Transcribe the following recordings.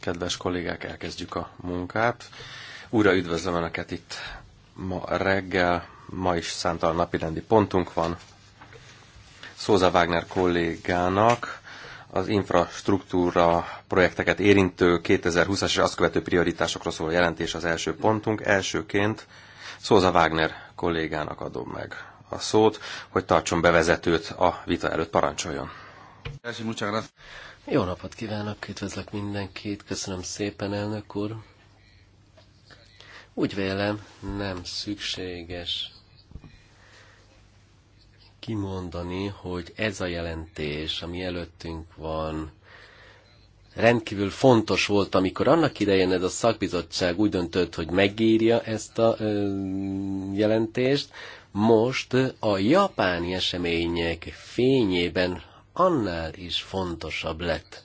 Kedves kollégák, elkezdjük a munkát. Újra üdvözlöm Önöket itt ma reggel. Ma is számtalan napirendi pontunk van. Szóza Wagner kollégának az infrastruktúra projekteket érintő 2020-as és azt követő prioritásokra szóló jelentés az első pontunk. Elsőként Szóza Wagner kollégának adom meg a szót, hogy tartson bevezetőt a vita előtt parancsoljon. Jó napot kívánok, üdvözlök mindenkit, köszönöm szépen, elnök úr. Úgy vélem, nem szükséges kimondani, hogy ez a jelentés, ami előttünk van, rendkívül fontos volt, amikor annak idején ez a szakbizottság úgy döntött, hogy megírja ezt a ö, jelentést. Most a japáni események fényében annál is fontosabb lett.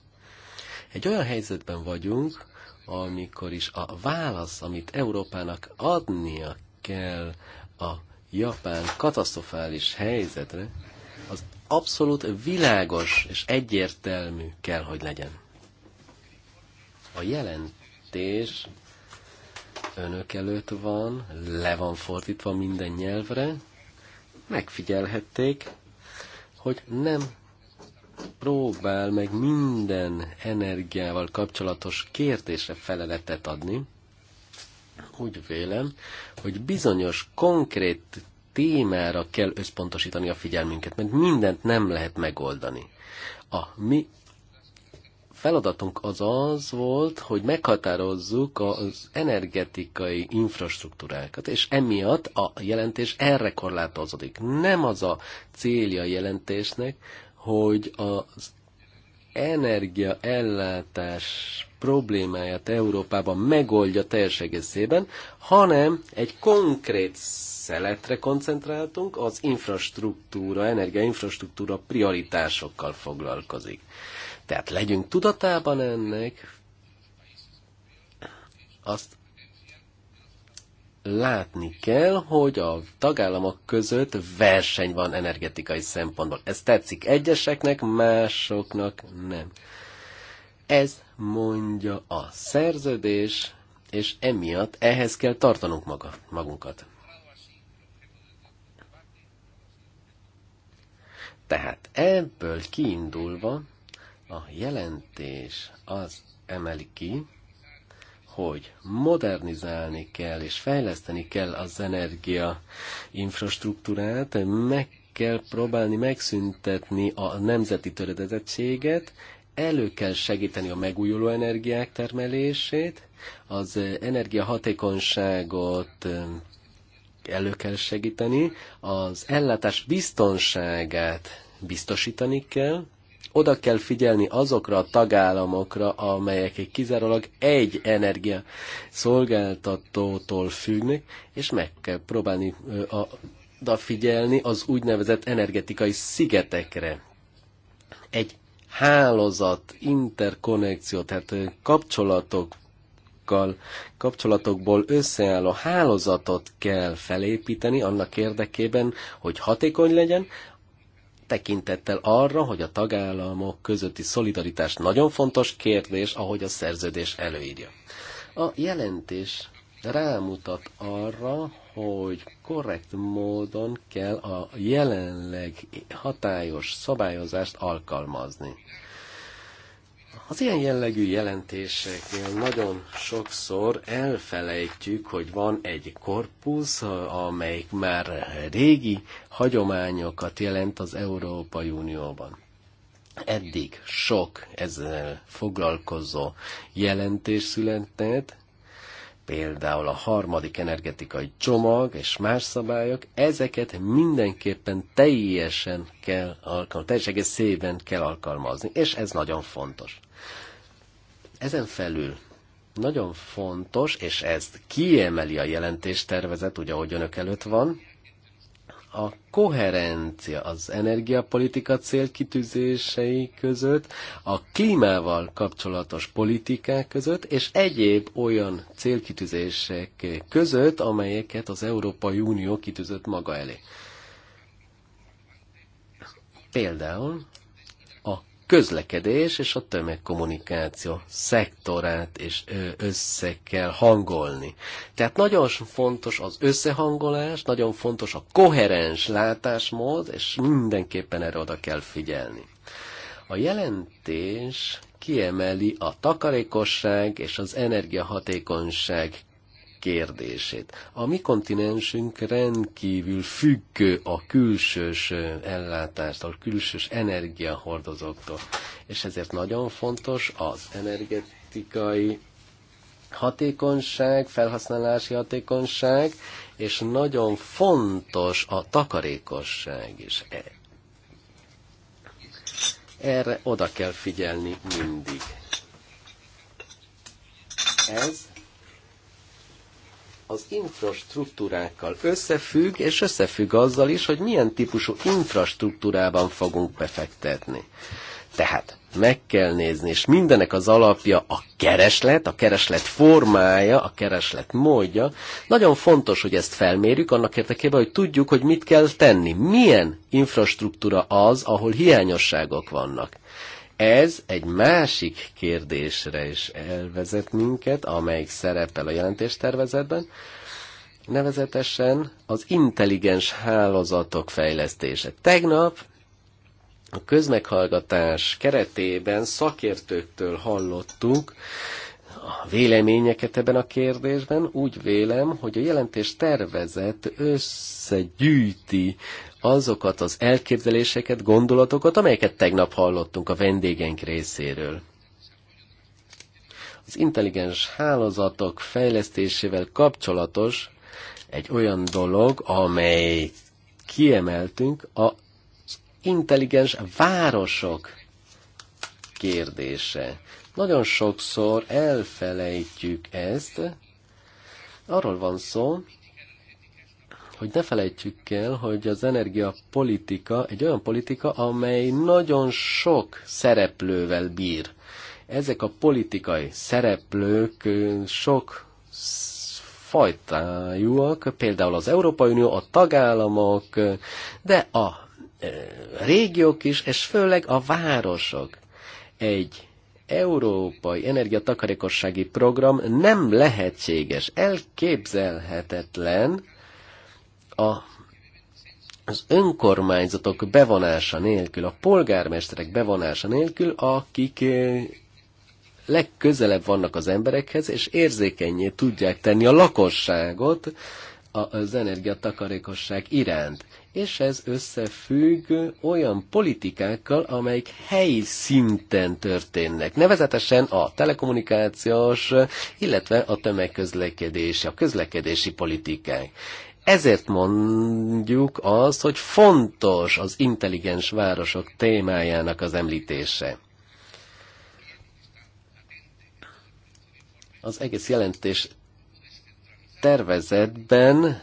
Egy olyan helyzetben vagyunk, amikor is a válasz, amit Európának adnia kell a japán katasztrofális helyzetre, az abszolút világos és egyértelmű kell, hogy legyen. A jelentés önök előtt van, le van fordítva minden nyelvre, megfigyelhették, hogy nem próbál meg minden energiával kapcsolatos kérdésre feleletet adni. Úgy vélem, hogy bizonyos konkrét témára kell összpontosítani a figyelmünket, mert mindent nem lehet megoldani. A mi feladatunk az az volt, hogy meghatározzuk az energetikai infrastruktúrákat, és emiatt a jelentés erre korlátozódik. Nem az a célja a jelentésnek, hogy az energiaellátás problémáját Európában megoldja teljes egészében, hanem egy konkrét szeletre koncentráltunk, az infrastruktúra, energiainfrastruktúra prioritásokkal foglalkozik. Tehát legyünk tudatában ennek, azt látni kell, hogy a tagállamok között verseny van energetikai szempontból. Ez tetszik egyeseknek, másoknak nem. Ez mondja a szerződés, és emiatt ehhez kell tartanunk maga, magunkat. Tehát ebből kiindulva a jelentés az emeli ki, hogy modernizálni kell és fejleszteni kell az energia infrastruktúrát, meg kell próbálni megszüntetni a nemzeti töredezettséget, elő kell segíteni a megújuló energiák termelését, az energiahatékonyságot elő kell segíteni, az ellátás biztonságát biztosítani kell, oda kell figyelni azokra a tagállamokra, amelyek kizárólag egy energia szolgáltatótól függnek, és meg kell próbálni a, figyelni az úgynevezett energetikai szigetekre. Egy hálózat, interkonnekció, tehát kapcsolatok kapcsolatokból összeálló hálózatot kell felépíteni annak érdekében, hogy hatékony legyen, tekintettel arra, hogy a tagállamok közötti szolidaritás nagyon fontos kérdés, ahogy a szerződés előírja. A jelentés rámutat arra, hogy korrekt módon kell a jelenleg hatályos szabályozást alkalmazni. Az ilyen jellegű jelentéseknél nagyon sokszor elfelejtjük, hogy van egy korpusz, amelyik már régi hagyományokat jelent az Európai Unióban. Eddig sok ezzel foglalkozó jelentés született, például a harmadik energetikai csomag és más szabályok, ezeket mindenképpen teljesen kell alkalmazni, teljes egész kell alkalmazni, és ez nagyon fontos. Ezen felül nagyon fontos, és ez kiemeli a jelentéstervezet, ugye ahogy önök előtt van, a koherencia az energiapolitika célkitűzései között, a klímával kapcsolatos politikák között, és egyéb olyan célkitűzések között, amelyeket az Európai Unió kitűzött maga elé. Például közlekedés és a tömegkommunikáció szektorát és össze kell hangolni. Tehát nagyon fontos az összehangolás, nagyon fontos a koherens látásmód, és mindenképpen erre oda kell figyelni. A jelentés kiemeli a takarékosság és az energiahatékonyság kérdését. A mi kontinensünk rendkívül függő a külsős ellátást, a külsős energiahordozóktól, és ezért nagyon fontos az energetikai hatékonyság, felhasználási hatékonyság, és nagyon fontos a takarékosság is. E, erre oda kell figyelni mindig. Ez az infrastruktúrákkal összefügg, és összefügg azzal is, hogy milyen típusú infrastruktúrában fogunk befektetni. Tehát meg kell nézni, és mindenek az alapja a kereslet, a kereslet formája, a kereslet módja. Nagyon fontos, hogy ezt felmérjük, annak érdekében, hogy tudjuk, hogy mit kell tenni, milyen infrastruktúra az, ahol hiányosságok vannak ez egy másik kérdésre is elvezet minket, amelyik szerepel a jelentéstervezetben, nevezetesen az intelligens hálózatok fejlesztése. Tegnap a közmeghallgatás keretében szakértőktől hallottuk a véleményeket ebben a kérdésben. Úgy vélem, hogy a jelentés tervezet összegyűjti azokat az elképzeléseket, gondolatokat, amelyeket tegnap hallottunk a vendégeink részéről. Az intelligens hálózatok fejlesztésével kapcsolatos egy olyan dolog, amely kiemeltünk az intelligens városok kérdése. Nagyon sokszor elfelejtjük ezt. Arról van szó, hogy ne felejtjük el, hogy az energiapolitika egy olyan politika, amely nagyon sok szereplővel bír. Ezek a politikai szereplők sok fajtájúak, például az Európai Unió, a tagállamok, de a régiók is, és főleg a városok. Egy európai energiatakarékossági program nem lehetséges, elképzelhetetlen, a az önkormányzatok bevonása nélkül, a polgármesterek bevonása nélkül, akik eh, legközelebb vannak az emberekhez, és érzékenyé tudják tenni a lakosságot az energiatakarékosság iránt. És ez összefügg olyan politikákkal, amelyik helyi szinten történnek. Nevezetesen a telekommunikációs, illetve a tömegközlekedési, a közlekedési politikák. Ezért mondjuk azt, hogy fontos az intelligens városok témájának az említése. Az egész jelentés tervezetben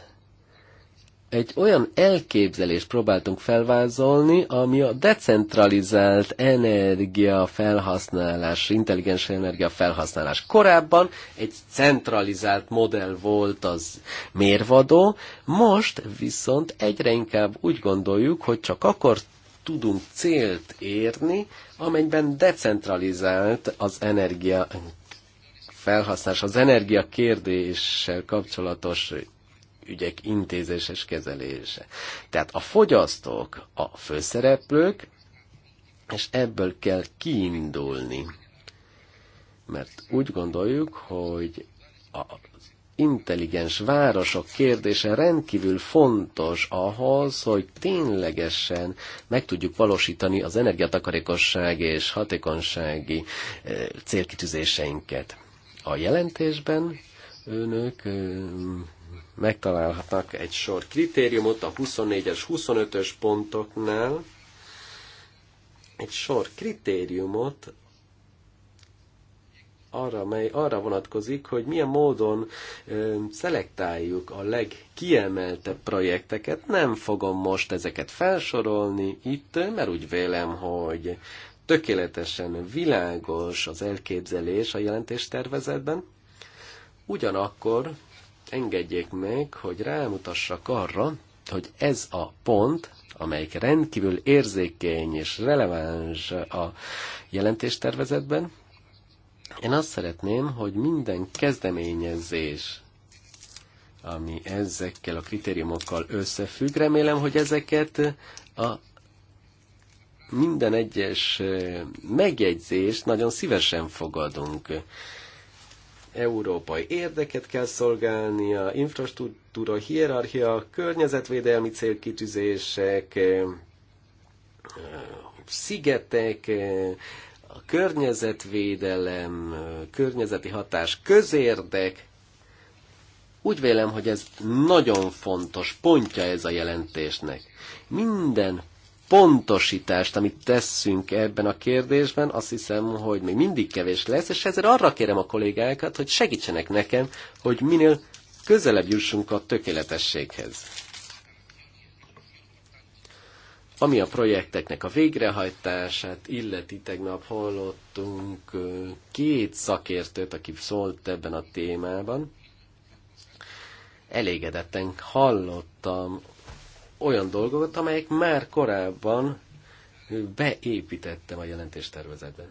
egy olyan elképzelést próbáltunk felvázolni, ami a decentralizált energia felhasználás, intelligens energia felhasználás. Korábban egy centralizált modell volt az mérvadó, most viszont egyre inkább úgy gondoljuk, hogy csak akkor tudunk célt érni, amelyben decentralizált az energia felhasználás, az energia kérdéssel kapcsolatos ügyek intézéses kezelése. Tehát a fogyasztók a főszereplők, és ebből kell kiindulni. Mert úgy gondoljuk, hogy a intelligens városok kérdése rendkívül fontos ahhoz, hogy ténylegesen meg tudjuk valósítani az energiatakarékosság és hatékonysági eh, célkitűzéseinket. A jelentésben önök eh, megtalálhatnak egy sor kritériumot a 24-es, 25-ös pontoknál, egy sor kritériumot arra, mely arra vonatkozik, hogy milyen módon ö, szelektáljuk a legkiemeltebb projekteket. Nem fogom most ezeket felsorolni itt, mert úgy vélem, hogy tökéletesen világos az elképzelés a jelentéstervezetben. Ugyanakkor engedjék meg, hogy rámutassak arra, hogy ez a pont, amelyik rendkívül érzékeny és releváns a jelentéstervezetben, én azt szeretném, hogy minden kezdeményezés, ami ezekkel a kritériumokkal összefügg, remélem, hogy ezeket a minden egyes megjegyzést nagyon szívesen fogadunk európai érdeket kell szolgálnia, infrastruktúra, hierarchia, környezetvédelmi célkitűzések, eh, szigetek, eh, a környezetvédelem, eh, környezeti hatás, közérdek. Úgy vélem, hogy ez nagyon fontos pontja ez a jelentésnek. Minden pontosítást, amit teszünk ebben a kérdésben, azt hiszem, hogy még mindig kevés lesz, és ezért arra kérem a kollégákat, hogy segítsenek nekem, hogy minél közelebb jussunk a tökéletességhez. Ami a projekteknek a végrehajtását illeti, tegnap hallottunk két szakértőt, aki szólt ebben a témában. Elégedetten hallottam olyan dolgokat, amelyek már korábban beépítettem a jelentéstervezetben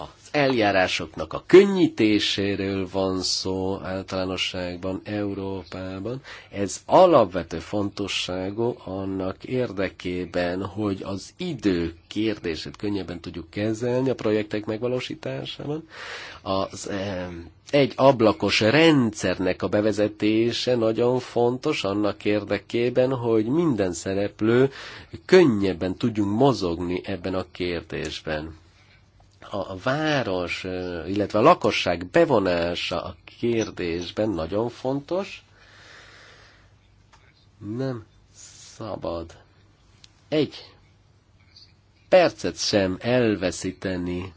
az eljárásoknak a könnyítéséről van szó általánosságban Európában. Ez alapvető fontosságú annak érdekében, hogy az idő kérdését könnyebben tudjuk kezelni a projektek megvalósításában. Az egy ablakos rendszernek a bevezetése nagyon fontos annak érdekében, hogy minden szereplő könnyebben tudjunk mozogni ebben a kérdésben a város, illetve a lakosság bevonása a kérdésben nagyon fontos. Nem szabad egy percet sem elveszíteni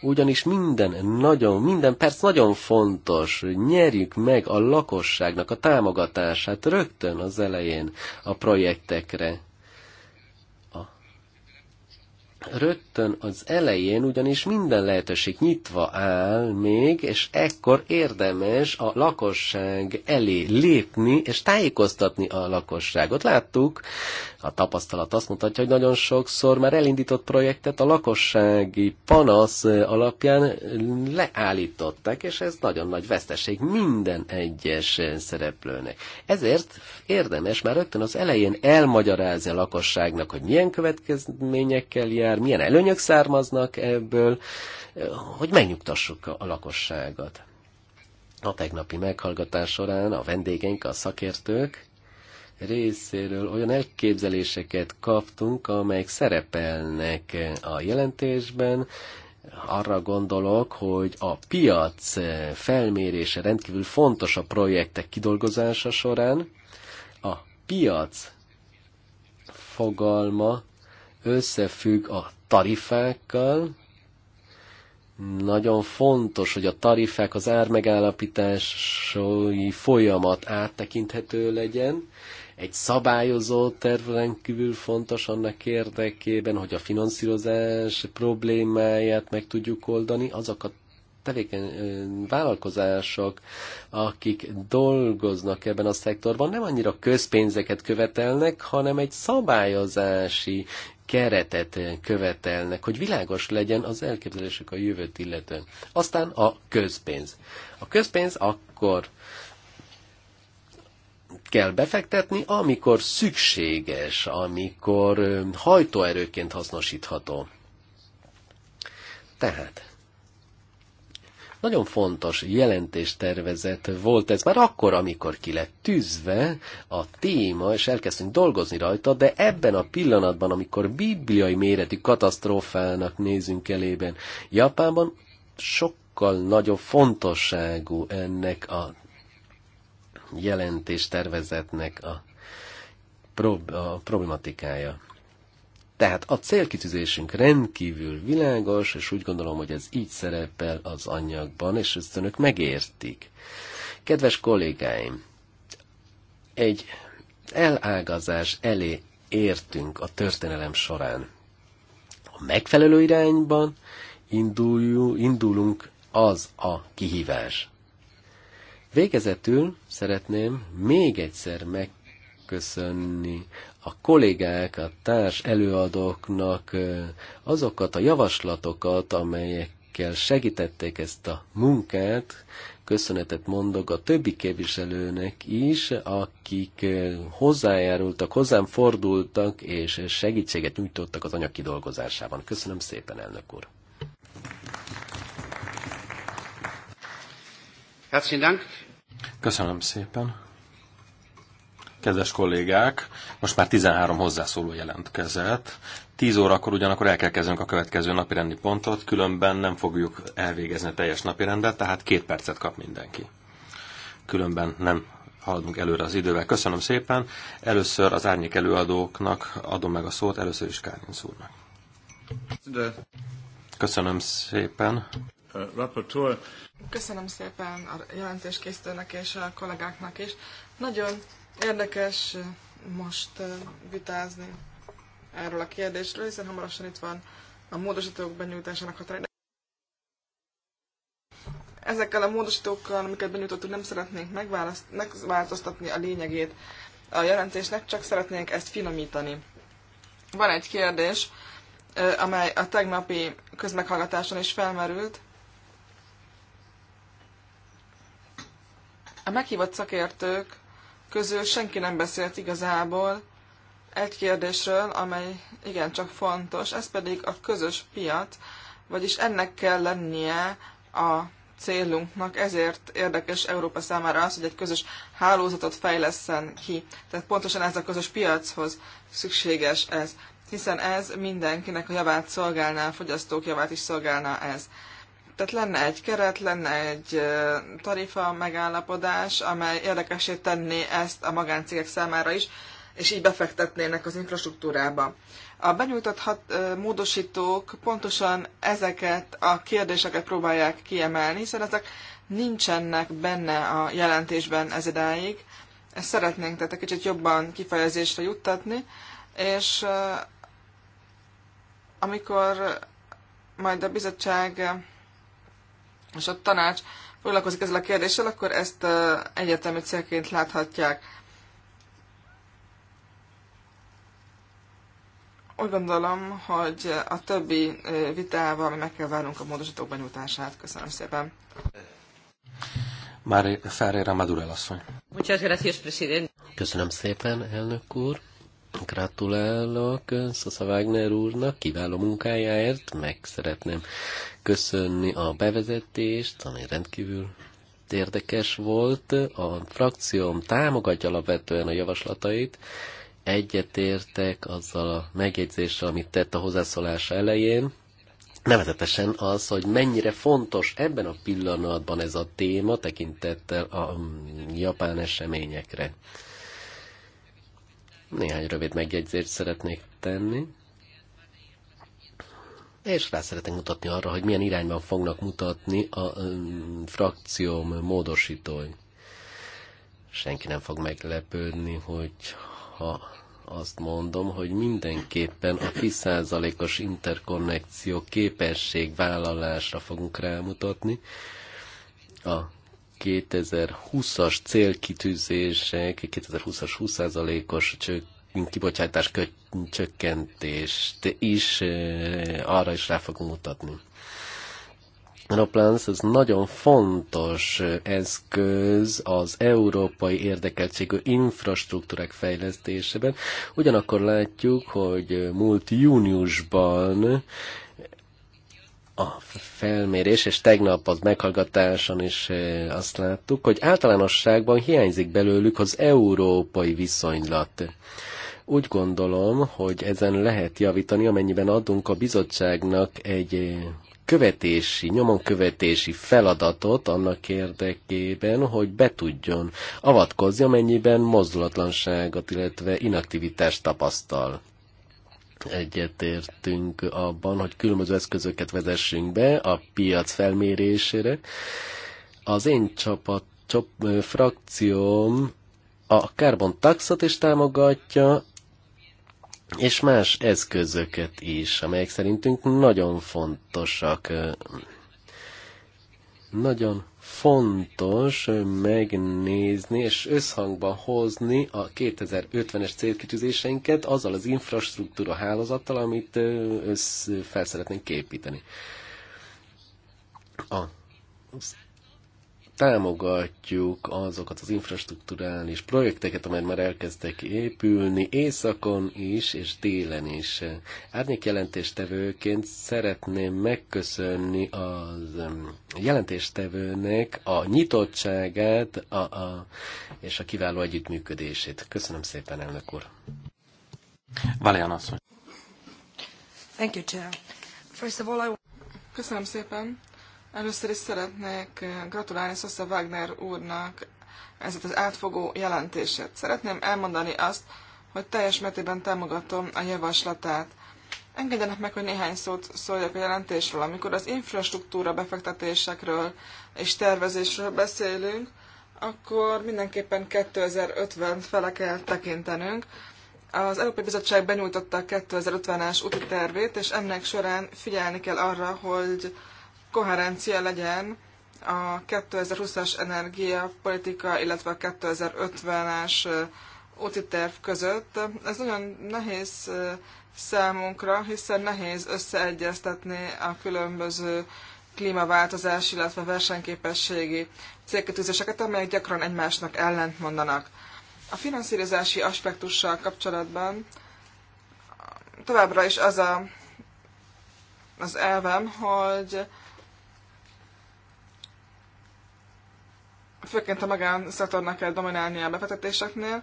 ugyanis minden nagyon, minden perc nagyon fontos. Nyerjük meg a lakosságnak a támogatását rögtön az elején a projektekre rögtön az elején ugyanis minden lehetőség nyitva áll még, és ekkor érdemes a lakosság elé lépni, és tájékoztatni a lakosságot. Láttuk, a tapasztalat azt mutatja, hogy nagyon sokszor már elindított projektet a lakossági panasz alapján leállították, és ez nagyon nagy veszteség minden egyes szereplőnek. Ezért érdemes már rögtön az elején elmagyarázni a lakosságnak, hogy milyen következményekkel jár, milyen előnyök származnak ebből, hogy megnyugtassuk a lakosságot. A tegnapi meghallgatás során a vendégeink, a szakértők részéről olyan elképzeléseket kaptunk, amelyek szerepelnek a jelentésben, arra gondolok, hogy a piac felmérése rendkívül fontos a projektek kidolgozása során. A piac fogalma összefügg a tarifákkal. Nagyon fontos, hogy a tarifák az ármegállapítási folyamat áttekinthető legyen egy szabályozó tervben kívül fontos annak érdekében, hogy a finanszírozás problémáját meg tudjuk oldani, azok a tevékeny vállalkozások, akik dolgoznak ebben a szektorban, nem annyira közpénzeket követelnek, hanem egy szabályozási keretet követelnek, hogy világos legyen az elképzelésük a jövőt illetően. Aztán a közpénz. A közpénz akkor kell befektetni, amikor szükséges, amikor hajtóerőként hasznosítható. Tehát, nagyon fontos jelentéstervezet volt ez már akkor, amikor ki lett tűzve a téma, és elkezdtünk dolgozni rajta, de ebben a pillanatban, amikor bibliai méretű katasztrófának nézünk elében Japánban, sokkal nagyobb fontosságú ennek a jelentés tervezetnek a, prob- a problematikája. Tehát a célkitűzésünk rendkívül világos, és úgy gondolom, hogy ez így szerepel az anyagban, és ezt önök megértik. Kedves kollégáim, egy elágazás elé értünk a történelem során. A megfelelő irányban indulunk, az a kihívás. Végezetül szeretném még egyszer megköszönni a kollégák, a társ előadóknak azokat a javaslatokat, amelyekkel segítették ezt a munkát. Köszönetet mondok a többi képviselőnek is, akik hozzájárultak, hozzám fordultak, és segítséget nyújtottak az anyag kidolgozásában. Köszönöm szépen, elnök úr! Herzlichen Dank. Köszönöm szépen. Kedves kollégák, most már 13 hozzászóló jelentkezett. 10 órakor ugyanakkor el kell kezdenünk a következő napirendi pontot, különben nem fogjuk elvégezni a teljes napirendet, tehát két percet kap mindenki. Különben nem haladunk előre az idővel. Köszönöm szépen. Először az árnyék előadóknak adom meg a szót, először is Kárin szúrnak. Köszönöm szépen. Uh, Köszönöm szépen a jelentéskészítőnek és a kollégáknak is. Nagyon érdekes most vitázni erről a kérdésről, hiszen hamarosan itt van a módosítók benyújtásának határa. Ezekkel a módosítókkal, amiket benyújtottuk, nem szeretnénk megváltoztatni a lényegét a jelentésnek, csak szeretnénk ezt finomítani. Van egy kérdés, amely a tegnapi közmeghallgatáson is felmerült, A meghívott szakértők közül senki nem beszélt igazából egy kérdésről, amely igencsak fontos, ez pedig a közös piac, vagyis ennek kell lennie a célunknak, ezért érdekes Európa számára az, hogy egy közös hálózatot fejleszen ki. Tehát pontosan ez a közös piachoz szükséges ez, hiszen ez mindenkinek a javát szolgálná, a fogyasztók javát is szolgálná ez. Tehát lenne egy keret, lenne egy tarifa megállapodás, amely érdekesé tenné ezt a magáncégek számára is, és így befektetnének az infrastruktúrába. A benyújtott hat, módosítók pontosan ezeket a kérdéseket próbálják kiemelni, hiszen ezek nincsenek benne a jelentésben ez idáig. Ezt szeretnénk tehát egy kicsit jobban kifejezésre juttatni, és amikor majd a bizottság és a tanács foglalkozik ezzel a kérdéssel, akkor ezt egyetemi célként láthatják. Úgy gondolom, hogy a többi vitával mi meg kell várnunk a módosítók benyújtását. Köszönöm szépen. Mári Ferreira Madurel asszony. Muchas gracias, Köszönöm szépen, elnök úr. Gratulálok Szosza Wagner úrnak, kiváló munkájáért, meg szeretném köszönni a bevezetést, ami rendkívül érdekes volt. A frakcióm támogatja alapvetően a javaslatait, egyetértek azzal a megjegyzéssel, amit tett a hozzászólása elején, Nevezetesen az, hogy mennyire fontos ebben a pillanatban ez a téma tekintettel a mm, japán eseményekre. Néhány rövid megjegyzést szeretnék tenni és rá szeretnék mutatni arra, hogy milyen irányban fognak mutatni a mm, frakcióm módosítói. Senki nem fog meglepődni, hogy ha azt mondom, hogy mindenképpen a 10%-os interkonnekció képesség vállalásra fogunk rámutatni. A 2020-as célkitűzések, 2020-as 20%-os kibocsátás csökkentést is, arra is rá fogunk mutatni. Aeroplans, ez nagyon fontos eszköz az európai érdekeltségű infrastruktúrák fejlesztésében. Ugyanakkor látjuk, hogy múlt júniusban a felmérés, és tegnap az meghallgatáson is azt láttuk, hogy általánosságban hiányzik belőlük az európai viszonylat. Úgy gondolom, hogy ezen lehet javítani, amennyiben adunk a bizottságnak egy követési, nyomon követési feladatot annak érdekében, hogy be tudjon avatkozni, amennyiben mozdulatlanságot, illetve inaktivitást tapasztal egyetértünk abban, hogy különböző eszközöket vezessünk be a piac felmérésére. Az én csapat, csop, frakcióm a Carbon Taxot is támogatja, és más eszközöket is, amelyek szerintünk nagyon fontosak. Nagyon fontos megnézni és összhangba hozni a 2050-es célkitűzéseinket azzal az infrastruktúra hálózattal, amit össz, fel szeretnénk képíteni. A az támogatjuk azokat az infrastruktúrális projekteket, amelyek már elkezdtek épülni északon is, és délen is. Árnyék jelentéstevőként szeretném megköszönni az jelentéstevőnek a nyitottságát a, a, és a kiváló együttműködését. Köszönöm szépen, elnök úr. Valéan asszony. Thank you, Chair. First of all, I... Köszönöm szépen. Először is szeretnék eh, gratulálni Sosa Wagner úrnak ezt az átfogó jelentését. Szeretném elmondani azt, hogy teljes mértékben támogatom a javaslatát. Engedjenek meg, hogy néhány szót szóljak a jelentésről. Amikor az infrastruktúra befektetésekről és tervezésről beszélünk, akkor mindenképpen 2050 fele kell tekintenünk. Az Európai Bizottság benyújtotta a 2050-es úti tervét, és ennek során figyelni kell arra, hogy koherencia legyen a 2020-as energiapolitika, illetve a 2050-es úti terv között. Ez nagyon nehéz számunkra, hiszen nehéz összeegyeztetni a különböző klímaváltozás, illetve versenyképességi célkötőzéseket, amelyek gyakran egymásnak ellent mondanak. A finanszírozási aspektussal kapcsolatban továbbra is az a, az elvem, hogy főként a szektornak kell dominálni a befektetéseknél,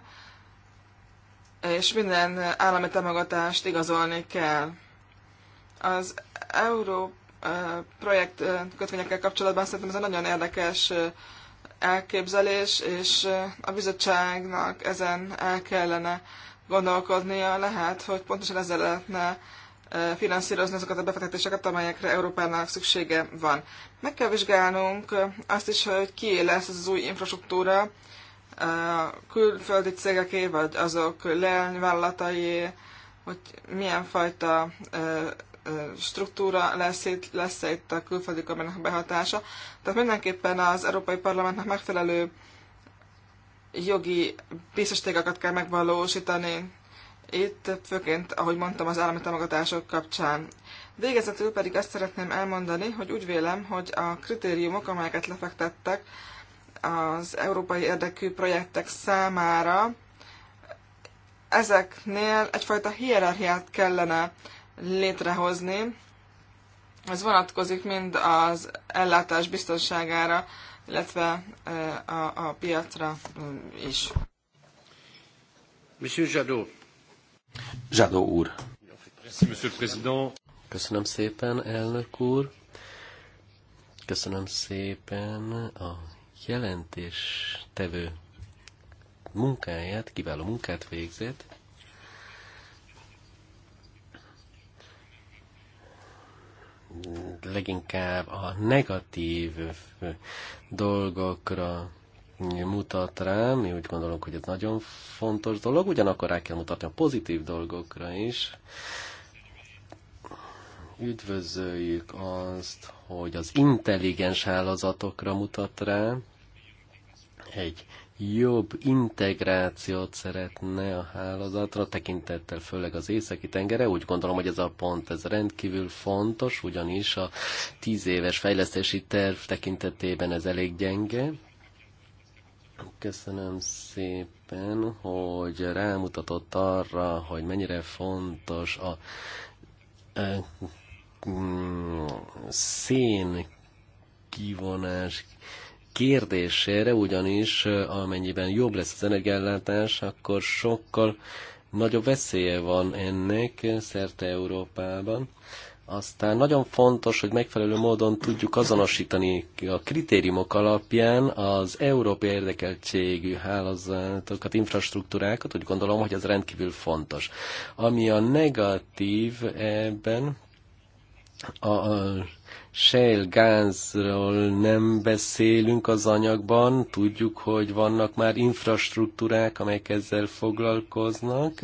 és minden állami támogatást igazolni kell. Az euró projekt kötvényekkel kapcsolatban szerintem ez egy nagyon érdekes elképzelés, és a bizottságnak ezen el kellene gondolkodnia. Lehet, hogy pontosan ezzel lehetne finanszírozni azokat a befektetéseket, amelyekre Európának szüksége van. Meg kell vizsgálnunk azt is, hogy ki lesz az új infrastruktúra, külföldi cégeké, vagy azok leányvállalatai, hogy milyen fajta struktúra lesz itt, lesz -e itt a külföldi kormánynak behatása. Tehát mindenképpen az Európai Parlamentnek megfelelő jogi biztosítékokat kell megvalósítani itt főként, ahogy mondtam, az állami támogatások kapcsán. Végezetül pedig azt szeretném elmondani, hogy úgy vélem, hogy a kritériumok, amelyeket lefektettek az európai érdekű projektek számára, ezeknél egyfajta hierarchiát kellene létrehozni. Ez vonatkozik mind az ellátás biztonságára, illetve eh, a, a piacra mm, is. Monsieur Jadot. Zsadó úr. Köszönöm szépen, elnök úr. Köszönöm szépen a jelentés tevő munkáját, kiváló munkát végzett. Leginkább a negatív dolgokra mutat rám, mi úgy gondolom, hogy ez nagyon fontos dolog, ugyanakkor rá kell mutatni a pozitív dolgokra is. Üdvözöljük azt, hogy az intelligens hálózatokra mutat rá, egy jobb integrációt szeretne a hálózatra, tekintettel főleg az északi tengere. Úgy gondolom, hogy ez a pont ez rendkívül fontos, ugyanis a tíz éves fejlesztési terv tekintetében ez elég gyenge. Köszönöm szépen, hogy rámutatott arra, hogy mennyire fontos a, a, mm, szén kivonás kérdésére, ugyanis amennyiben jobb lesz az energiállátás, akkor sokkal nagyobb veszélye van ennek szerte Európában. Aztán nagyon fontos, hogy megfelelő módon tudjuk azonosítani a kritériumok alapján az európai érdekeltségű hálózatokat, infrastruktúrákat, úgy gondolom, hogy ez rendkívül fontos. Ami a negatív ebben, a, shell shale gázról nem beszélünk az anyagban, tudjuk, hogy vannak már infrastruktúrák, amelyek ezzel foglalkoznak,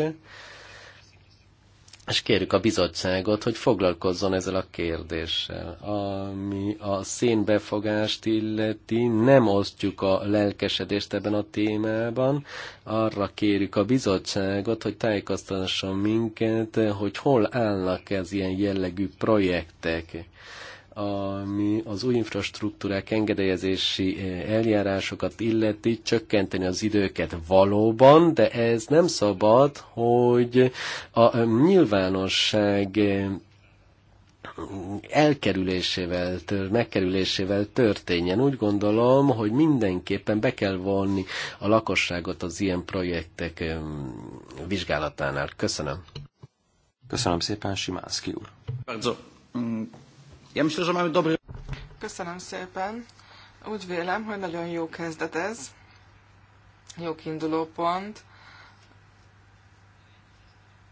és kérjük a bizottságot, hogy foglalkozzon ezzel a kérdéssel. Ami a szénbefogást illeti, nem osztjuk a lelkesedést ebben a témában. Arra kérjük a bizottságot, hogy tájékoztasson minket, hogy hol állnak ez ilyen jellegű projektek ami az új infrastruktúrák engedélyezési eh, eljárásokat illeti, csökkenteni az időket valóban, de ez nem szabad, hogy a eh, nyilvánosság eh, elkerülésével, megkerülésével történjen. Úgy gondolom, hogy mindenképpen be kell vonni a lakosságot az ilyen projektek vizsgálatánál. Köszönöm. Köszönöm szépen, Simánszki úr. Ja myślę, że mamy dobry... Köszönöm szépen. Úgy vélem, hogy nagyon jó kezdet ez. Jó kiinduló pont.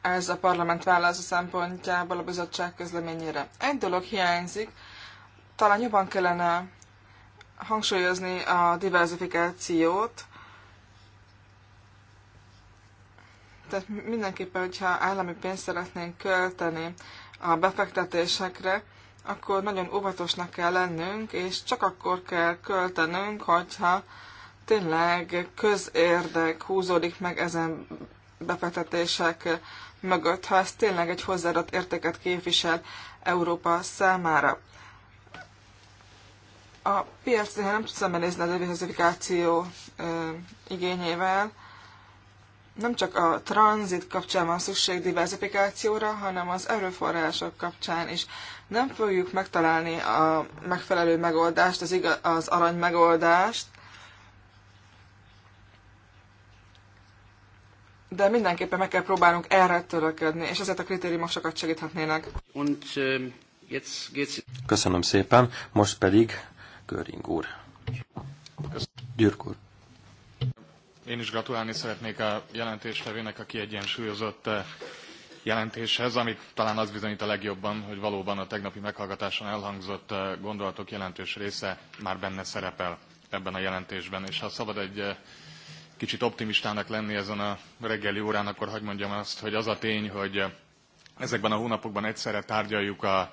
Ez a parlament válasz szempontjából a bizottság közleményére. Egy dolog hiányzik, talán jobban kellene hangsúlyozni a diversifikációt, tehát mindenképpen, hogyha állami pénzt szeretnénk költeni a befektetésekre, akkor nagyon óvatosnak kell lennünk, és csak akkor kell költenünk, hogyha tényleg közérdek húzódik meg ezen befektetések mögött, ha ez tényleg egy hozzáadott értéket képvisel Európa számára. A piac néha nem tudsz szembenézni a diversifikáció igényével, nem csak a tranzit kapcsán van szükség diversifikációra, hanem az erőforrások kapcsán is. Nem fogjuk megtalálni a megfelelő megoldást, az, igaz, az arany megoldást, de mindenképpen meg kell próbálnunk erre törökedni, és ezért a kritériumok sokat segíthetnének. Ähm, Köszönöm szépen, most pedig Göring úr. Gyürk úr. Én is gratulálni szeretnék a jelentéstevének a kiegyensúlyozott eh, jelentéshez, amit talán az bizonyít a legjobban, hogy valóban a tegnapi meghallgatáson elhangzott eh, gondolatok jelentős része már benne szerepel ebben a jelentésben. És ha szabad egy eh, kicsit optimistának lenni ezen a reggeli órán, akkor hagyd mondjam azt, hogy az a tény, hogy ezekben a hónapokban egyszerre tárgyaljuk a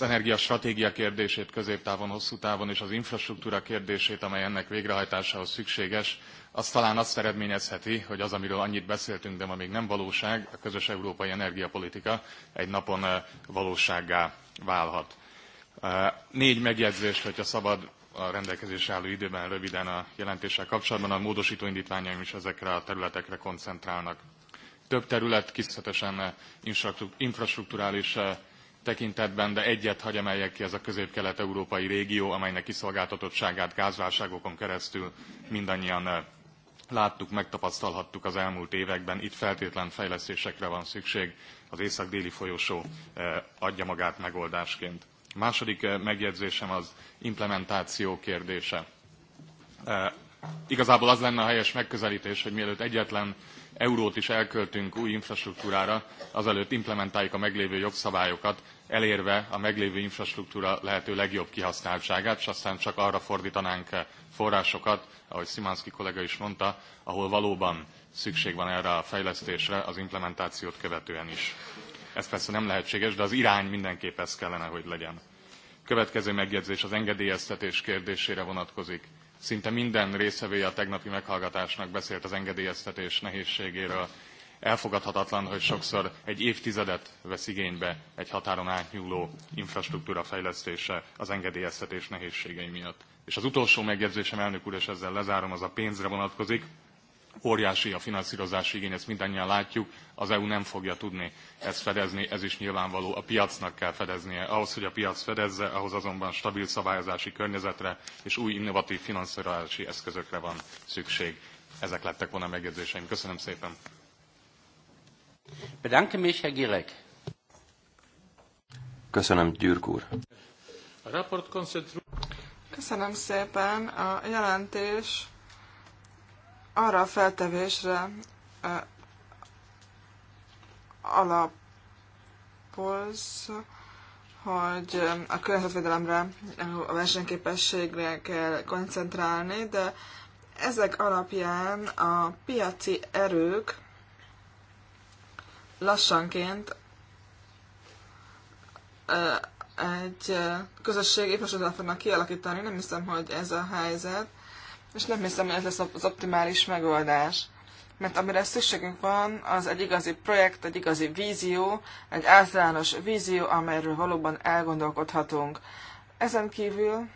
az stratégia kérdését középtávon, hosszú távon és az infrastruktúra kérdését, amely ennek végrehajtásához szükséges, az talán azt eredményezheti, hogy az, amiről annyit beszéltünk, de ma még nem valóság, a közös európai energiapolitika egy napon eh, valósággá válhat. Eh, négy megjegyzést, hogyha szabad a rendelkezés álló időben röviden a jelentéssel kapcsolatban, a módosító indítványaim is ezekre a területekre koncentrálnak. Több terület kiszletesen eh, infrastruktúrális tekintetben, de egyet hagy emeljek ki, ez a közép-kelet-európai régió, amelynek kiszolgáltatottságát gázválságokon keresztül mindannyian láttuk, megtapasztalhattuk az elmúlt években, itt feltétlen fejlesztésekre van szükség, az észak-déli folyosó eh, adja magát megoldásként. A második eh, megjegyzésem az implementáció kérdése. Eh, igazából az lenne a helyes megközelítés, hogy mielőtt egyetlen eurót is elköltünk új infrastruktúrára, azelőtt implementáljuk a meglévő jogszabályokat, elérve a meglévő infrastruktúra lehető legjobb kihasználtságát, és aztán csak arra fordítanánk eh, forrásokat, ahogy Szimánszki kollega is mondta, ahol valóban szükség van erre a fejlesztésre az implementációt követően is. Ez persze nem lehetséges, de az irány mindenképp ez kellene, hogy legyen. Következő megjegyzés az engedélyeztetés kérdésére vonatkozik. Szinte minden részevője a tegnapi meghallgatásnak beszélt az engedélyeztetés nehézségéről, elfogadhatatlan, hogy sokszor egy évtizedet vesz igénybe egy határon átnyúló infrastruktúra fejlesztése az engedélyeztetés nehézségei miatt. És az utolsó megjegyzésem, elnök úr, és ezzel lezárom, az a pénzre vonatkozik. Óriási a finanszírozási igény, ezt mindannyian látjuk, az EU nem fogja tudni ezt fedezni, ez is nyilvánvaló, a piacnak kell fedeznie. Ahhoz, hogy a piac fedezze, ahhoz azonban stabil szabályozási környezetre és új innovatív finanszírozási eszközökre van szükség. Ezek lettek volna a megjegyzéseim. Köszönöm szépen! Bedanke mich, Herr Girek. Köszönöm, Gyürk úr. Köszönöm szépen. A jelentés arra a feltevésre alapoz, hogy a környezetvédelemre, a versenyképességre kell koncentrálni, de ezek alapján a piaci erők lassanként egy közösség infrastruktúrát fognak kialakítani, nem hiszem, hogy ez a helyzet, és nem hiszem, hogy ez lesz az optimális megoldás. Mert amire szükségünk van, az egy igazi projekt, egy igazi vízió, egy általános vízió, amelyről valóban elgondolkodhatunk. Ezen kívül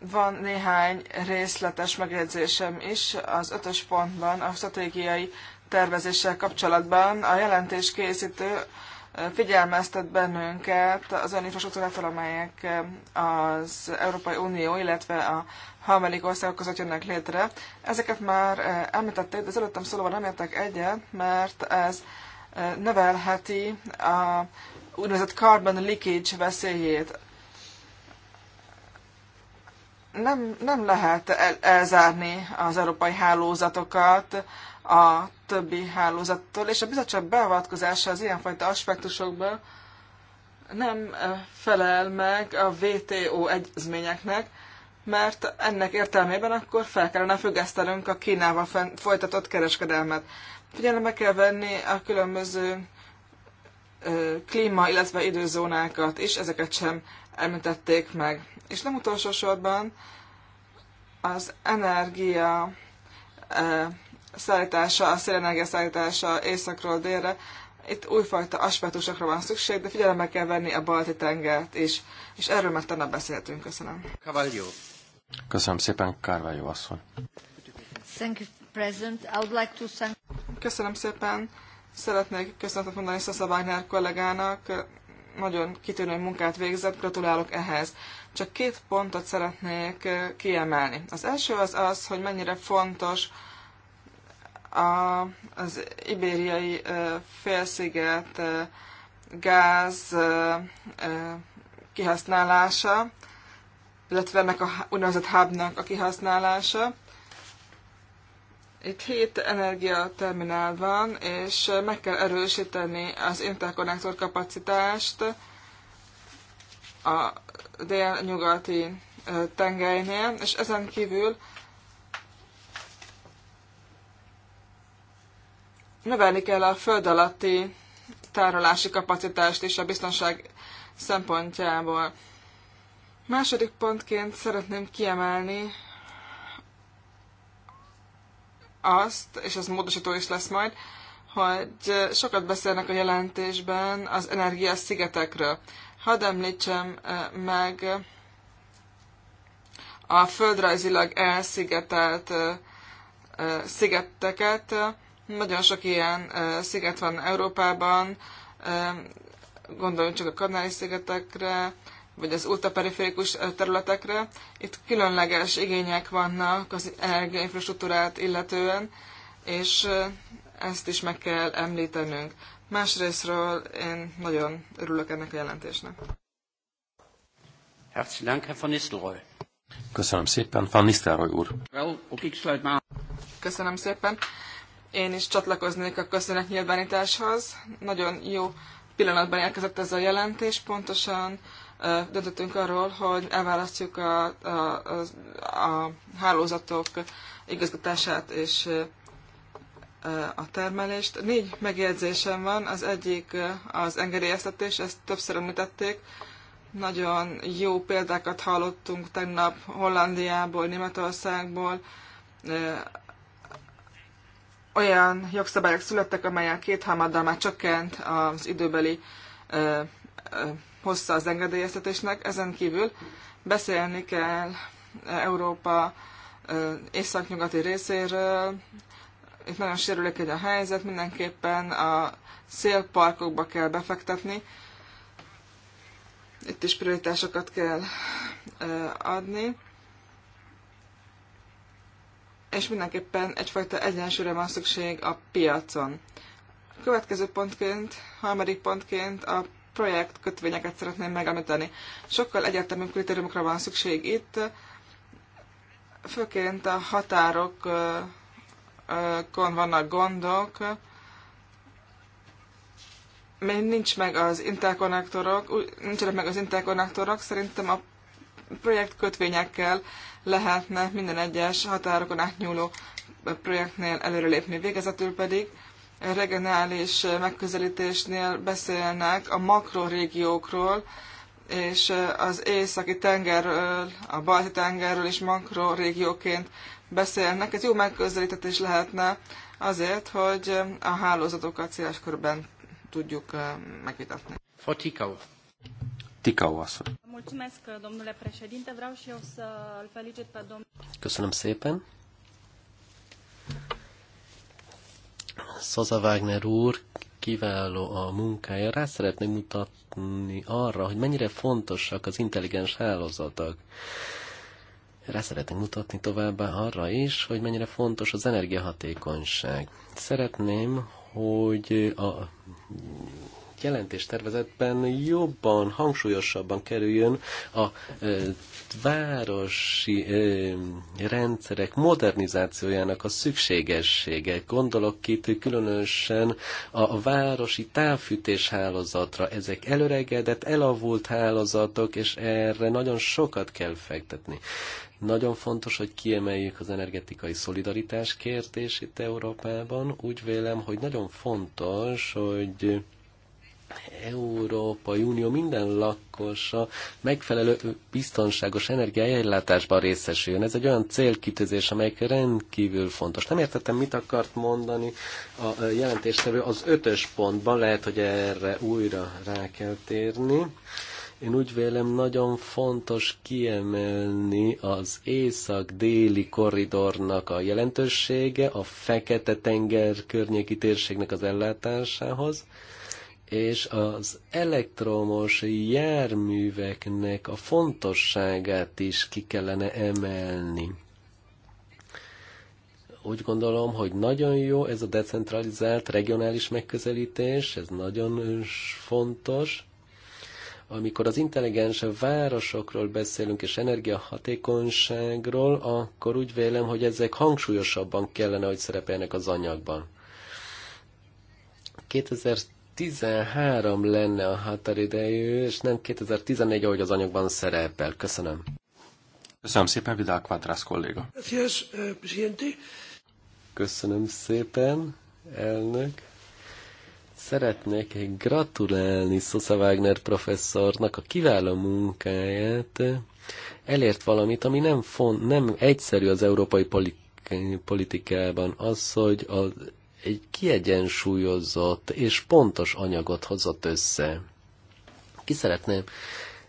van néhány részletes megjegyzésem is az ötös pontban a stratégiai tervezéssel kapcsolatban a jelentés készítő figyelmeztet bennünket az olyan infrastruktúrától, amelyek az Európai Unió, illetve a harmadik országok között jönnek létre. Ezeket már említették, de az előttem szólóval nem értek egyet, mert ez növelheti a úgynevezett carbon leakage veszélyét. Nem, nem lehet el, elzárni az európai hálózatokat, a többi hálózattól, és a bizottság beavatkozása az ilyenfajta aspektusokban nem felel meg a WTO egyezményeknek, mert ennek értelmében akkor fel kellene függesztenünk a Kínával folytatott kereskedelmet. Figyelembe kell venni a különböző klíma, illetve időzónákat is, ezeket sem említették meg. És nem utolsó sorban az energia szállítása, a szélenergia szállítása északról délre, itt újfajta aspektusokra van szükség, de figyelembe kell venni a balti tengert is, és erről már tegnap beszéltünk. Köszönöm. Cavallio. Köszönöm szépen, Kárvályó asszony. Thank you, President. I would like to thank... Köszönöm szépen. Szeretnék köszönetet mondani Szasza Wagner kollégának. Nagyon kitűnő munkát végzett, gratulálok ehhez. Csak két pontot szeretnék kiemelni. Az első az az, hogy mennyire fontos, a, az ibériai félsziget gáz kihasználása, illetve ennek a úgynevezett hubnak a kihasználása. Itt hét energiaterminál van, és meg kell erősíteni az interkonnektor kapacitást a dél-nyugati tengelynél, és ezen kívül Növelni kell a föld alatti tárolási kapacitást is a biztonság szempontjából. Második pontként szeretném kiemelni azt, és ez módosító is lesz majd, hogy sokat beszélnek a jelentésben az energiás szigetekről. Hadd említsem eh, meg a földrajzilag elszigetelt eh, eh, szigeteket, nagyon sok ilyen sziget van Európában, gondoljunk csak a Kanári-szigetekre, vagy az ultraperiférikus területekre. Itt különleges igények vannak az energiainfrastruktúrát illetően, és ezt is meg kell említenünk. Másrésztről én nagyon örülök ennek a jelentésnek. van Köszönöm szépen, Van Nistelrooy úr. Köszönöm szépen. Én is csatlakoznék a köszönet nyilvánításhoz. Nagyon jó pillanatban érkezett ez a jelentés. Pontosan döntöttünk arról, hogy elválasztjuk a, a, a, a hálózatok igazgatását és a termelést. Négy megjegyzésem van. Az egyik az engedélyeztetés, ezt többször említették. Nagyon jó példákat hallottunk tegnap Hollandiából, Németországból, olyan jogszabályok születtek, amelyek kétharmaddal már csökkent az időbeli ö, ö, hossza az engedélyeztetésnek. Ezen kívül beszélni kell Európa északnyugati részéről. Itt nagyon egy a helyzet, mindenképpen a szélparkokba kell befektetni. Itt is prioritásokat kell adni és mindenképpen egyfajta egyensúlyra van szükség a piacon. A következő pontként, harmadik pontként a projekt kötvényeket szeretném megemlíteni. Sokkal egyértelműbb kritériumokra van szükség itt, főként a határokon vannak gondok, még nincs meg az interkonnektorok, nincsenek meg az interkonnektorok, szerintem a projektkötvényekkel lehetne minden egyes határokon átnyúló projektnél előrelépni. Végezetül pedig regionális megközelítésnél beszélnek a makrorégiókról, és az északi tengerről, a balti tengerről is makrorégióként beszélnek. Ez jó megközelítés lehetne azért, hogy a hálózatokat széles körben tudjuk eh, megvitatni. Ticau asszony. Köszönöm szépen. Szaza Wagner úr kiváló a munkája. Rá szeretném mutatni arra, hogy mennyire fontosak az intelligens hálózatok. Rá szeretnék mutatni továbbá arra is, hogy mennyire fontos az energiahatékonyság. Szeretném, hogy a jelentéstervezetben jobban, hangsúlyosabban kerüljön a városi ö, rendszerek modernizációjának a szükségessége. Gondolok itt különösen a városi távfűtés hálózatra. Ezek előregedett, elavult hálózatok, és erre nagyon sokat kell fektetni. Nagyon fontos, hogy kiemeljük az energetikai szolidaritás kérdését Európában. Úgy vélem, hogy nagyon fontos, hogy Európai Unió minden lakosa megfelelő biztonságos energiaellátásban részesüljön. Ez egy olyan célkitűzés, amelyik rendkívül fontos. Nem értettem, mit akart mondani a jelentéstevő az ötös pontban, lehet, hogy erre újra rá kell térni. Én úgy vélem nagyon fontos kiemelni az észak-déli korridornak a jelentősége a Fekete-tenger környéki térségnek az ellátásához és az elektromos járműveknek a fontosságát is ki kellene emelni. Úgy gondolom, hogy nagyon jó ez a decentralizált regionális megközelítés, ez nagyon fontos. Amikor az intelligens városokról beszélünk és energiahatékonyságról, akkor úgy vélem, hogy ezek hangsúlyosabban kellene, hogy szerepeljenek az anyagban. 2000 2013 lenne a határidejű, és nem 2014, ahogy az anyagban szerepel. Köszönöm. Köszönöm szépen, Vidal Quadrász kolléga. Eh, Köszönöm szépen, elnök. Szeretnék gratulálni Sosa Wagner professzornak a kiváló munkáját. Elért valamit, ami nem, font, nem egyszerű az európai politikában, az, hogy az egy kiegyensúlyozott és pontos anyagot hozott össze. Ki szeretném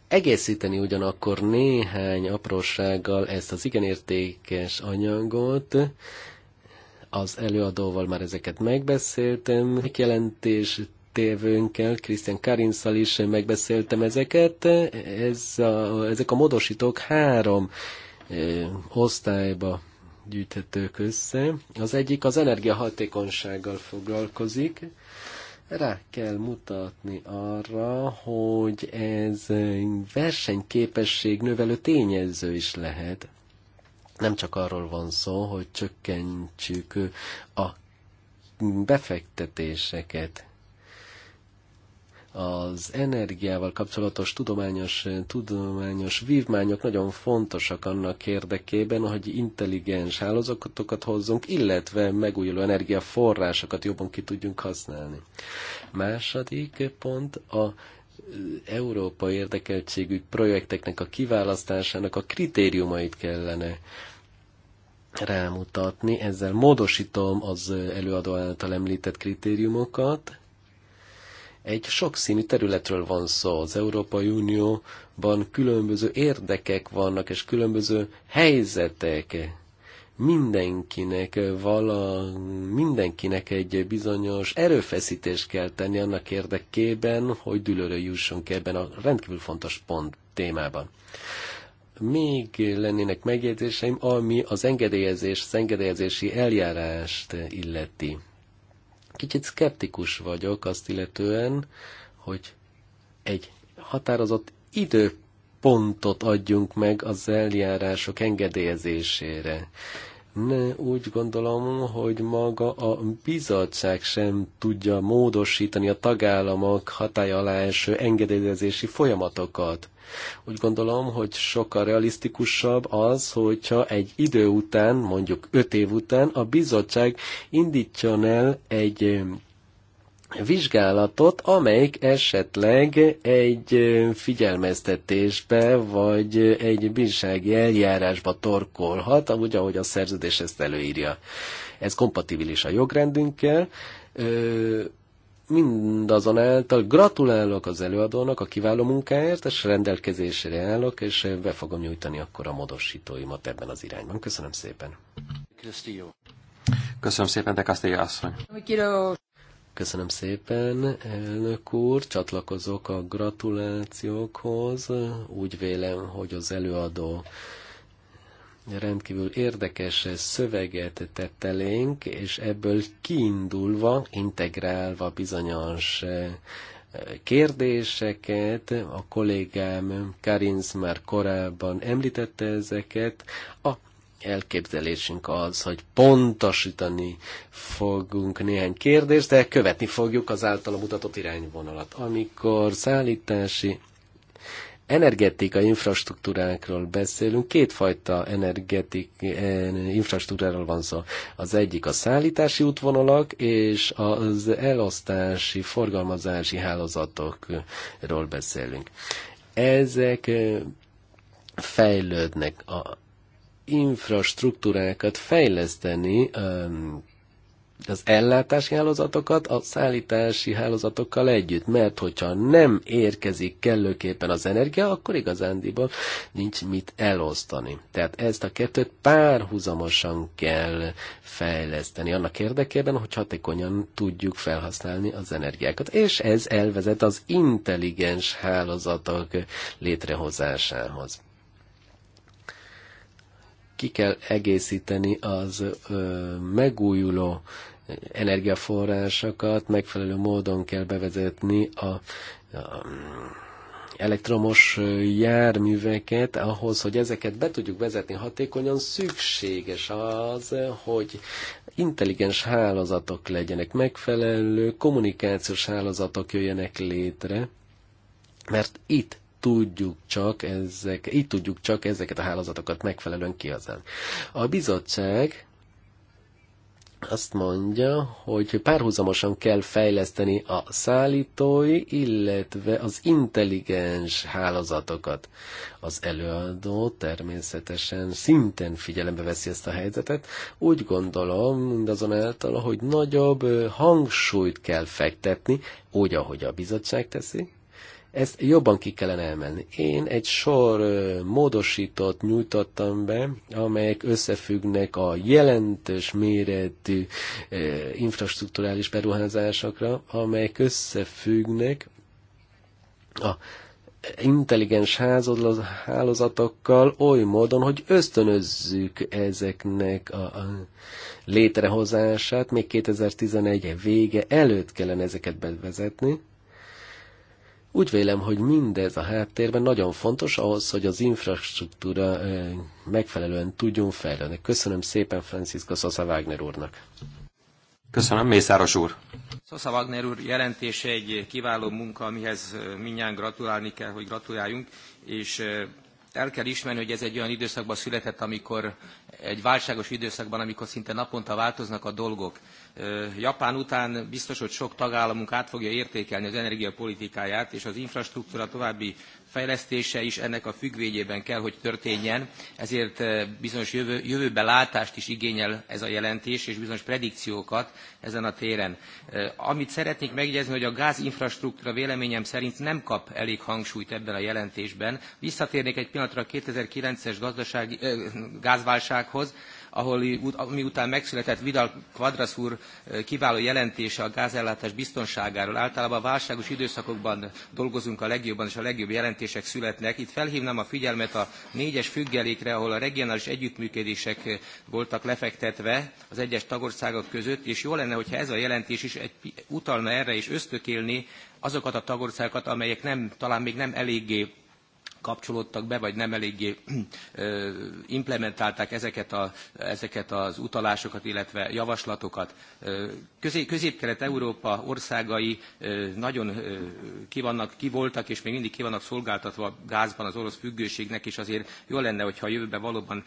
egészíteni ugyanakkor néhány aprósággal ezt az igen értékes anyagot, az előadóval már ezeket megbeszéltem, jelentés tévőnkkel, Krisztián Karinszal is megbeszéltem ezeket. Ez a, ezek a módosítók három ö, osztályba gyűjthetők össze. Az egyik az energiahatékonysággal foglalkozik. Rá kell mutatni arra, hogy ez versenyképesség növelő tényező is lehet. Nem csak arról van szó, hogy csökkentsük a befektetéseket, az energiával kapcsolatos tudományos, tudományos vívmányok nagyon fontosak annak érdekében, hogy intelligens hálózatokat hozzunk, illetve megújuló energiaforrásokat jobban ki tudjunk használni. Második pont a Európa érdekeltségű projekteknek a kiválasztásának a kritériumait kellene rámutatni. Ezzel módosítom az előadó által említett kritériumokat, egy sokszínű területről van szó. Az Európai Unióban különböző érdekek vannak, és különböző helyzetek. Mindenkinek, vala, mindenkinek egy bizonyos erőfeszítést kell tenni annak érdekében, hogy dülőre jussunk ebben a rendkívül fontos pont témában még lennének megjegyzéseim, ami az engedélyezés, az engedélyezési eljárást illeti. Kicsit szkeptikus vagyok azt illetően, hogy egy határozott időpontot adjunk meg az eljárások engedélyezésére ne, úgy gondolom, hogy maga a bizottság sem tudja módosítani a tagállamok hatája alá első engedélyezési folyamatokat. Úgy gondolom, hogy sokkal realisztikusabb az, hogyha egy idő után, mondjuk öt év után a bizottság indítson el egy vizsgálatot, amelyik esetleg egy figyelmeztetésbe vagy egy bírsági eljárásba torkolhat, úgy, ahogy a szerződés ezt előírja. Ez kompatibilis a jogrendünkkel. Mindazonáltal gratulálok az előadónak a kiváló munkáért, és rendelkezésre állok, és be fogom nyújtani akkor a módosítóimat ebben az irányban. Köszönöm szépen. Köszönöm szépen, de Castilla asszony. Köszönöm szépen, elnök úr, csatlakozok a gratulációkhoz. Úgy vélem, hogy az előadó rendkívül érdekes szöveget tett elénk, és ebből kiindulva, integrálva bizonyos eh, kérdéseket, a kollégám Karinz már korábban említette ezeket, a elképzelésünk az, hogy pontosítani fogunk néhány kérdést, de követni fogjuk az általa mutatott irányvonalat. Amikor szállítási energetikai infrastruktúrákról beszélünk, kétfajta energetik eh, infrastruktúráról van szó. Az egyik a szállítási útvonalak és az elosztási, forgalmazási hálózatokról beszélünk. Ezek eh, fejlődnek a infrastruktúrákat fejleszteni, az ellátási hálózatokat a szállítási hálózatokkal együtt, mert hogyha nem érkezik kellőképpen az energia, akkor igazándiból nincs mit elosztani. Tehát ezt a kettőt párhuzamosan kell fejleszteni, annak érdekében, hogy hatékonyan tudjuk felhasználni az energiákat. És ez elvezet az intelligens hálózatok létrehozásához ki kell egészíteni az ö, megújuló energiaforrásokat, megfelelő módon kell bevezetni a, a elektromos járműveket, ahhoz, hogy ezeket be tudjuk vezetni hatékonyan, szükséges az, hogy intelligens hálózatok legyenek, megfelelő kommunikációs hálózatok jöjjenek létre, mert itt tudjuk csak ezek, így tudjuk csak ezeket a hálózatokat megfelelően kihazálni. A bizottság azt mondja, hogy párhuzamosan kell fejleszteni a szállítói, illetve az intelligens hálózatokat. Az előadó természetesen szinten figyelembe veszi ezt a helyzetet. Úgy gondolom mindazonáltal, hogy nagyobb hangsúlyt kell fektetni, úgy, ahogy a bizottság teszi, ezt jobban ki kellene emelni. Én egy sor módosított nyújtottam be, amelyek összefüggnek a jelentős méretű infrastruktúrális beruházásokra, amelyek összefüggnek a intelligens hálózatokkal oly módon, hogy ösztönözzük ezeknek a, a létrehozását, még 2011 vége előtt kellene ezeket bevezetni, úgy vélem, hogy mindez a háttérben nagyon fontos ahhoz, hogy az infrastruktúra megfelelően tudjon fejlődni. Köszönöm szépen Francisco Sosa Wagner úrnak. Köszönöm, Mészáros úr. Sosa Wagner úr jelentése egy kiváló munka, amihez mindjárt gratulálni kell, hogy gratuláljunk, és el kell ismerni, hogy ez egy olyan időszakban született, amikor egy válságos időszakban, amikor szinte naponta változnak a dolgok. Japán után biztos, hogy sok tagállamunk át fogja értékelni az energiapolitikáját, és az infrastruktúra további fejlesztése is ennek a függvényében kell, hogy történjen, ezért eh, bizonyos jövő, jövőbe látást is igényel ez a jelentés, és bizonyos predikciókat ezen a téren. Eh, amit szeretnék megjegyezni, hogy a gázinfrastruktúra véleményem szerint nem kap elég hangsúlyt ebben a jelentésben. Visszatérnék egy pillanatra a 2009-es gazdasági, eh, gázválsághoz, ahol miután megszületett Vidal Quadras úr kiváló jelentése a gázellátás biztonságáról, általában válságos időszakokban dolgozunk a legjobban, és a legjobb jelentések születnek. Itt felhívnám a figyelmet a négyes függelékre, ahol a regionális együttműködések voltak lefektetve az egyes tagországok között, és jó lenne, hogyha ez a jelentés is egy, utalna erre és ösztökélni azokat a tagországokat, amelyek nem, talán még nem eléggé kapcsolódtak be, vagy nem eléggé implementálták ezeket, a, ezeket az utalásokat, illetve javaslatokat. Közép-Kelet-Európa országai nagyon ki, vannak, ki voltak, és még mindig ki vannak szolgáltatva gázban az orosz függőségnek, és azért jó lenne, hogyha a jövőben valóban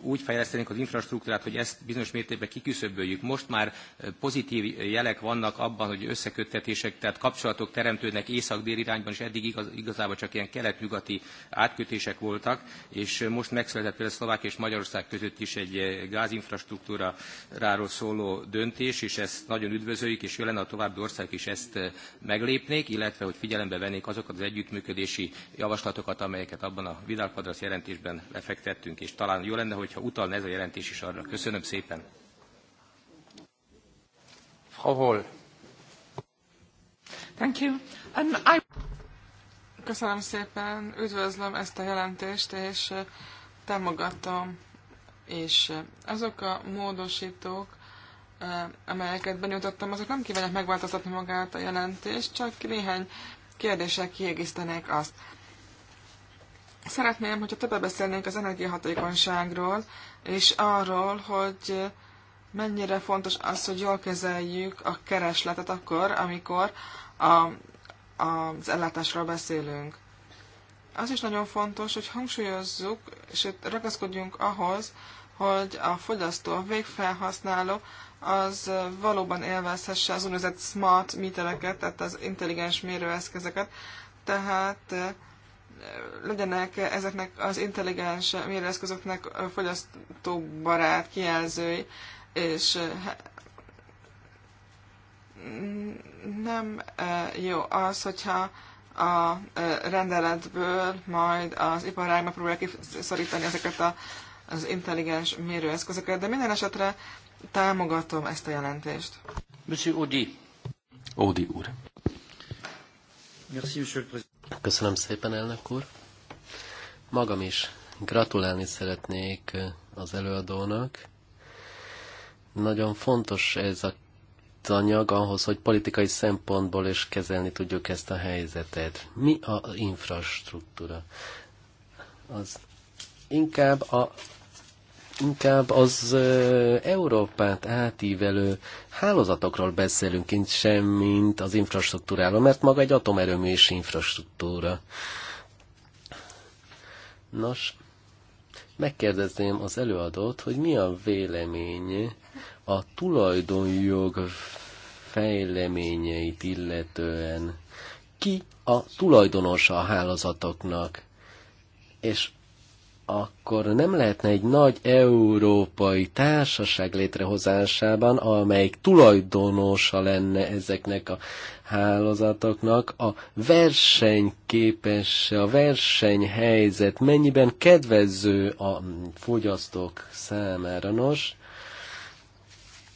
úgy fejlesztenénk az infrastruktúrát, hogy ezt bizonyos mértékben kiküszöböljük. Most már pozitív jelek vannak abban, hogy összeköttetések, tehát kapcsolatok teremtődnek észak-dél irányban, és eddig igaz, igazából csak ilyen kelet-nyugati átkötések voltak, és most megszületett például Szlovákia és Magyarország között is egy gázinfrastruktúráról szóló döntés, és ezt nagyon üdvözöljük, és jelen a további országok is ezt meglépnék, illetve hogy figyelembe vennék azokat az együttműködési javaslatokat, amelyeket abban a Vidal jelentésben lefektettünk, és talán jó lenne, hogyha utalna ez a jelentés is arra. Köszönöm szépen. Frau Hol. Thank you. And I... Köszönöm szépen, üdvözlöm ezt a jelentést, és támogatom, és azok a módosítók, amelyeket benyújtottam, azok nem kívánják megváltoztatni magát a jelentést, csak néhány kérdéssel kiegészítenék azt. Szeretném, hogyha többet beszélnénk az energiahatékonyságról, és arról, hogy mennyire fontos az, hogy jól kezeljük a keresletet akkor, amikor a, a, az ellátásról beszélünk. Az is nagyon fontos, hogy hangsúlyozzuk, és ragaszkodjunk ahhoz, hogy a fogyasztó, a végfelhasználó az valóban élvezhesse az úgynevezett smart mitereket, tehát az intelligens mérőeszközeket, tehát legyenek ezeknek az intelligens mérőeszközöknek fogyasztóbarát kijelzői, és eh, nem eh, jó az, hogyha a eh, rendeletből majd az iparág próbálja kiszorítani ezeket a, az intelligens mérőeszközöket, de minden esetre támogatom ezt a jelentést. Monsieur Audi. Audi úr. Merci, monsieur le président. Köszönöm szépen, elnök úr. Magam is gratulálni szeretnék az előadónak. Nagyon fontos ez a anyag ahhoz, hogy politikai szempontból is kezelni tudjuk ezt a helyzetet. Mi a infrastruktúra? Az inkább a inkább az Európát átívelő hálózatokról beszélünk, mint sem, mint az infrastruktúráról, mert maga egy atomerőmű és infrastruktúra. Nos, megkérdezném az előadót, hogy mi a véleménye a tulajdonjog fejleményeit illetően. Ki a tulajdonosa a hálózatoknak? És akkor nem lehetne egy nagy európai társaság létrehozásában, amelyik tulajdonosa lenne ezeknek a hálózatoknak, a versenyképes, a versenyhelyzet mennyiben kedvező a fogyasztók számára. Nos,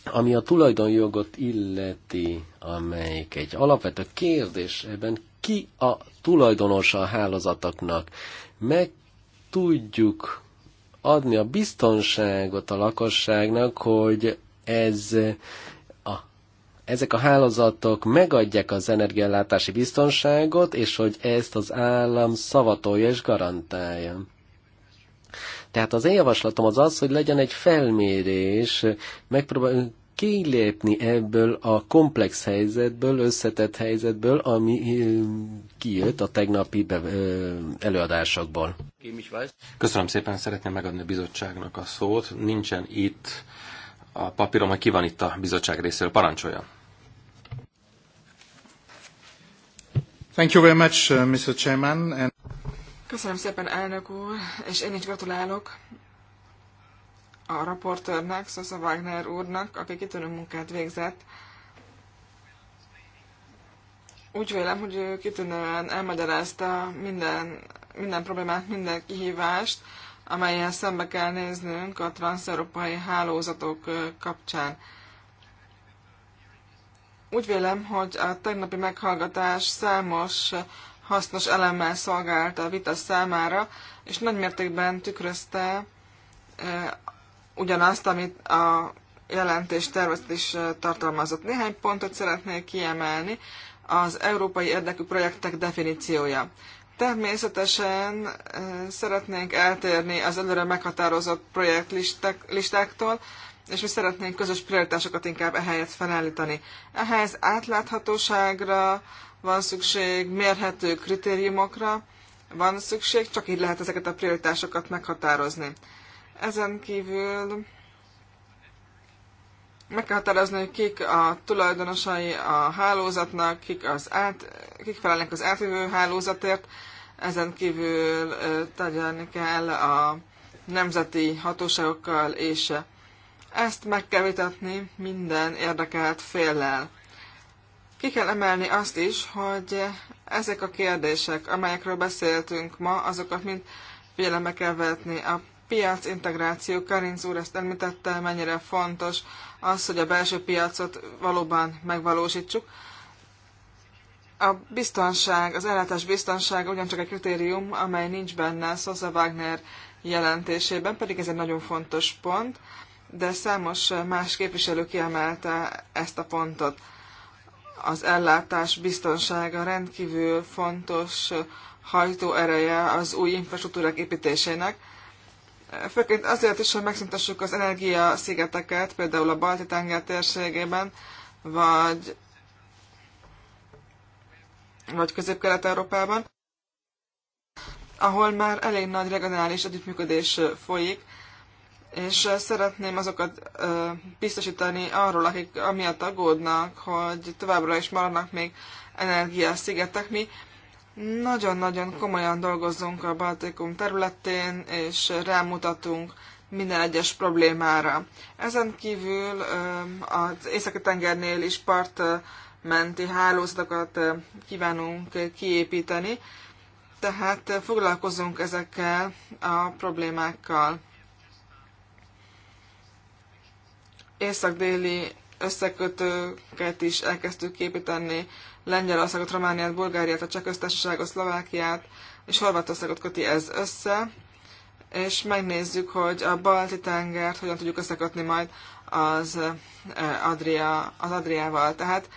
ami a tulajdonjogot illeti, amelyik egy alapvető kérdés, ebben ki a tulajdonosa a hálózatoknak? Meg tudjuk adni a biztonságot a lakosságnak, hogy ez a, ezek a hálózatok megadják az energiállátási biztonságot, és hogy ezt az állam szavatolja és garantálja. Tehát az én javaslatom az az, hogy legyen egy felmérés, megpróbál, kilépni ebből a komplex helyzetből, összetett helyzetből, ami kijött a tegnapi előadásokból. Köszönöm szépen, szeretném megadni a bizottságnak a szót. Nincsen itt a papírom, hogy ki van itt a bizottság részéről. Parancsolja! Thank you very much, uh, Mr. Chairman. And... Köszönöm szépen, elnök úr, és én is gratulálok a raportőrnek, Sosa Wagner úrnak, aki kitűnő munkát végzett. Úgy vélem, hogy ő kitűnően elmagyarázta minden, minden problémát, minden kihívást, amelyen szembe kell néznünk a transzeurópai hálózatok kapcsán. Úgy vélem, hogy a tegnapi meghallgatás számos hasznos elemmel szolgált a vita számára, és nagymértékben tükrözte ugyanazt, amit a jelentés tervezet is tartalmazott. Néhány pontot szeretnék kiemelni, az európai érdekű projektek definíciója. Természetesen szeretnénk eltérni az előre meghatározott projektlistáktól, és mi szeretnénk közös prioritásokat inkább ehelyett felállítani. Ehhez átláthatóságra van szükség, mérhető kritériumokra van szükség, csak így lehet ezeket a prioritásokat meghatározni. Ezen kívül meg kell határozni, hogy kik a tulajdonosai a hálózatnak, kik, az át, kik felelnek az átvívő hálózatért, ezen kívül tárgyalni kell a nemzeti hatóságokkal, és ezt meg kell vitatni minden érdekelt féllel. Ki kell emelni azt is, hogy ezek a kérdések, amelyekről beszéltünk ma, azokat mind figyelembe kell vetni a piac integráció, Karinz úr ezt említette, mennyire fontos az, hogy a belső piacot valóban megvalósítsuk. A biztonság, az ellátás biztonság ugyancsak egy kritérium, amely nincs benne Sosa Wagner jelentésében, pedig ez egy nagyon fontos pont, de számos más képviselő kiemelte ezt a pontot. Az ellátás biztonsága rendkívül fontos hajtóereje az új infrastruktúrák építésének, Főként azért is, hogy megszüntessük az energia szigeteket, például a Balti-tenger térségében, vagy, vagy Közép-Kelet-Európában, ahol már elég nagy regionális együttműködés folyik, és szeretném azokat ö, biztosítani arról, akik amiatt aggódnak, hogy továbbra is maradnak még energiaszigetek. Mi nagyon-nagyon komolyan dolgozunk a Baltikum területén, és rámutatunk minden egyes problémára. Ezen kívül az északi tengernél is partmenti hálózatokat kívánunk kiépíteni, tehát foglalkozunk ezekkel a problémákkal. Észak-déli összekötőket is elkezdtük építeni Lengyelországot, Romániát, Bulgáriát, a Cseh Szlovákiát és Horvátországot köti ez össze, és megnézzük, hogy a balti tengert hogyan tudjuk összekötni majd az, eh, Adria, az Adriával. Tehát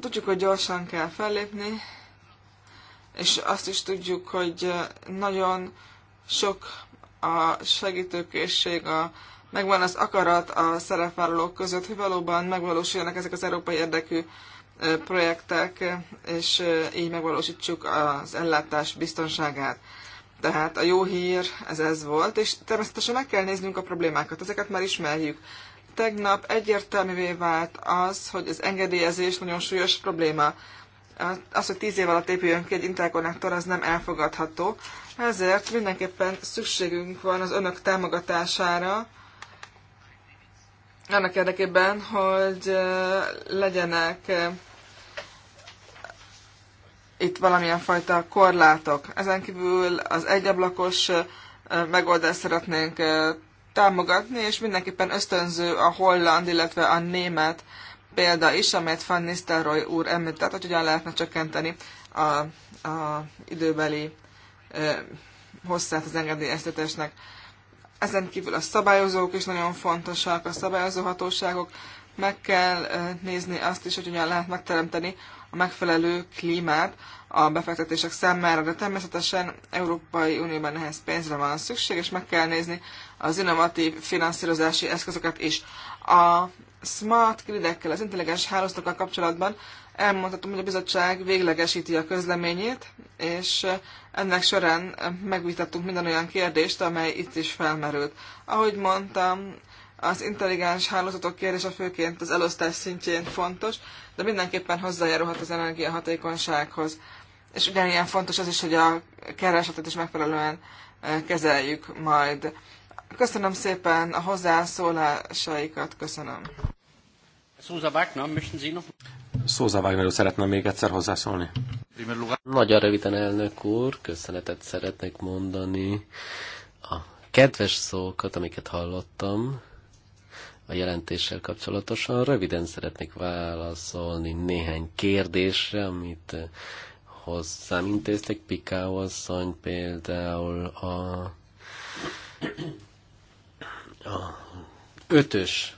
tudjuk, hogy gyorsan kell fellépni, és azt is tudjuk, hogy eh, nagyon sok a segítőkészség, a megvan az akarat a szerepvállalók között, hogy valóban megvalósuljanak ezek az európai érdekű projektek, és így megvalósítsuk az ellátás biztonságát. Tehát a jó hír, ez ez volt, és természetesen meg kell néznünk a problémákat, ezeket már ismerjük. Tegnap egyértelművé vált az, hogy az engedélyezés nagyon súlyos probléma. Az, hogy tíz év alatt épüljön ki egy interkonnektor, az nem elfogadható. Ezért mindenképpen szükségünk van az önök támogatására, annak érdekében, hogy legyenek itt valamilyen fajta korlátok. Ezen kívül az egyablakos megoldást szeretnénk támogatni, és mindenképpen ösztönző a holland, illetve a német példa is, amelyet Van Nistelrooy úr említett, hogy hogyan lehetne csökkenteni a, a időbeli ö, hosszát az engedélyeztetésnek. Ezen kívül a szabályozók is nagyon fontosak, a szabályozó hatóságok. Meg kell nézni azt is, hogy hogyan lehet megteremteni a megfelelő klímát a befektetések számára, de természetesen Európai Unióban ehhez pénzre van szükség, és meg kell nézni az innovatív finanszírozási eszközöket is. A smart gridekkel, az intelligens hálózatokkal kapcsolatban elmondhatom, hogy a bizottság véglegesíti a közleményét, és ennek során megvitattunk minden olyan kérdést, amely itt is felmerült. Ahogy mondtam, az intelligens hálózatok kérdése főként az elosztás szintjén fontos, de mindenképpen hozzájárulhat az energiahatékonysághoz. És ugyanilyen fontos az is, hogy a keresletet is megfelelően e, kezeljük majd. Köszönöm szépen a hozzászólásaikat, köszönöm. Susa Wagner, möchten Sie noch? Szóza Wagner szeretne még egyszer hozzászólni. Nagyon röviden, elnök úr, köszönetet szeretnék mondani a kedves szókat, amiket hallottam a jelentéssel kapcsolatosan. Röviden szeretnék válaszolni néhány kérdésre, amit hozzám intéztek. Pikáó asszony például a, a ötös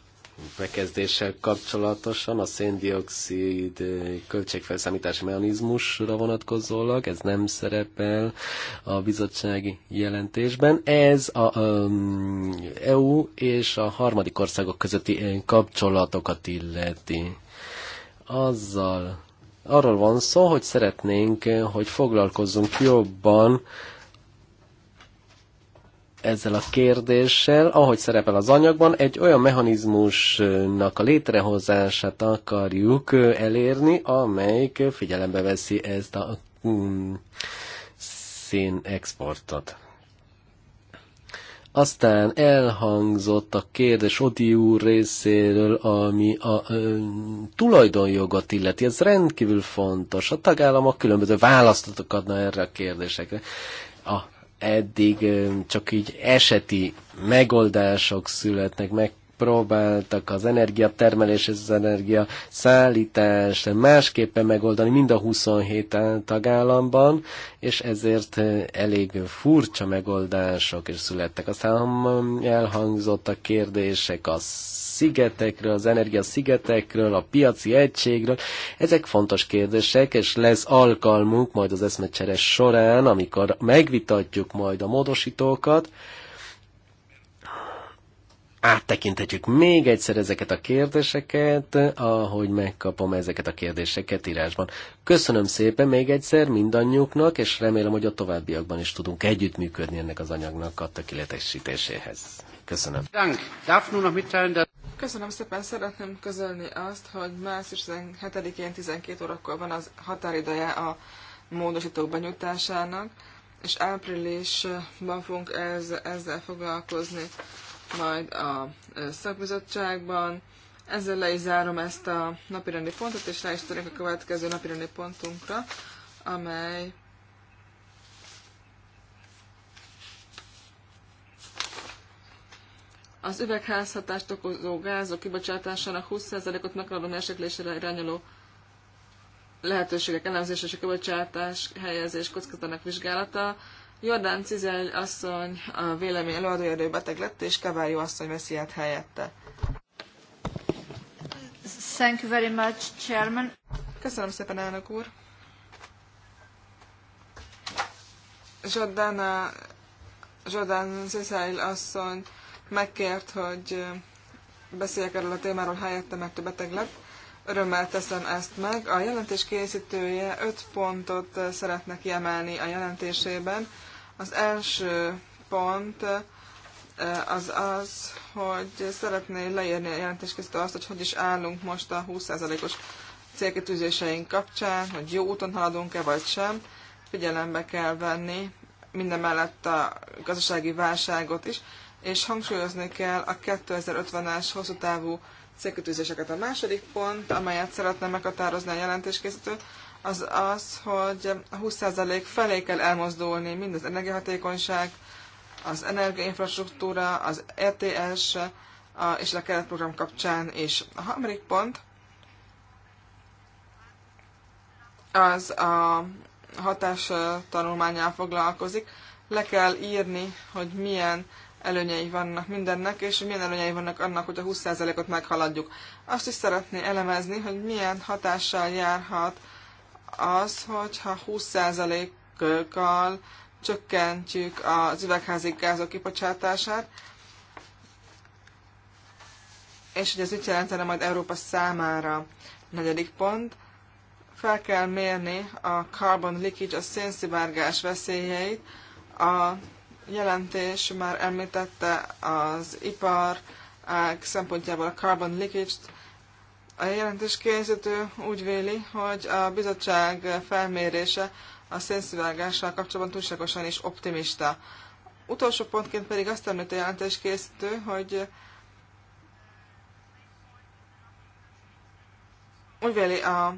bekezdéssel kapcsolatosan a széndiokszid költségfelszámítási mechanizmusra vonatkozólag, ez nem szerepel a bizottsági jelentésben. Ez a um, EU és a harmadik országok közötti eh, kapcsolatokat illeti. Azzal arról van szó, hogy szeretnénk, eh, hogy foglalkozzunk jobban ezzel a kérdéssel, ahogy szerepel az anyagban, egy olyan mechanizmusnak a létrehozását akarjuk elérni, amelyik figyelembe veszi ezt a um, exportot Aztán elhangzott a kérdés Odi úr részéről, ami a ö, tulajdonjogot illeti. Ez rendkívül fontos. A tagállamok különböző választatok adna erre a kérdésekre. A eddig csak így eseti megoldások születnek, megpróbáltak az energiatermelés, az energia szállítást másképpen megoldani mind a 27 tagállamban, és ezért elég furcsa megoldások is születtek. Aztán elhangzott a kérdések az szigetekről, az energia szigetekről, a piaci egységről. Ezek fontos kérdések, és lesz alkalmunk majd az eszmecseres során, amikor megvitatjuk majd a módosítókat, áttekinthetjük még egyszer ezeket a kérdéseket, ahogy megkapom ezeket a kérdéseket írásban. Köszönöm szépen még egyszer mindannyiuknak, és remélem, hogy a továbbiakban is tudunk együttműködni ennek az anyagnak a tökéletesítéséhez. Köszönöm. Köszönöm szépen, szeretném közölni azt, hogy március 17-én 12 órakor van az határideje a módosítók benyújtásának, és áprilisban fogunk ezzel, ezzel foglalkozni majd a szakbizottságban. Ezzel le is zárom ezt a napirendi pontot, és rá is a következő napirendi pontunkra, amely Az üvegházhatást okozó gázok kibocsátásának 20%-ot megadó mérséklésére irányuló lehetőségek elemzése és a kibocsátás helyezés kockázatának vizsgálata. Jordán Cizel asszony a vélemény előadója ő beteg lett, és Kavályó asszony veszi át helyette. Thank you very much, Chairman. Köszönöm szépen, elnök úr. Jordán, Jordan cizel asszony megkért, hogy beszéljek erről a témáról helyette, mert ő beteg lett. Örömmel teszem ezt meg. A jelentés készítője öt pontot szeretne kiemelni a jelentésében. Az első pont az az, hogy szeretné leírni a jelentéskészítő azt, hogy hogy is állunk most a 20%-os célkitűzéseink kapcsán, hogy jó úton haladunk-e vagy sem. Figyelembe kell venni minden mellett a gazdasági válságot is, és hangsúlyozni kell a 2050-es hosszú távú célkötőzéseket. A második pont, amelyet szeretne meghatározni a jelentéskészítő, az az, hogy a 20% felé kell elmozdulni, mind az energiahatékonyság, az energiainfrastruktúra, az ETS a, és a keretprogram kapcsán is. A harmadik pont az a hatás tanulmányával foglalkozik. Le kell írni, hogy milyen előnyei vannak mindennek, és milyen előnyei vannak annak, hogy a 20%-ot meghaladjuk. Azt is szeretné elemezni, hogy milyen hatással járhat az, hogyha 20%-kal csökkentjük az üvegházi gázok kibocsátását, és hogy ez mit jelentene majd Európa számára. Negyedik pont, fel kell mérni a carbon leakage, a szénszivárgás veszélyeit a jelentés már említette az ipar szempontjából a carbon leakage-t. A jelentés készítő úgy véli, hogy a bizottság felmérése a szénszivágással kapcsolatban túlságosan is optimista. Utolsó pontként pedig azt említi a jelentés készítő, hogy úgy véli a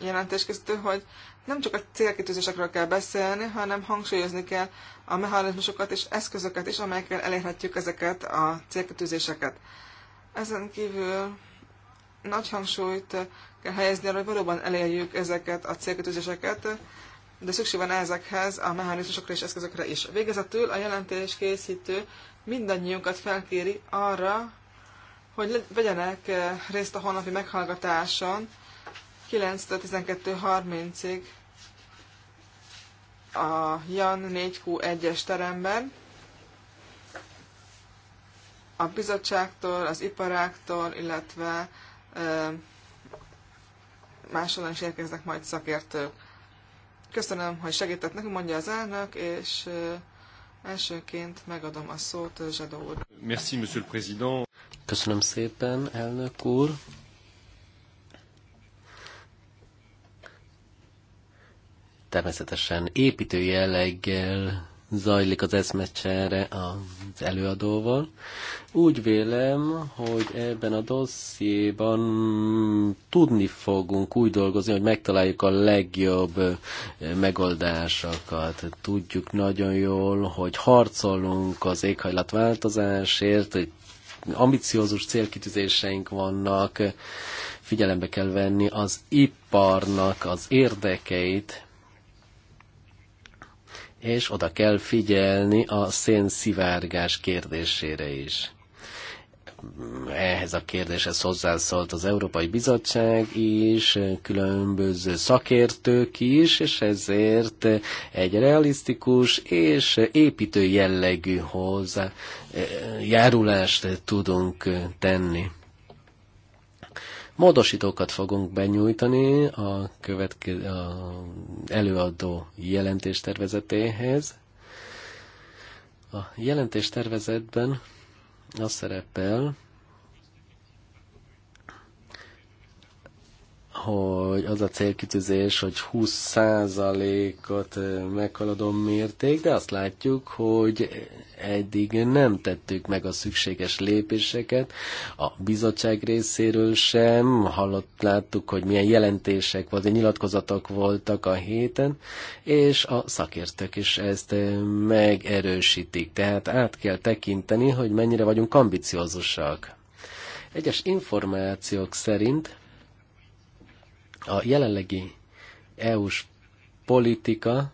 jelentéskészítő, hogy nem csak a célkitűzésekről kell beszélni, hanem hangsúlyozni kell a mechanizmusokat és eszközöket is, amelyekkel elérhetjük ezeket a célkitűzéseket. Ezen kívül nagy hangsúlyt kell helyezni arra, hogy valóban elérjük ezeket a célkitűzéseket, de szükség van ezekhez a mechanizmusokra és eszközökre is. Végezetül a jelentés készítő mindannyiunkat felkéri arra, hogy vegyenek eh, részt a holnapi meghallgatáson, 9-től 12.30-ig a Jan 4Q1-es teremben. A bizottságtól, az iparáktól, illetve ö, is érkeznek majd szakértők. Köszönöm, hogy segített nekünk, mondja az elnök, és elsőként megadom a szót Zsadó úr. Merci, monsieur le président. Köszönöm szépen, elnök úr. természetesen építő jelleggel zajlik az eszmecsere az előadóval. Úgy vélem, hogy ebben a dossziéban tudni fogunk úgy dolgozni, hogy megtaláljuk a legjobb megoldásokat. Tudjuk nagyon jól, hogy harcolunk az éghajlatváltozásért, hogy ambiciózus célkitűzéseink vannak, figyelembe kell venni az iparnak az érdekeit, és oda kell figyelni a szénszivárgás kérdésére is. Ehhez a kérdéshez hozzászólt az Európai Bizottság is, különböző szakértők is, és ezért egy realisztikus és építő jellegű hozzájárulást eh, tudunk tenni. Módosítókat fogunk benyújtani a, következő, a előadó jelentéstervezetéhez. A jelentéstervezetben az szerepel, hogy az a célkitűzés, hogy 20%-ot meghaladó mérték, de azt látjuk, hogy eddig nem tettük meg a szükséges lépéseket, a bizottság részéről sem, hallott, láttuk, hogy milyen jelentések vagy nyilatkozatok voltak a héten, és a szakértők is ezt megerősítik. Tehát át kell tekinteni, hogy mennyire vagyunk ambiciózusak. Egyes információk szerint a jelenlegi EU-s politika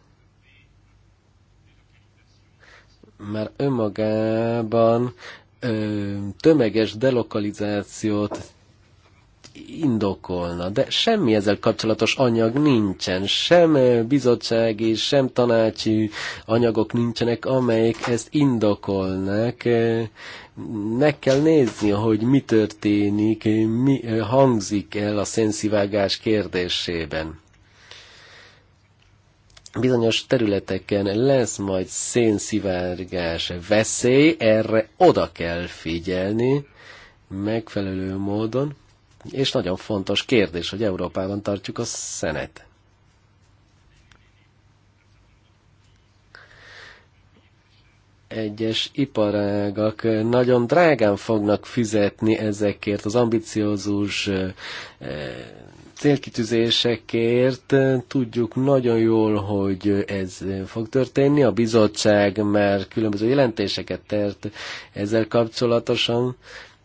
már önmagában ö, tömeges delokalizációt indokolna, de semmi ezzel kapcsolatos anyag nincsen, sem bizottsági, sem tanácsi anyagok nincsenek, amelyek ezt indokolnak. Meg kell nézni, hogy mi történik, mi hangzik el a szenszivágás kérdésében bizonyos területeken lesz majd szénszivárgás veszély, erre oda kell figyelni megfelelő módon és nagyon fontos kérdés, hogy Európában tartjuk a szenet. Egyes iparágak nagyon drágán fognak fizetni ezekért az ambiciózus célkitűzésekért tudjuk nagyon jól, hogy ez fog történni. A bizottság már különböző jelentéseket tert ezzel kapcsolatosan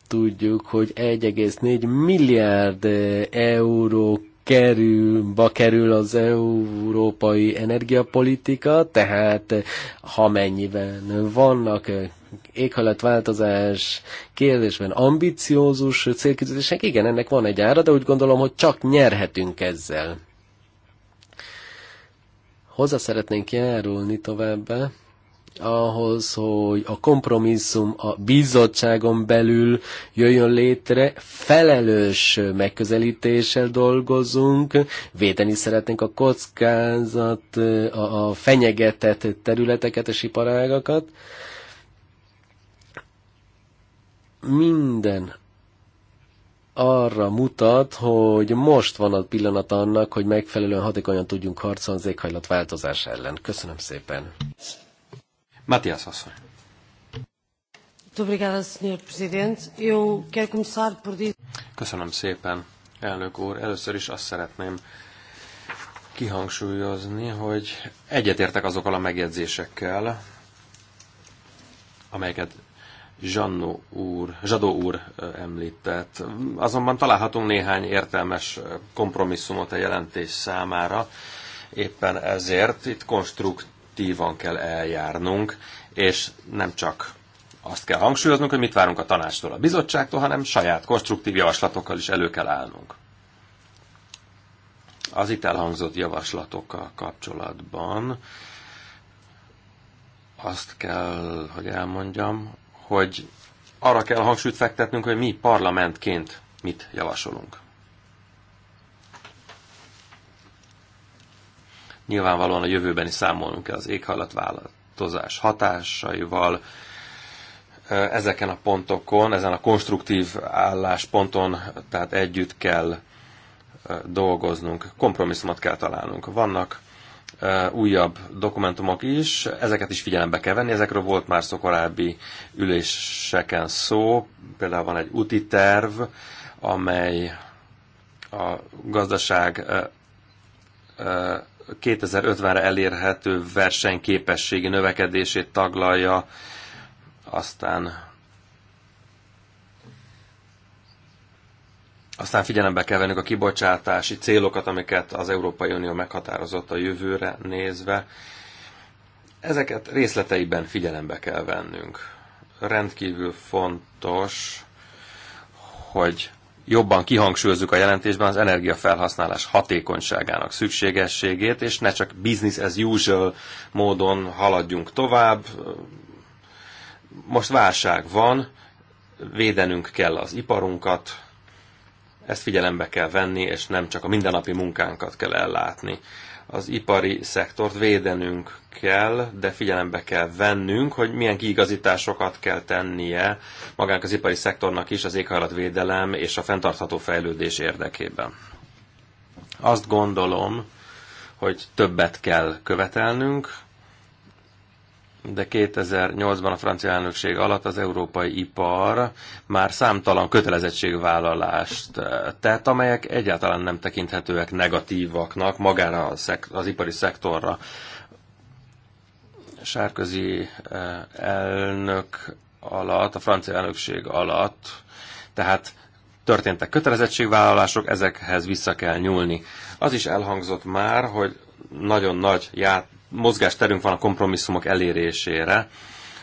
tudjuk, hogy 1,4 milliárd euró kerül, ba kerül az európai energiapolitika, tehát ha mennyiben vannak éghajlatváltozás kérdésben ambiciózus célkizetések, igen, ennek van egy ára, de úgy gondolom, hogy csak nyerhetünk ezzel. Hozzá szeretnénk járulni továbbá ahhoz, hogy a kompromisszum a bizottságon belül jöjjön létre, felelős megközelítéssel dolgozunk, védeni szeretnénk a kockázat, a, a fenyegetett területeket és iparágakat. Minden arra mutat, hogy most van a pillanat annak, hogy megfelelően hatékonyan tudjunk harcolni az éghajlat változás ellen. Köszönöm szépen! Matias Köszönöm szépen, elnök úr. Először is azt szeretném kihangsúlyozni, hogy egyetértek azokkal a megjegyzésekkel, amelyeket Zsannó úr, Zsadó úr említett. Azonban találhatunk néhány értelmes kompromisszumot a jelentés számára, éppen ezért itt konstrukt konstruktívan kell eljárnunk, és nem csak azt kell hangsúlyoznunk, hogy mit várunk a tanácstól, a bizottságtól, hanem saját konstruktív javaslatokkal is elő kell állnunk. Az itt elhangzott javaslatokkal kapcsolatban azt kell, hogy elmondjam, hogy arra kell hangsúlyt fektetnünk, hogy mi parlamentként mit javasolunk. Nyilvánvalóan a jövőben is számolnunk kell az éghajlatváltozás hatásaival, ezeken a pontokon, ezen a konstruktív állásponton, tehát együtt kell dolgoznunk, kompromisszumot kell találnunk. Vannak újabb dokumentumok is, ezeket is figyelembe kell venni, ezekről volt már szó korábbi üléseken szó, például van egy úti terv, amely a gazdaság 2050-re elérhető versenyképességi növekedését taglalja, aztán Aztán figyelembe kell vennünk a kibocsátási célokat, amiket az Európai Unió meghatározott a jövőre nézve. Ezeket részleteiben figyelembe kell vennünk. Rendkívül fontos, hogy jobban kihangsúlyozzuk a jelentésben az energiafelhasználás hatékonyságának szükségességét, és ne csak business as usual módon haladjunk tovább. Most válság van, védenünk kell az iparunkat, ezt figyelembe kell venni, és nem csak a mindennapi munkánkat kell ellátni az ipari szektort védenünk kell, de figyelembe kell vennünk, hogy milyen kiigazításokat kell tennie magánk az ipari szektornak is az éghajlatvédelem és a fenntartható fejlődés érdekében. Azt gondolom, hogy többet kell követelnünk, de 2008-ban a francia elnökség alatt az európai ipar már számtalan kötelezettségvállalást eh, tett, amelyek egyáltalán nem tekinthetőek negatívaknak magára az ipari szektorra. Sárközi eh, elnök alatt, a francia elnökség alatt, tehát történtek kötelezettségvállalások, ezekhez vissza kell nyúlni. Az is elhangzott már, hogy nagyon nagy ját, mozgásterünk van a kompromisszumok elérésére,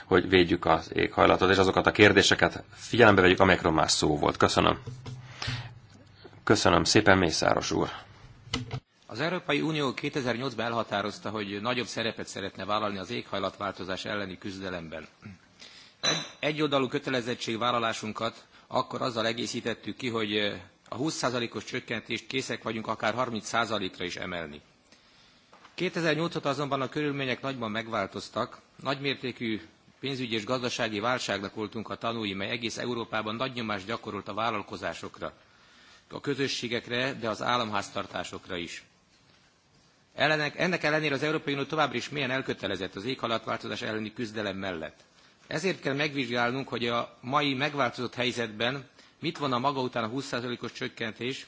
hogy védjük az éghajlatot, és azokat a kérdéseket figyelembe vegyük, amelyekről már szó volt. Köszönöm. Köszönöm szépen, Mészáros úr. Az Európai Unió 2008-ban elhatározta, hogy nagyobb szerepet szeretne vállalni az éghajlatváltozás elleni küzdelemben. Egyoldalú kötelezettségvállalásunkat akkor azzal egészítettük ki, hogy a 20%-os csökkentést készek vagyunk akár 30%-ra is emelni. 2008 óta azonban a körülmények nagyban megváltoztak, nagymértékű pénzügyi és gazdasági válságnak voltunk a tanúi, mely egész Európában nagy nyomást gyakorolt a vállalkozásokra, a közösségekre, de az államháztartásokra is. Ellenek, ennek ellenére az Európai Unió továbbra is mélyen elkötelezett az éghajlatváltozás elleni küzdelem mellett. Ezért kell megvizsgálnunk, hogy a mai megváltozott helyzetben mit von a maga után a 20%-os csökkentés,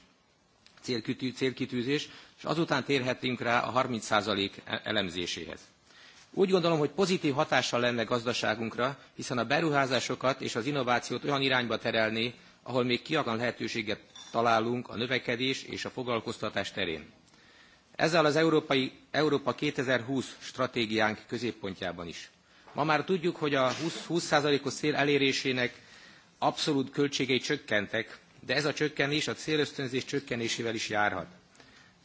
célkütű, célkitűzés, és azután térhetünk rá a 30% e-, elemzéséhez. Úgy gondolom, hogy pozitív hatással lenne gazdaságunkra, hiszen a beruházásokat és az innovációt olyan irányba terelné, ahol még kiagan lehetőséget találunk a növekedés és a foglalkoztatás terén. Ezzel az Európai, Európa 2020 stratégiánk középpontjában is. Ma már tudjuk, hogy a 20%-os 20 cél elérésének abszolút költségei csökkentek de ez a csökkenés a célösztönzés csökkenésével is járhat.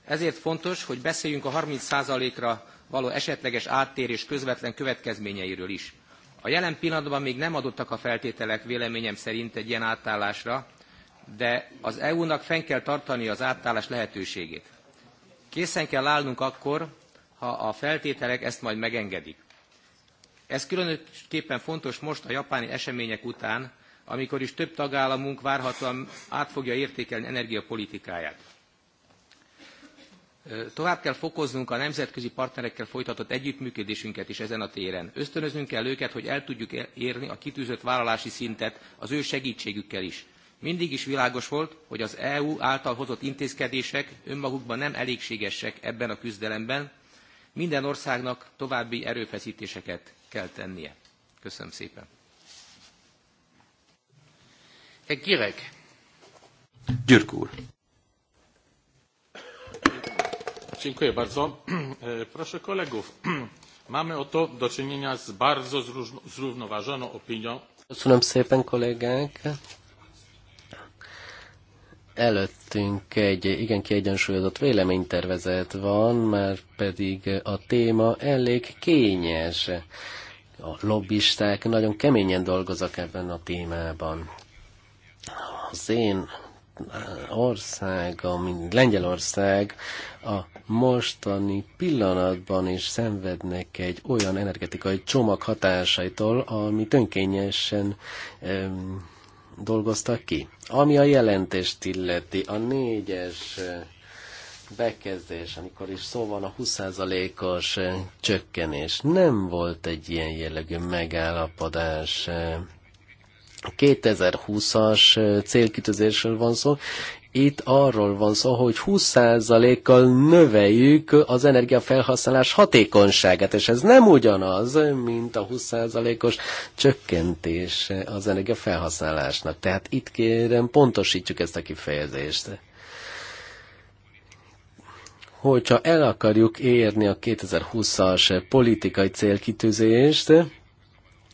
Ezért fontos, hogy beszéljünk a 30%-ra való esetleges áttérés közvetlen következményeiről is. A jelen pillanatban még nem adottak a feltételek véleményem szerint egy ilyen átállásra, de az EU-nak fenn kell tartani az átállás lehetőségét. Készen kell állnunk akkor, ha a feltételek ezt majd megengedik. Ez különösképpen fontos most a japáni események után, amikor is több tagállamunk várhatóan át fogja értékelni energiapolitikáját. Tovább kell fokoznunk a nemzetközi partnerekkel folytatott együttműködésünket is ezen a téren. Ösztönöznünk kell őket, hogy el tudjuk érni a kitűzött vállalási szintet az ő segítségükkel is. Mindig is világos volt, hogy az EU által hozott intézkedések önmagukban nem elégségesek ebben a küzdelemben, minden országnak további erőfeszítéseket kell tennie. Köszönöm szépen! Herr Girek. Gyürk úr. Dziękuję bardzo. E, proszę kolegów, mamy oto do czynienia z bardzo zrównoważoną opinią. Köszönöm szépen, kollégák. Előttünk egy igen kiegyensúlyozott véleménytervezet van, már pedig a téma elég kényes a lobbisták nagyon keményen dolgoznak ebben a témában. Az én eh, országa, mint Lengyelország a mostani pillanatban is szenvednek egy olyan energetikai csomag hatásaitól, ami tönkényesen öm, dolgoztak ki. Ami a jelentést illeti, a négyes eh, bekezdés, amikor is szó van a 20%-os eh, csökkenés. Nem volt egy ilyen jellegű megállapodás 2020-as célkütözésről van szó, itt arról van szó, hogy 20%-kal növeljük az energiafelhasználás hatékonyságát, és ez nem ugyanaz, mint a 20%-os csökkentés az energiafelhasználásnak. Tehát itt kérem, pontosítjuk ezt a kifejezést. Hogyha el akarjuk érni a 2020-as politikai célkitűzést,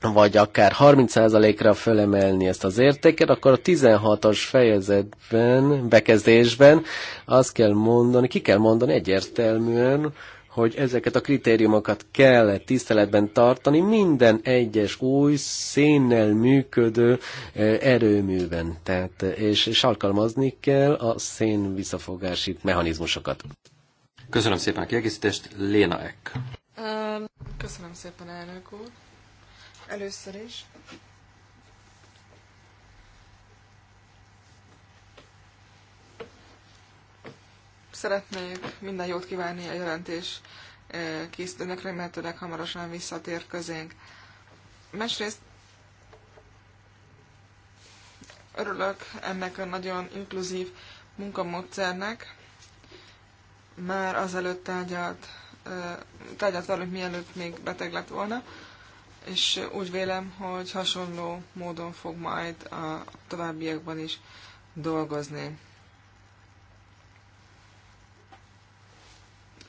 vagy akár 30%-ra fölemelni ezt az értéket, akkor a 16 as fejezetben, bekezdésben azt kell mondani, ki kell mondani egyértelműen, hogy ezeket a kritériumokat kell tiszteletben tartani minden egyes új szénnel működő e, erőműben. Tehát, és, és alkalmazni kell a szén visszafogási mechanizmusokat. Köszönöm szépen a kiegészítést, Léna Eck. Köszönöm szépen, elnök úr. Először is. Szeretnék minden jót kívánni a jelentés eh, készítőnek, remélhetőleg hamarosan visszatér közénk. Másrészt örülök ennek a nagyon inkluzív munkamódszernek. Már azelőtt tárgyalt, eh, tárgyalt velünk, mielőtt még beteg lett volna és úgy vélem, hogy hasonló módon fog majd a továbbiakban is dolgozni.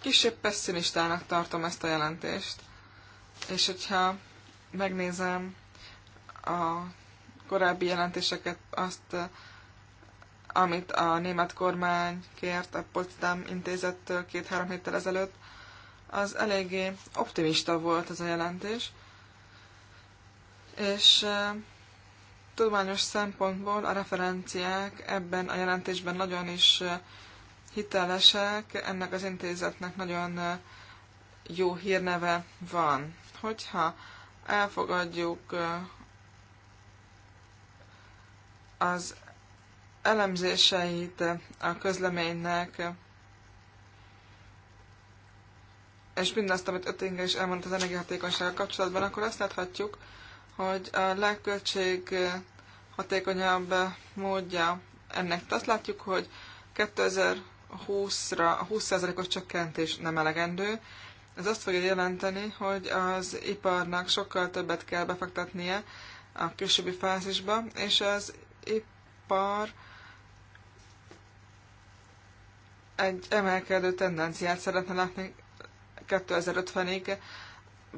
Kisebb pessimistának tartom ezt a jelentést, és hogyha megnézem a korábbi jelentéseket, azt, amit a német kormány kért a Potsdam intézettől két-három héttel ezelőtt, az eléggé optimista volt ez a jelentés, és tudományos szempontból a referenciák ebben a jelentésben nagyon is hitelesek, ennek az intézetnek nagyon jó hírneve van. Hogyha elfogadjuk az elemzéseit a közleménynek, és mindazt, amit Öttinger is elmondott az energiahatékonysággal kapcsolatban, akkor azt láthatjuk, hogy a legköltség hatékonyabb módja ennek. Azt látjuk, hogy 2020-ra a 20%-os csökkentés nem elegendő. Ez azt fogja jelenteni, hogy az iparnak sokkal többet kell befektetnie a későbbi fázisba, és az ipar egy emelkedő tendenciát szeretne látni 2050-ig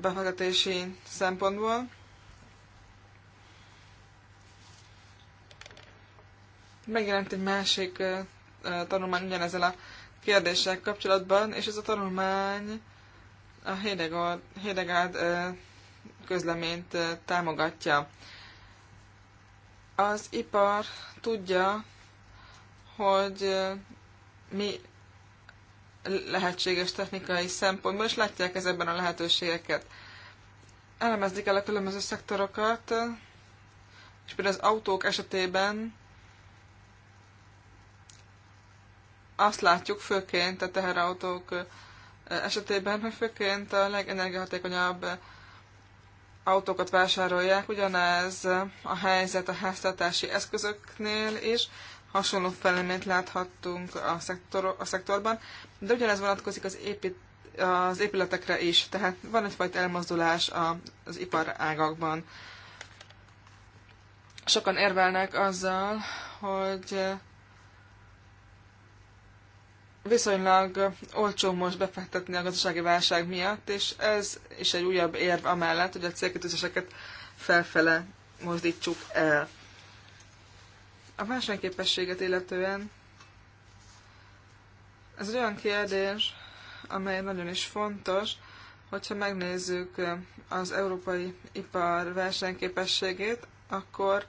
befektetési szempontból. Megjelent egy másik tanulmány ugyanezzel a kérdéssel kapcsolatban, és ez a tanulmány a Hedegaard, közleményt támogatja. Az ipar tudja, hogy mi lehetséges technikai szempontból, és látják ezekben ebben a lehetőségeket. Elemezik el a különböző szektorokat, és például az autók esetében azt látjuk főként a teherautók esetében, hogy főként a legenergiahatékonyabb autókat vásárolják, ugyanez a helyzet a háztartási eszközöknél is, hasonló feleményt láthattunk a, szektor, a szektorban, de ugyanez vonatkozik az, épít, az épületekre is, tehát van egyfajta elmozdulás az iparágakban. Sokan érvelnek azzal, hogy viszonylag olcsó most befektetni a gazdasági válság miatt, és ez is egy újabb érv amellett, hogy a célkötőzéseket felfele mozdítsuk el. A versenyképességet illetően ez egy olyan kérdés, amely nagyon is fontos, hogyha megnézzük az európai ipar versenyképességét, akkor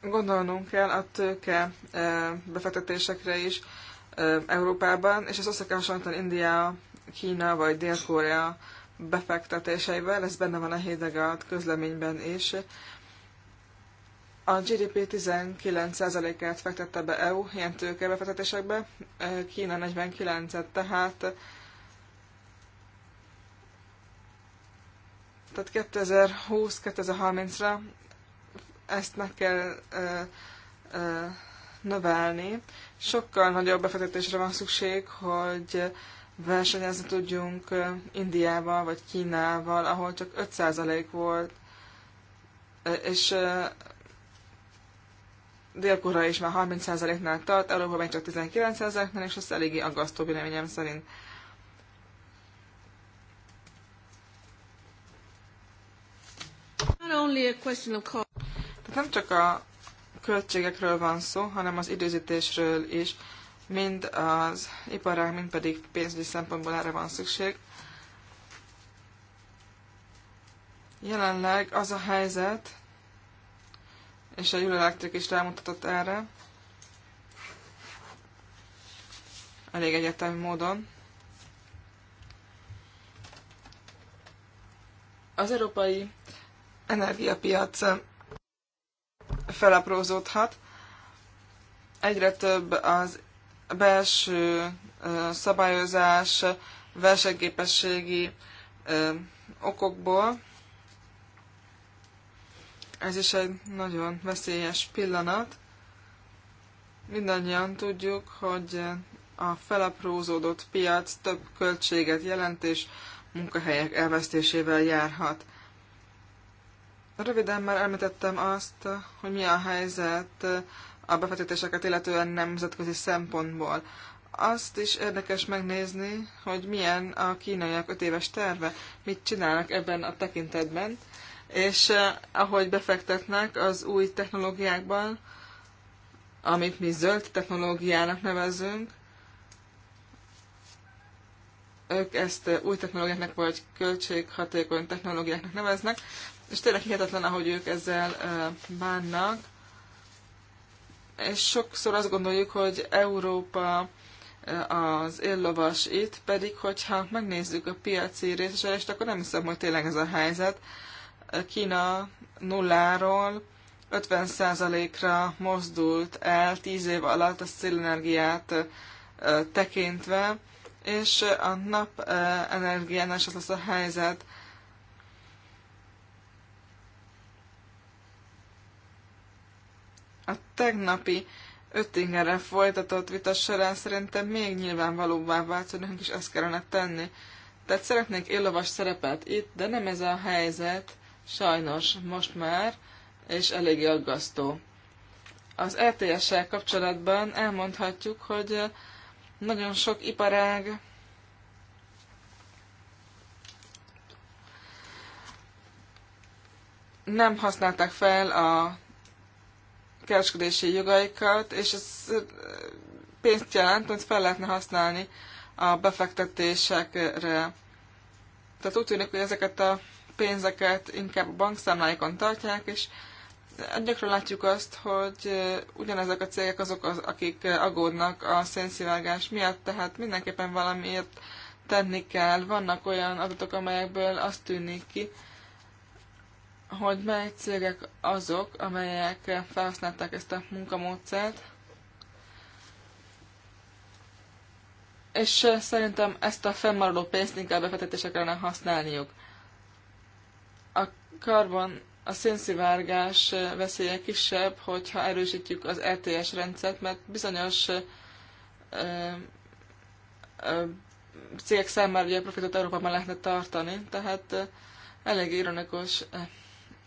Gondolnunk kell a tőke e, befektetésekre is e, Európában, és ezt össze kell hasonlítani India, Kína vagy Dél-Korea befektetéseivel, ez benne van a hédegált közleményben is. A GDP 19%-át fektette be EU ilyen tőkebefektetésekbe, e, Kína 49-et, tehát tehát 2020-2030-ra ezt meg kell ö, ö, növelni. Sokkal nagyobb befektetésre van szükség, hogy versenyezni tudjunk Indiával vagy Kínával, ahol csak 5% volt, és dél is már 30%-nál tart, Európa még csak 19%-nál, és ez eléggé aggasztó véleményem szerint. Not only a question of tehát nem csak a költségekről van szó, hanem az időzítésről is. Mind az iparág, mind pedig pénzügyi szempontból erre van szükség. Jelenleg az a helyzet, és a Júlia Electric is rámutatott erre, elég egyetemű módon. Az európai energiapiac felaprózódhat. Egyre több az belső szabályozás versenyképességi okokból. Ez is egy nagyon veszélyes pillanat. Mindannyian tudjuk, hogy a felaprózódott piac több költséget jelent és munkahelyek elvesztésével járhat. Röviden már említettem azt, hogy mi a helyzet a befektetéseket illetően nemzetközi szempontból. Azt is érdekes megnézni, hogy milyen a kínaiak öt éves terve, mit csinálnak ebben a tekintetben, és eh, ahogy befektetnek az új technológiákban, amit mi zöld technológiának nevezünk, ők ezt eh, új technológiáknak vagy költséghatékony technológiáknak neveznek, és tényleg hihetetlen, ahogy ők ezzel bánnak. És sokszor azt gondoljuk, hogy Európa az éllovas itt, pedig hogyha megnézzük a piaci részesedést, akkor nem hiszem, hogy tényleg ez a helyzet. Kína nulláról 50%-ra mozdult el 10 év alatt a szélenergiát tekintve, és a nap is az lesz a helyzet. A tegnapi Öttingerre folytatott vita során szerintem még nyilvánvalóbbá vált, hogy nekünk is ezt kellene tenni. Tehát szeretnék illovas szerepet itt, de nem ez a helyzet, sajnos most már, és eléggé aggasztó. Az lts er sel kapcsolatban elmondhatjuk, hogy nagyon sok iparág nem használták fel a kereskedési jogaikat, és ez pénzt jelent, amit fel lehetne használni a befektetésekre. Tehát úgy tűnik, hogy ezeket a pénzeket inkább a bankszámláikon tartják, és gyakran látjuk azt, hogy ugyanezek a cégek azok, az, akik agódnak a szénszivágás miatt, tehát mindenképpen valamiért tenni kell. Vannak olyan adatok, amelyekből azt tűnik ki, hogy mely cégek azok, amelyek felhasználták ezt a munkamódszert, és szerintem ezt a fennmaradó pénzt inkább befektetésekre kellene használniuk. A karbon, a szénszivárgás veszélye kisebb, hogyha erősítjük az RTS e rendszert, mert bizonyos ö, ö, cégek számára ugye profitot Európában lehetne tartani, tehát elég ironikus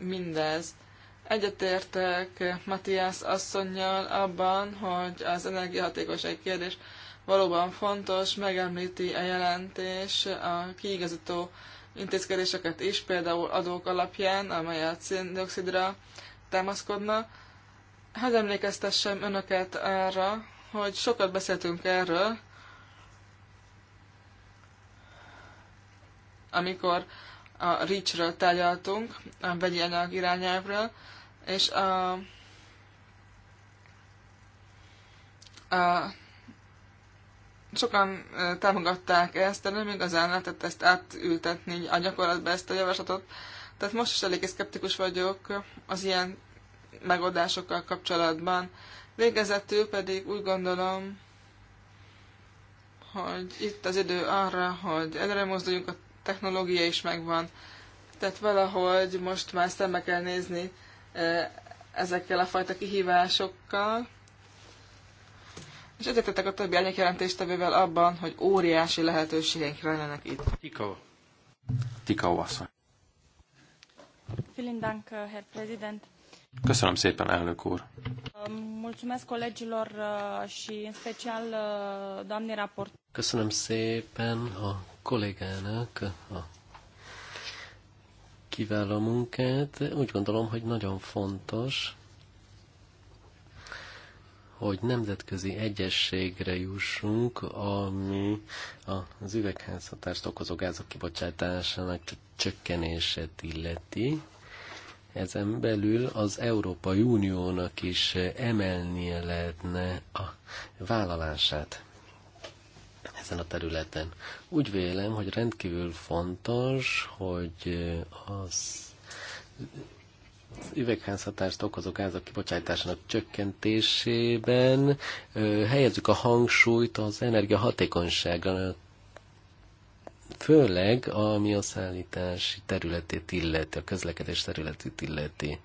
mindez. Egyetértek Matthias asszonynal abban, hogy az energiahatékonyság kérdés valóban fontos, megemlíti a jelentés a kiigazító intézkedéseket is, például adók alapján, amely a széndiokszidra támaszkodna. Hát emlékeztessem önöket arra, hogy sokat beszéltünk erről, amikor a REACH-ről tárgyaltunk, a vegyi anyag irányelvről, és a, a sokan támogatták ezt, de nem igazán lehetett ezt átültetni a gyakorlatba ezt a javaslatot. Tehát most is eléggé szkeptikus vagyok az ilyen megoldásokkal kapcsolatban. Végezetül pedig úgy gondolom, hogy itt az idő arra, hogy előre mozduljunk a technológia is megvan. Tehát valahogy most már szembe kell nézni ezekkel a fajta kihívásokkal. És egyetettek a többi árnyékjelentéstevővel abban, hogy óriási lehetőségeink lennének itt. Tikau. Tikau asszony. Dank, uh, Herr Präsident. Köszönöm szépen, elnök úr. Um, mulțumesc colegilor uh, și în special uh, doamnei raport. Köszönöm szépen a kollégának a kiváló munkát. Úgy gondolom, hogy nagyon fontos, hogy nemzetközi egyességre jussunk, ami az üvegházhatást okozó gázok kibocsátásának csökkenését illeti. Ezen belül az Európai Uniónak is emelnie lehetne a vállalását ezen a területen. Úgy vélem, hogy rendkívül fontos, hogy az üvegházhatást okozó gázok kibocsátásának csökkentésében helyezzük a hangsúlyt az energiahatékonyságra, főleg ami a szállítási területét illeti, a közlekedés területét illeti.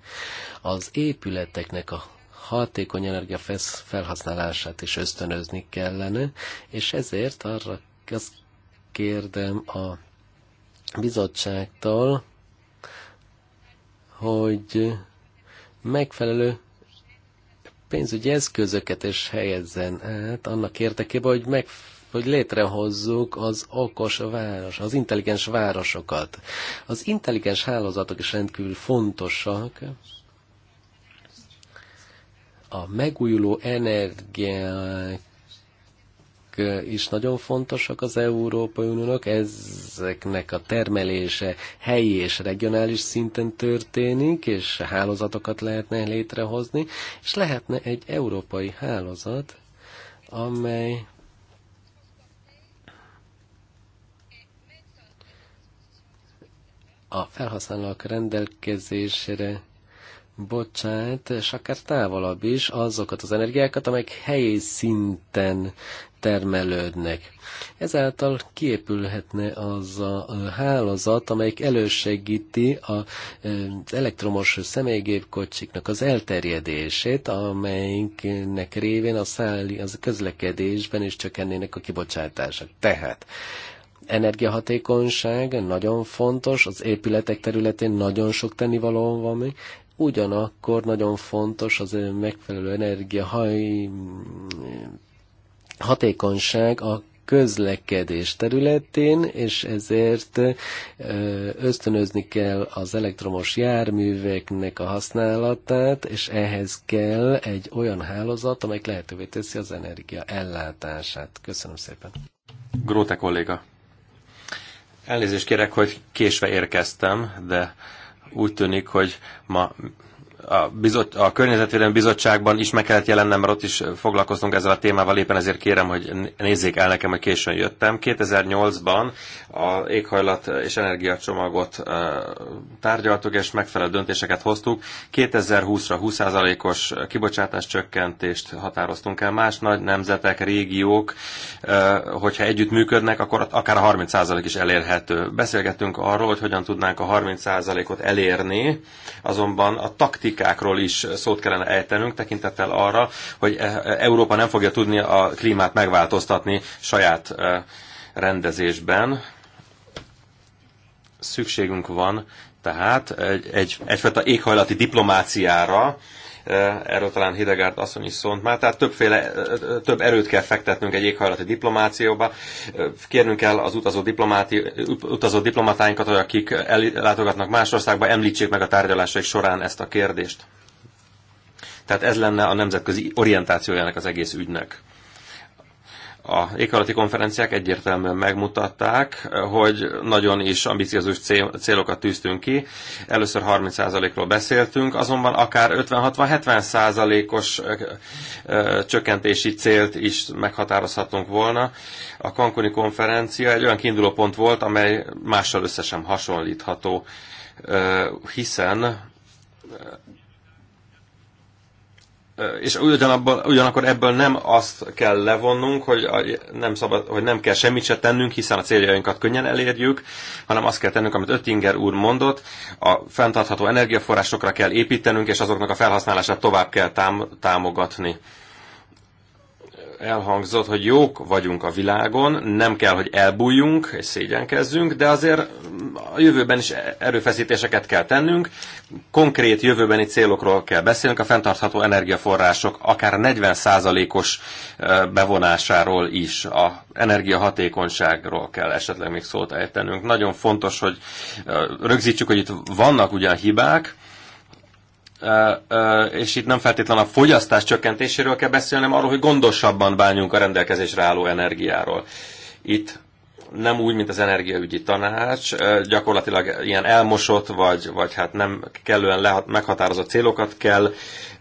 Az épületeknek a hatékony energia felhasználását is ösztönözni kellene, és ezért arra azt kérdem a bizottságtól, hogy megfelelő pénzügyi eszközöket is helyezzen át annak érdekében, hogy meg hogy létrehozzuk az okos város, az intelligens városokat. Az intelligens hálózatok is rendkívül fontosak, a megújuló energiák is nagyon fontosak az Európai Uniónak, ezeknek a termelése helyi és regionális szinten történik, és hálózatokat lehetne létrehozni, és lehetne egy európai hálózat, amely a felhasználók rendelkezésére bocsát, és akár távolabb is azokat az energiákat, amelyek helyi szinten termelődnek. Ezáltal kiépülhetne az a hálózat, amelyik elősegíti az e, elektromos személygépkocsiknak az elterjedését, amelyiknek révén a, szállí, az közlekedésben is csökkennének a kibocsátások. Tehát energiahatékonyság nagyon fontos, az épületek területén nagyon sok tennivaló van még, ugyanakkor nagyon fontos az megfelelő energia haj, hatékonyság a közlekedés területén, és ezért ösztönözni kell az elektromos járműveknek a használatát, és ehhez kell egy olyan hálózat, amely lehetővé teszi az energia ellátását. Köszönöm szépen. Gróte kolléga. Elnézést kérek, hogy késve érkeztem, de úgy tűnik, hogy ma a, bizot, a Környezetvédelmi Bizottságban is meg kellett jelennem, mert ott is foglalkoztunk ezzel a témával, éppen ezért kérem, hogy nézzék el nekem, hogy későn jöttem. 2008-ban a éghajlat és energiacsomagot tárgyaltuk, és megfelelő döntéseket hoztuk. 2020-ra 20%-os kibocsátás csökkentést határoztunk el. Más nagy nemzetek, régiók, hogyha együtt működnek, akkor akár a 30% is elérhető. Beszélgettünk arról, hogy hogyan tudnánk a 30%-ot elérni, azonban a taktikus politikákról is szót kellene ejtenünk, tekintettel arra, hogy e, e, Európa nem fogja tudni a klímát megváltoztatni saját e, rendezésben. Szükségünk van tehát egy, egy, egyfajta éghajlati diplomáciára, erről talán Hidegárd asszony is szólt már, tehát többféle, több erőt kell fektetnünk egy éghajlati diplomációba, kérnünk kell az utazó, diplomáti, utazó diplomatáinkat, hogy akik ellátogatnak más országba, említsék meg a tárgyalásaik során ezt a kérdést. Tehát ez lenne a nemzetközi orientációjának az egész ügynek a éghajlati konferenciák egyértelműen megmutatták, hogy nagyon is ambiciózus célokat tűztünk ki. Először 30%-ról beszéltünk, azonban akár 50-60-70%-os csökkentési célt is meghatározhatunk volna. A Cancuni konferencia egy olyan kiinduló pont volt, amely mással összesen hasonlítható, hiszen és ugyanabban, ugyanakkor ebből nem azt kell levonnunk, hogy, nem szabad, hogy nem kell semmit se tennünk, hiszen a céljainkat könnyen elérjük, hanem azt kell tennünk, amit Öttinger úr mondott, a fenntartható energiaforrásokra kell építenünk, és azoknak a felhasználását tovább kell tám- támogatni elhangzott, hogy jók vagyunk a világon, nem kell, hogy elbújjunk és szégyenkezzünk, de azért a jövőben is erőfeszítéseket kell tennünk, konkrét jövőbeni célokról kell beszélnünk, a fenntartható energiaforrások akár 40%-os bevonásáról is, a energiahatékonyságról kell esetleg még szót ejtenünk. Nagyon fontos, hogy rögzítsük, hogy itt vannak ugyan hibák, és itt nem feltétlenül a fogyasztás csökkentéséről kell beszélni, hanem arról, hogy gondosabban bánjunk a rendelkezésre álló energiáról. Itt nem úgy, mint az energiaügyi tanács, gyakorlatilag ilyen elmosott, vagy, vagy hát nem kellően lehat, meghatározott célokat kell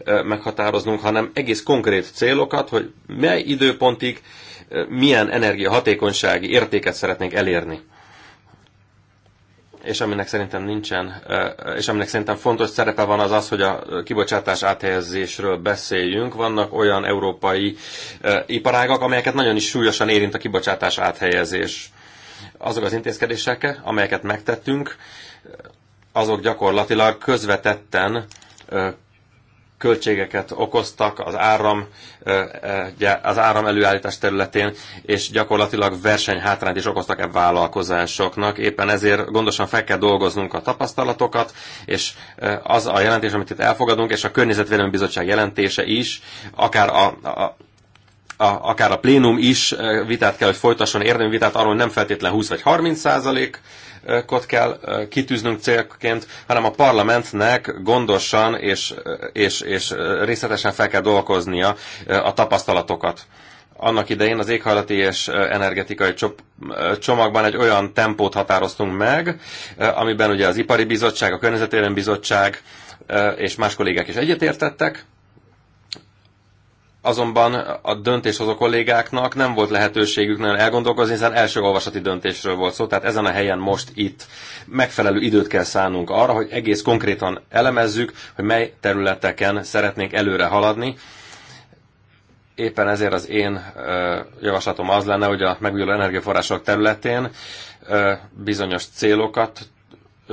meghatároznunk, hanem egész konkrét célokat, hogy mely időpontig milyen energiahatékonysági értéket szeretnénk elérni és aminek szerintem nincsen, és aminek szerintem fontos szerepe van az az, hogy a kibocsátás áthelyezésről beszéljünk. Vannak olyan európai iparágak, amelyeket nagyon is súlyosan érint a kibocsátás áthelyezés. Azok az intézkedések, amelyeket megtettünk, azok gyakorlatilag közvetetten költségeket okoztak az áram, az áram előállítás területén, és gyakorlatilag versenyhátrányt is okoztak ebb vállalkozásoknak. Éppen ezért gondosan fel kell dolgoznunk a tapasztalatokat, és az a jelentés, amit itt elfogadunk, és a Környezetvédelmi Bizottság jelentése is, akár a, a a, akár a plénum is vitát kell, hogy folytasson, érdemi vitát arról nem feltétlen 20 vagy 30 százalék célokat kell kitűznünk célként, hanem a parlamentnek gondosan és, és, és részletesen fel kell dolgoznia a tapasztalatokat annak idején az éghajlati és energetikai csomagban egy olyan tempót határoztunk meg, amiben ugye az Ipari Bizottság, a Környezetvédelmi Bizottság és más kollégák is egyetértettek, azonban a döntéshozó kollégáknak nem volt lehetőségük nagyon elgondolkozni, hiszen első olvasati döntésről volt szó, tehát ezen a helyen most itt megfelelő időt kell szánnunk arra, hogy egész konkrétan elemezzük, hogy mely területeken szeretnénk előre haladni. Éppen ezért az én javaslatom az lenne, hogy a megújuló energiaforrások területén bizonyos célokat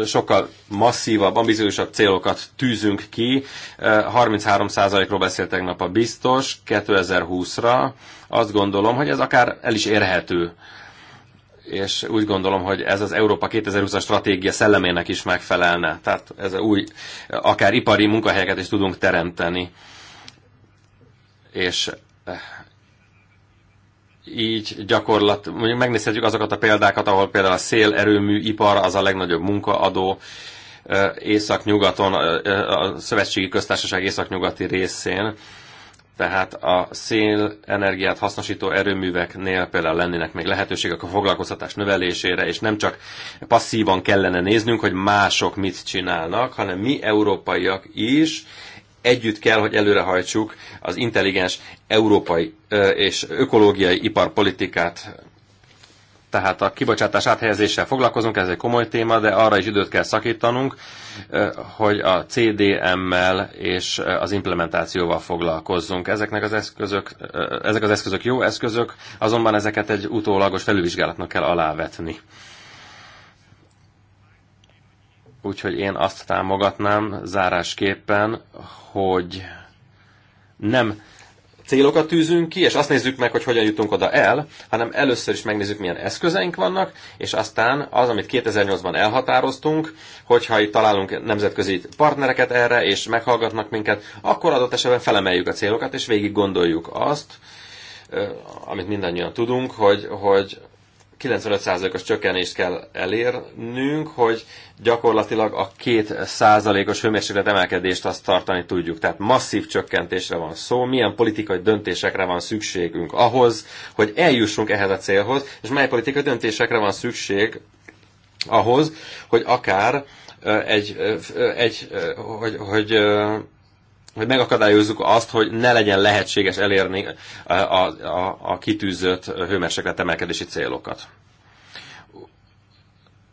sokkal masszívabb, ambiciózusabb célokat tűzünk ki. 33%-ról eh, beszélt tegnap a biztos, 2020-ra. Azt gondolom, hogy ez akár el is érhető. És úgy gondolom, hogy ez az Európa 2020-as stratégia szellemének is megfelelne. Tehát ez új, akár ipari munkahelyeket is tudunk teremteni. És eh, így gyakorlat, mondjuk megnézhetjük azokat a példákat, ahol például a szélerőmű ipar az a legnagyobb munkaadó, északnyugaton, a szövetségi köztársaság északnyugati részén, tehát a szélenergiát hasznosító erőműveknél például lennének még lehetőségek a foglalkoztatás növelésére, és nem csak passzívan kellene néznünk, hogy mások mit csinálnak, hanem mi európaiak is együtt kell, hogy előrehajtsuk az intelligens európai és ökológiai iparpolitikát. Tehát a kibocsátás áthelyezéssel foglalkozunk, ez egy komoly téma, de arra is időt kell szakítanunk, hogy a CDM-mel és az implementációval foglalkozzunk. Ezeknek az eszközök, ezek az eszközök jó eszközök, azonban ezeket egy utólagos felülvizsgálatnak kell alávetni. Úgyhogy én azt támogatnám zárásképpen, hogy nem célokat tűzünk ki, és azt nézzük meg, hogy hogyan jutunk oda el, hanem először is megnézzük, milyen eszközeink vannak, és aztán az, amit 2008-ban elhatároztunk, hogyha itt találunk nemzetközi partnereket erre, és meghallgatnak minket, akkor adott esetben felemeljük a célokat, és végig gondoljuk azt, amit mindannyian tudunk, hogy, hogy 95%-os csökkenést kell elérnünk, hogy gyakorlatilag a 2%-os hőmérséklet emelkedést azt tartani tudjuk. Tehát masszív csökkentésre van szó, milyen politikai döntésekre van szükségünk ahhoz, hogy eljussunk ehhez a célhoz, és mely politikai döntésekre van szükség ahhoz, hogy akár egy, egy hogy, hogy hogy megakadályozzuk azt, hogy ne legyen lehetséges elérni a, a, a kitűzött hőmérséklet emelkedési célokat.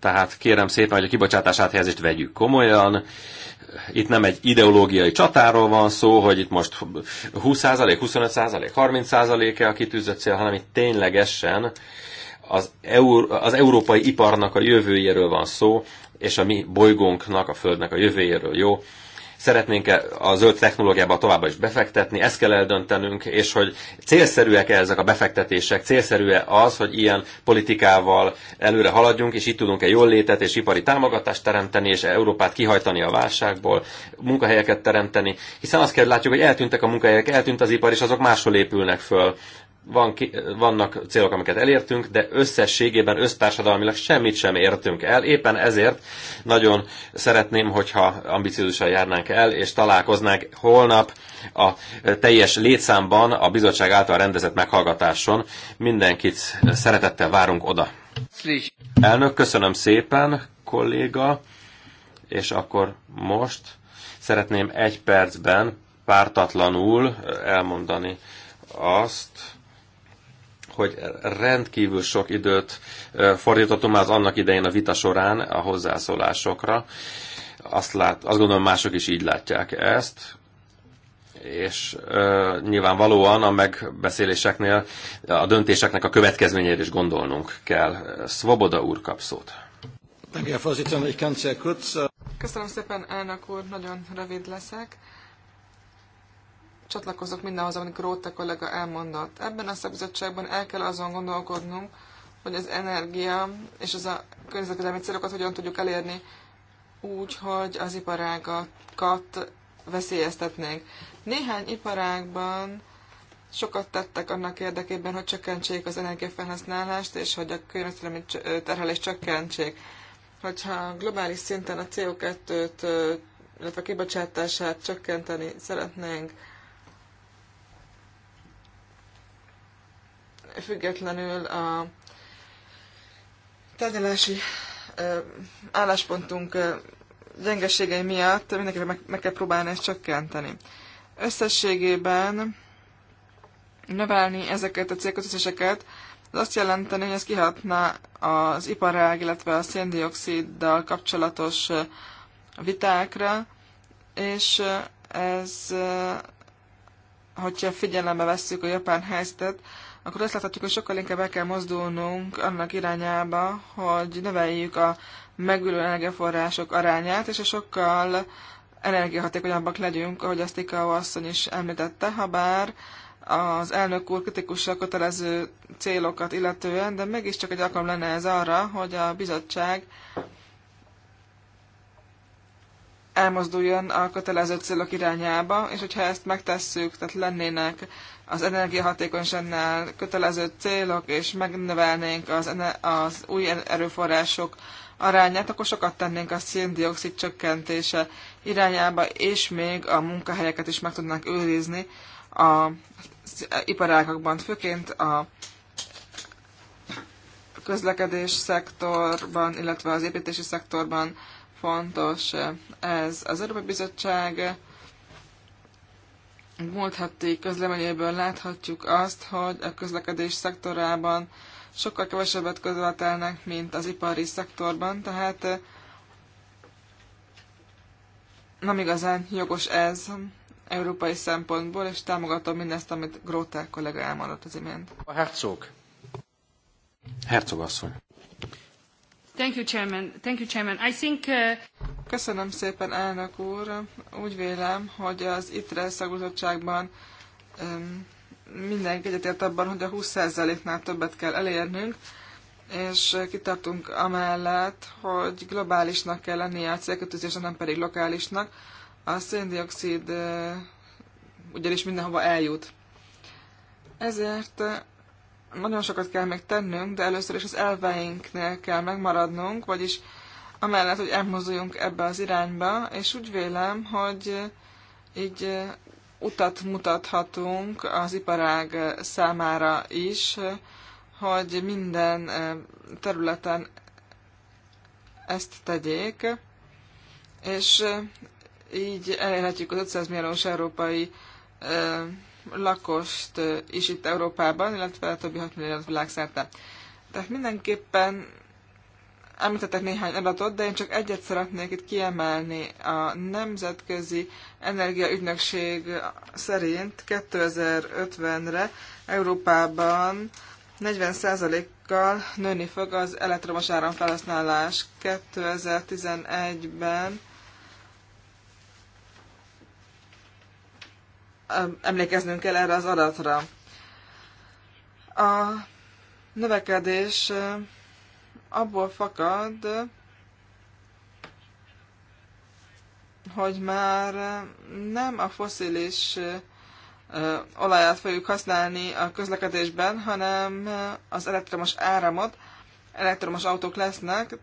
Tehát kérem szépen, hogy a kibocsátás áthelyezést vegyük komolyan. Itt nem egy ideológiai csatáról van szó, hogy itt most 20%, 25%, 30%-e a kitűzött cél, hanem itt ténylegesen az, eur, az európai iparnak a jövőjéről van szó, és a mi bolygónknak, a Földnek a jövőjéről jó szeretnénk-e a zöld technológiába tovább is befektetni, ezt kell eldöntenünk, és hogy célszerűek-e ezek a befektetések, célszerű-e az, hogy ilyen politikával előre haladjunk, és itt tudunk-e jól létet és ipari támogatást teremteni, és Európát kihajtani a válságból, munkahelyeket teremteni, hiszen azt kell látjuk, hogy eltűntek a munkahelyek, eltűnt az ipar, és azok máshol épülnek föl van ki, vannak célok, amiket elértünk, de összességében össztársadalmilag semmit sem értünk el. Éppen ezért nagyon szeretném, hogyha ambiciózusan járnánk el, és találkoznánk holnap a teljes létszámban a bizottság által rendezett meghallgatáson. Mindenkit szeretettel várunk oda. Elnök, köszönöm szépen, kolléga, és akkor most szeretném egy percben pártatlanul elmondani azt, hogy rendkívül sok időt fordítottunk már az annak idején a vita során a hozzászólásokra. Azt, lát, azt gondolom mások is így látják ezt, és ö, nyilvánvalóan a megbeszéléseknél, a döntéseknek a következményére is gondolnunk kell. Svoboda úr kap szót. Äh, Köszönöm szépen, elnök úr, nagyon rövid leszek csatlakozok mindenhoz, amit Gróta kollega elmondott. Ebben a szakbizottságban el kell azon gondolkodnunk, hogy az energia és az a környezetvédelmi célokat hogyan tudjuk elérni úgy, hogy az iparágakat veszélyeztetnénk. Néhány iparágban sokat tettek annak érdekében, hogy csökkentsék az energiafelhasználást, és hogy a környezetelemi terhelést csökkentsék. Hogyha globális szinten a CO2-t, illetve a kibocsátását csökkenteni szeretnénk, függetlenül a tárgyalási álláspontunk gyengeségei miatt mindenképpen meg, meg kell próbálni ezt csökkenteni. Összességében növelni ezeket a célközösségeket, az azt jelenteni, hogy ez kihatna az iparág, illetve a széndioksziddal kapcsolatos vitákra, és ez, hogyha figyelembe vesszük a japán helyzetet, akkor azt láthatjuk, hogy sokkal inkább el kell mozdulnunk annak irányába, hogy növeljük a megülő energiaforrások arányát, és a sokkal energiahatékonyabbak legyünk, ahogy azt Ika asszony is említette, ha bár az elnök úr kritikussal kötelező célokat illetően, de mégiscsak egy alkalom lenne ez arra, hogy a bizottság elmozduljon a kötelező célok irányába, és hogyha ezt megtesszük, tehát lennének az energiahatékonyságnál kötelező célok, és megnövelnénk az, az új erőforrások arányát, akkor sokat tennénk a széndiokszid csökkentése irányába, és még a munkahelyeket is meg tudnánk őrizni a iparágakban, főként a közlekedés szektorban, illetve az építési szektorban fontos ez. Az Európai Bizottság múlt heti közleményéből láthatjuk azt, hogy a közlekedés szektorában sokkal kevesebbet közvetelnek, mint az ipari szektorban, tehát eh, nem igazán jogos ez európai szempontból, és támogatom mindezt, amit Gróták kollega elmondott az imént. A Herzog. Herzog asszony. Thank you, Chairman. Thank you, Chairman. I think, uh... Köszönöm szépen, elnök úr. Úgy vélem, hogy az ITRE szakbizottságban um, mindenki egyetért abban, hogy a 20%-nál többet kell elérnünk, és kitartunk amellett, hogy globálisnak kell lennie a célkötőzés, nem pedig lokálisnak. A széndiokszid uh, ugyanis mindenhova eljut. Ezért nagyon sokat kell még tennünk, de először is az elveinknél kell megmaradnunk, vagyis amellett, hogy elmozduljunk ebbe az irányba, és úgy vélem, hogy így eh, utat mutathatunk az iparág eh, számára is, hogy minden eh, területen ezt tegyék, és így elérhetjük az 500 milliós európai lakost is itt Európában, illetve a többi 6 millió világszerte. Tehát mindenképpen említettek néhány adatot, de én csak egyet szeretnék itt kiemelni. A Nemzetközi Energiaügynökség szerint 2050-re Európában 40%-kal nőni fog az elektromos áramfelhasználás. 2011-ben emlékeznünk kell erre az adatra. A növekedés abból fakad, hogy már nem a foszilis olajat fogjuk használni a közlekedésben, hanem az elektromos áramot, elektromos autók lesznek,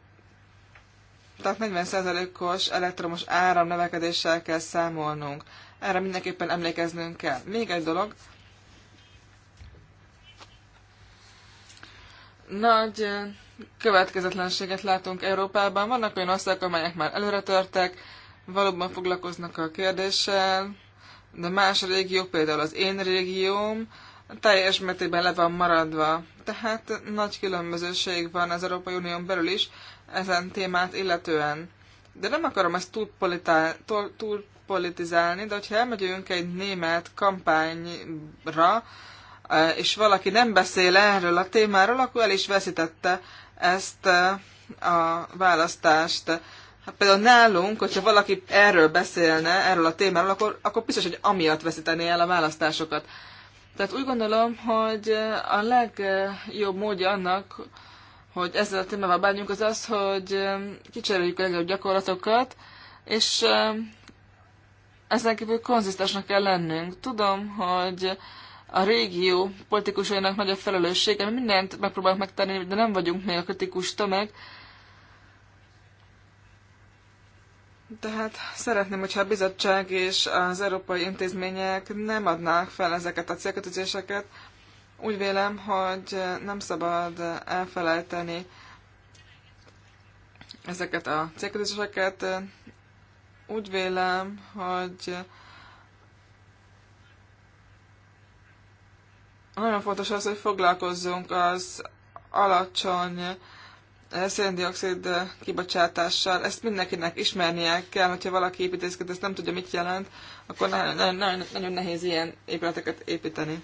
tehát 40%-os elektromos áram növekedéssel kell számolnunk. Erre mindenképpen emlékeznünk kell. Még egy dolog. Nagy eh, következetlenséget látunk Európában. Vannak olyan országok, amelyek már előre törtek, valóban foglalkoznak a kérdéssel, de más régió, például az én régióm, teljes mértékben le van maradva. Tehát nagy különbözőség van az Európai Unión belül is ezen témát illetően. De nem akarom ezt túlpolitizálni, túl politizálni, de hogyha elmegyünk egy német kampányra, e, és valaki nem beszél erről a témáról, akkor el is veszítette ezt e, a választást. Hát például nálunk, hogyha valaki erről beszélne, erről a témáról, akkor, akkor biztos, hogy amiatt veszítené el a választásokat. Tehát úgy gondolom, hogy a legjobb módja annak, hogy ezzel a témával bánjunk, az az, hogy um, kicseréljük a legjobb gyakorlatokat, és um, ezen kívül konzisztensnek kell lennünk. Tudom, hogy a régió politikusainak nagy a felelőssége, mi mindent megpróbálunk megtenni, de nem vagyunk még a kritikus tömeg. Tehát szeretném, hogyha a bizottság és az európai intézmények nem adnák fel ezeket a célkötözéseket, úgy vélem, hogy nem szabad elfelejteni ezeket a célkötőzéseket. Úgy vélem, hogy nagyon fontos az, hogy foglalkozzunk az alacsony széndiokszid kibocsátással. Ezt mindenkinek ismernie kell, hogyha valaki építészkedik, ezt nem tudja, mit jelent, akkor nagyon, nagyon, nagyon nehéz ilyen épületeket építeni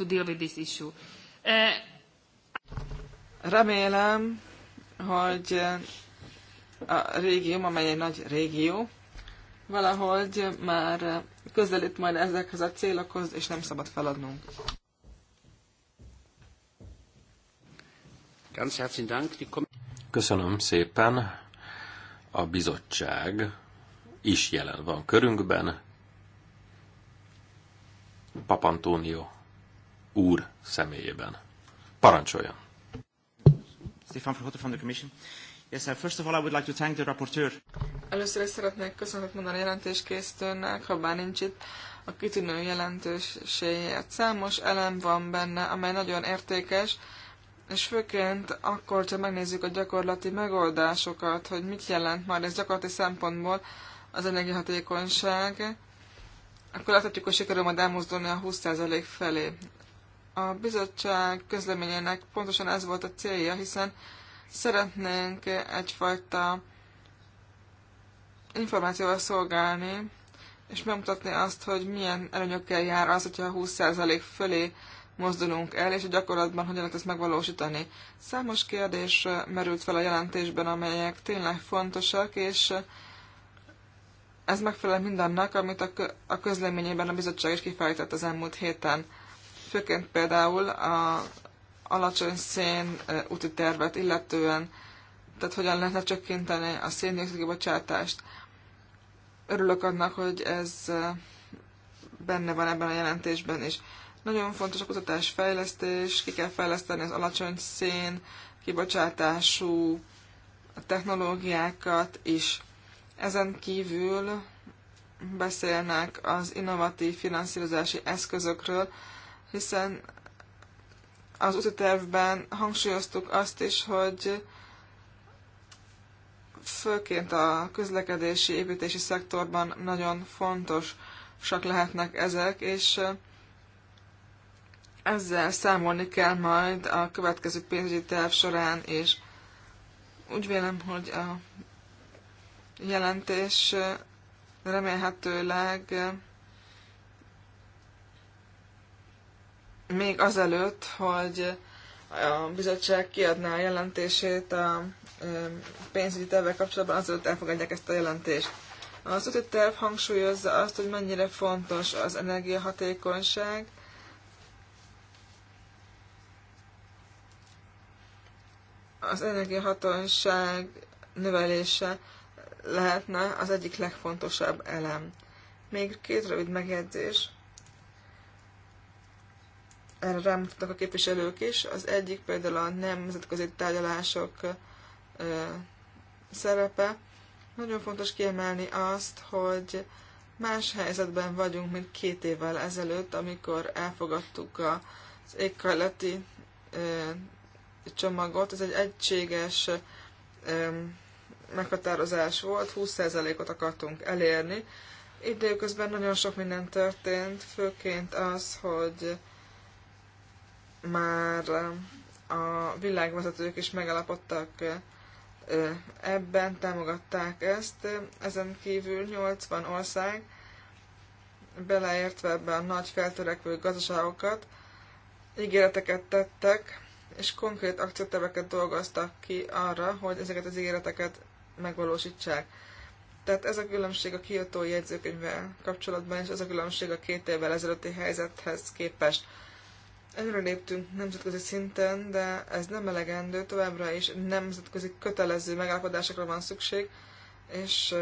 to deal with this issue. Uh, Remélem, hogy uh, a régió, amely egy nagy régió, valahogy már közelít majd ezekhez a célokhoz, és nem szabad feladnunk. Köszönöm szépen. A bizottság is jelen van körünkben. Papantónio úr személyében. Parancsoljon! Stefan Frohote from the Commission. Yes, sir. First of all, I would like to thank the rapporteur. Először is szeretnék köszönetet mondani a jelentéskészítőnek, ha bár nincs itt, a kitűnő jelentőséért. Számos elem van benne, amely nagyon értékes, és főként akkor, ha megnézzük a gyakorlati megoldásokat, hogy mit jelent majd ez gyakorlati szempontból az energiahatékonyság, akkor láthatjuk, hogy sikerül majd elmozdulni a 20% felé. A bizottság közleményének pontosan ez volt a célja, hiszen szeretnénk egyfajta információval szolgálni, és megmutatni azt, hogy milyen előnyökkel jár az, hogyha 20% fölé mozdulunk el, és a gyakorlatban hogyan lehet ezt megvalósítani. Számos kérdés merült fel a jelentésben, amelyek tényleg fontosak, és ez megfelel mindannak, amit a közleményében a bizottság is kifejtett az elmúlt héten főként például a alacsony szén úti tervet illetően, tehát hogyan lehetne csökkenteni a széndiokszid kibocsátást. Örülök annak, hogy ez benne van ebben a jelentésben is. Nagyon fontos a kutatás fejlesztés, ki kell fejleszteni az alacsony szén kibocsátású technológiákat is. Ezen kívül beszélnek az innovatív finanszírozási eszközökről, hiszen az úti tervben hangsúlyoztuk azt is, hogy főként a közlekedési, építési szektorban nagyon fontosak lehetnek ezek, és ezzel számolni kell majd a következő pénzügyi terv során, és úgy vélem, hogy a jelentés remélhetőleg még azelőtt, hogy a bizottság kiadná a jelentését a pénzügyi tervek kapcsolatban, azelőtt elfogadják ezt a jelentést. Az úti terv hangsúlyozza azt, hogy mennyire fontos az energiahatékonyság, az energiahatonság növelése lehetne az egyik legfontosabb elem. Még két rövid megjegyzés erre rámutatnak a képviselők is. Az egyik például a nemzetközi tárgyalások szerepe. Nagyon fontos kiemelni azt, hogy más helyzetben vagyunk, mint két évvel ezelőtt, amikor elfogadtuk az éghajlati csomagot. Ez egy egységes meghatározás volt, 20%-ot akartunk elérni. Időközben nagyon sok minden történt, főként az, hogy már eh, a világvezetők is megalapodtak eh, ebben, támogatták ezt. Ezen kívül 80 ország, beleértve ebbe a nagy feltörekvő gazdaságokat, ígéreteket tettek, és konkrét akcióterveket dolgoztak ki arra, hogy ezeket az ígéreteket megvalósítsák. Tehát ez a különbség a kiotói jegyzőkönyvvel kapcsolatban, és ez a különbség a két évvel ezelőtti helyzethez képest. Előreléptünk nemzetközi szinten, de ez nem elegendő, továbbra is nemzetközi kötelező megállapodásokra van szükség, és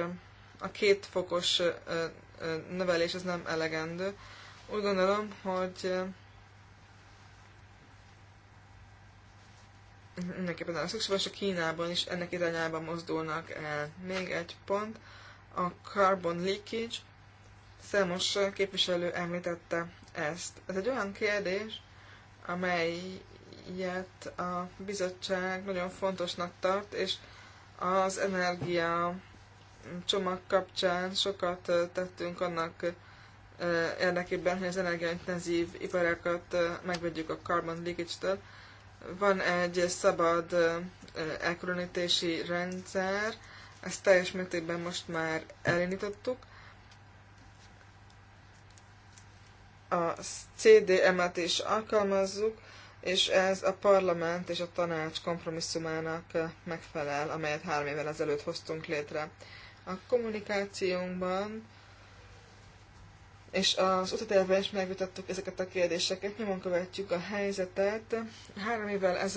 a két fokos növelés ez nem elegendő. Úgy gondolom, hogy mindenképpen arra szükség és a Kínában is ennek irányában mozdulnak el. Még egy pont, a carbon leakage, számos képviselő említette ezt. Ez egy olyan kérdés, amelyet a bizottság nagyon fontosnak tart, és az energia csomag kapcsán sokat tettünk annak érdekében, hogy az energiaintenzív iparákat megvegyük a carbon leakage-től. Van egy szabad elkülönítési rendszer, ezt teljes mértékben most már elindítottuk, a CDM-et is alkalmazzuk, és ez a parlament és a tanács kompromisszumának eh, megfelel, amelyet három évvel ezelőtt hoztunk létre. A kommunikációnkban és az utatérben is megvitattuk ezeket a kérdéseket, nyomon követjük a helyzetet. Három évvel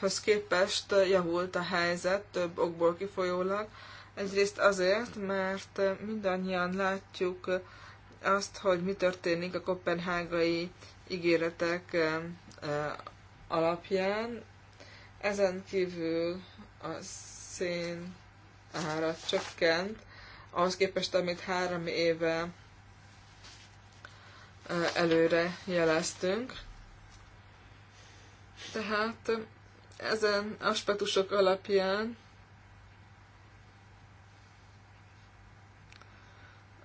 hoz képest javult a helyzet több okból kifolyólag. Egyrészt azért, mert mindannyian látjuk azt, hogy mi történik a kopenhágai ígéretek eh, eh, alapján. Ezen kívül a szén ára csökkent, ahhoz képest, amit három éve eh, előre jeleztünk. Tehát ezen aspektusok alapján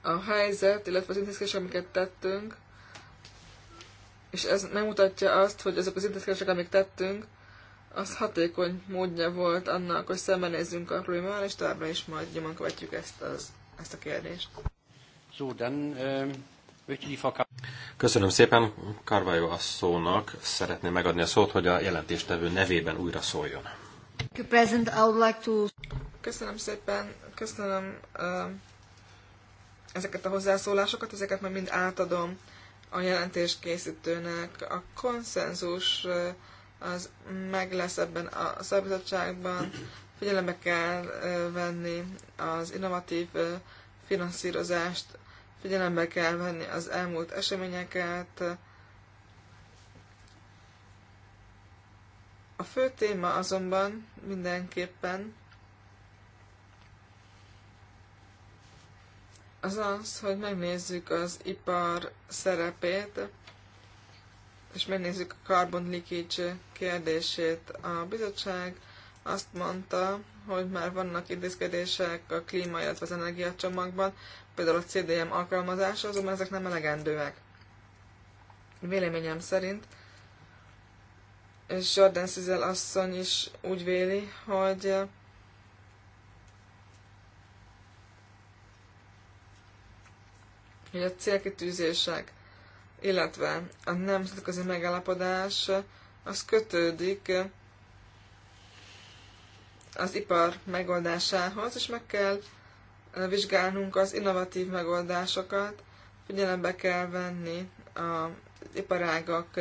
a helyzet, illetve az intézkedések, amiket tettünk, és ez megmutatja azt, hogy azok az intézkedések, amik tettünk, az hatékony módja volt annak, hogy szembenézzünk a problémával, és továbbra is majd nyomon követjük ezt, az, ezt a kérdést. So, um, Köszönöm szépen. Karvajó asszónak szeretném megadni a szót, hogy a jelentéstevő nevében újra szóljon. Köszönöm szépen, köszönöm um, ezeket a hozzászólásokat, ezeket majd mind átadom a jelentés készítőnek, A konszenzus eh, az meg lesz ebben a szabadságban, figyelembe kell eh, venni az innovatív eh, finanszírozást, figyelembe kell venni az elmúlt eseményeket. A fő téma azonban mindenképpen az az, hogy megnézzük az ipar szerepét, és megnézzük a carbon leakage kérdését. A bizottság azt mondta, hogy már vannak intézkedések a klíma, illetve az energiacsomagban, például a CDM alkalmazása, azonban ezek nem elegendőek. Véleményem szerint és Jordan Szizel asszony is úgy véli, hogy hogy a célkitűzések, illetve a nemzetközi megállapodás az kötődik az ipar megoldásához, és meg kell vizsgálnunk az innovatív megoldásokat, figyelembe kell venni az iparágak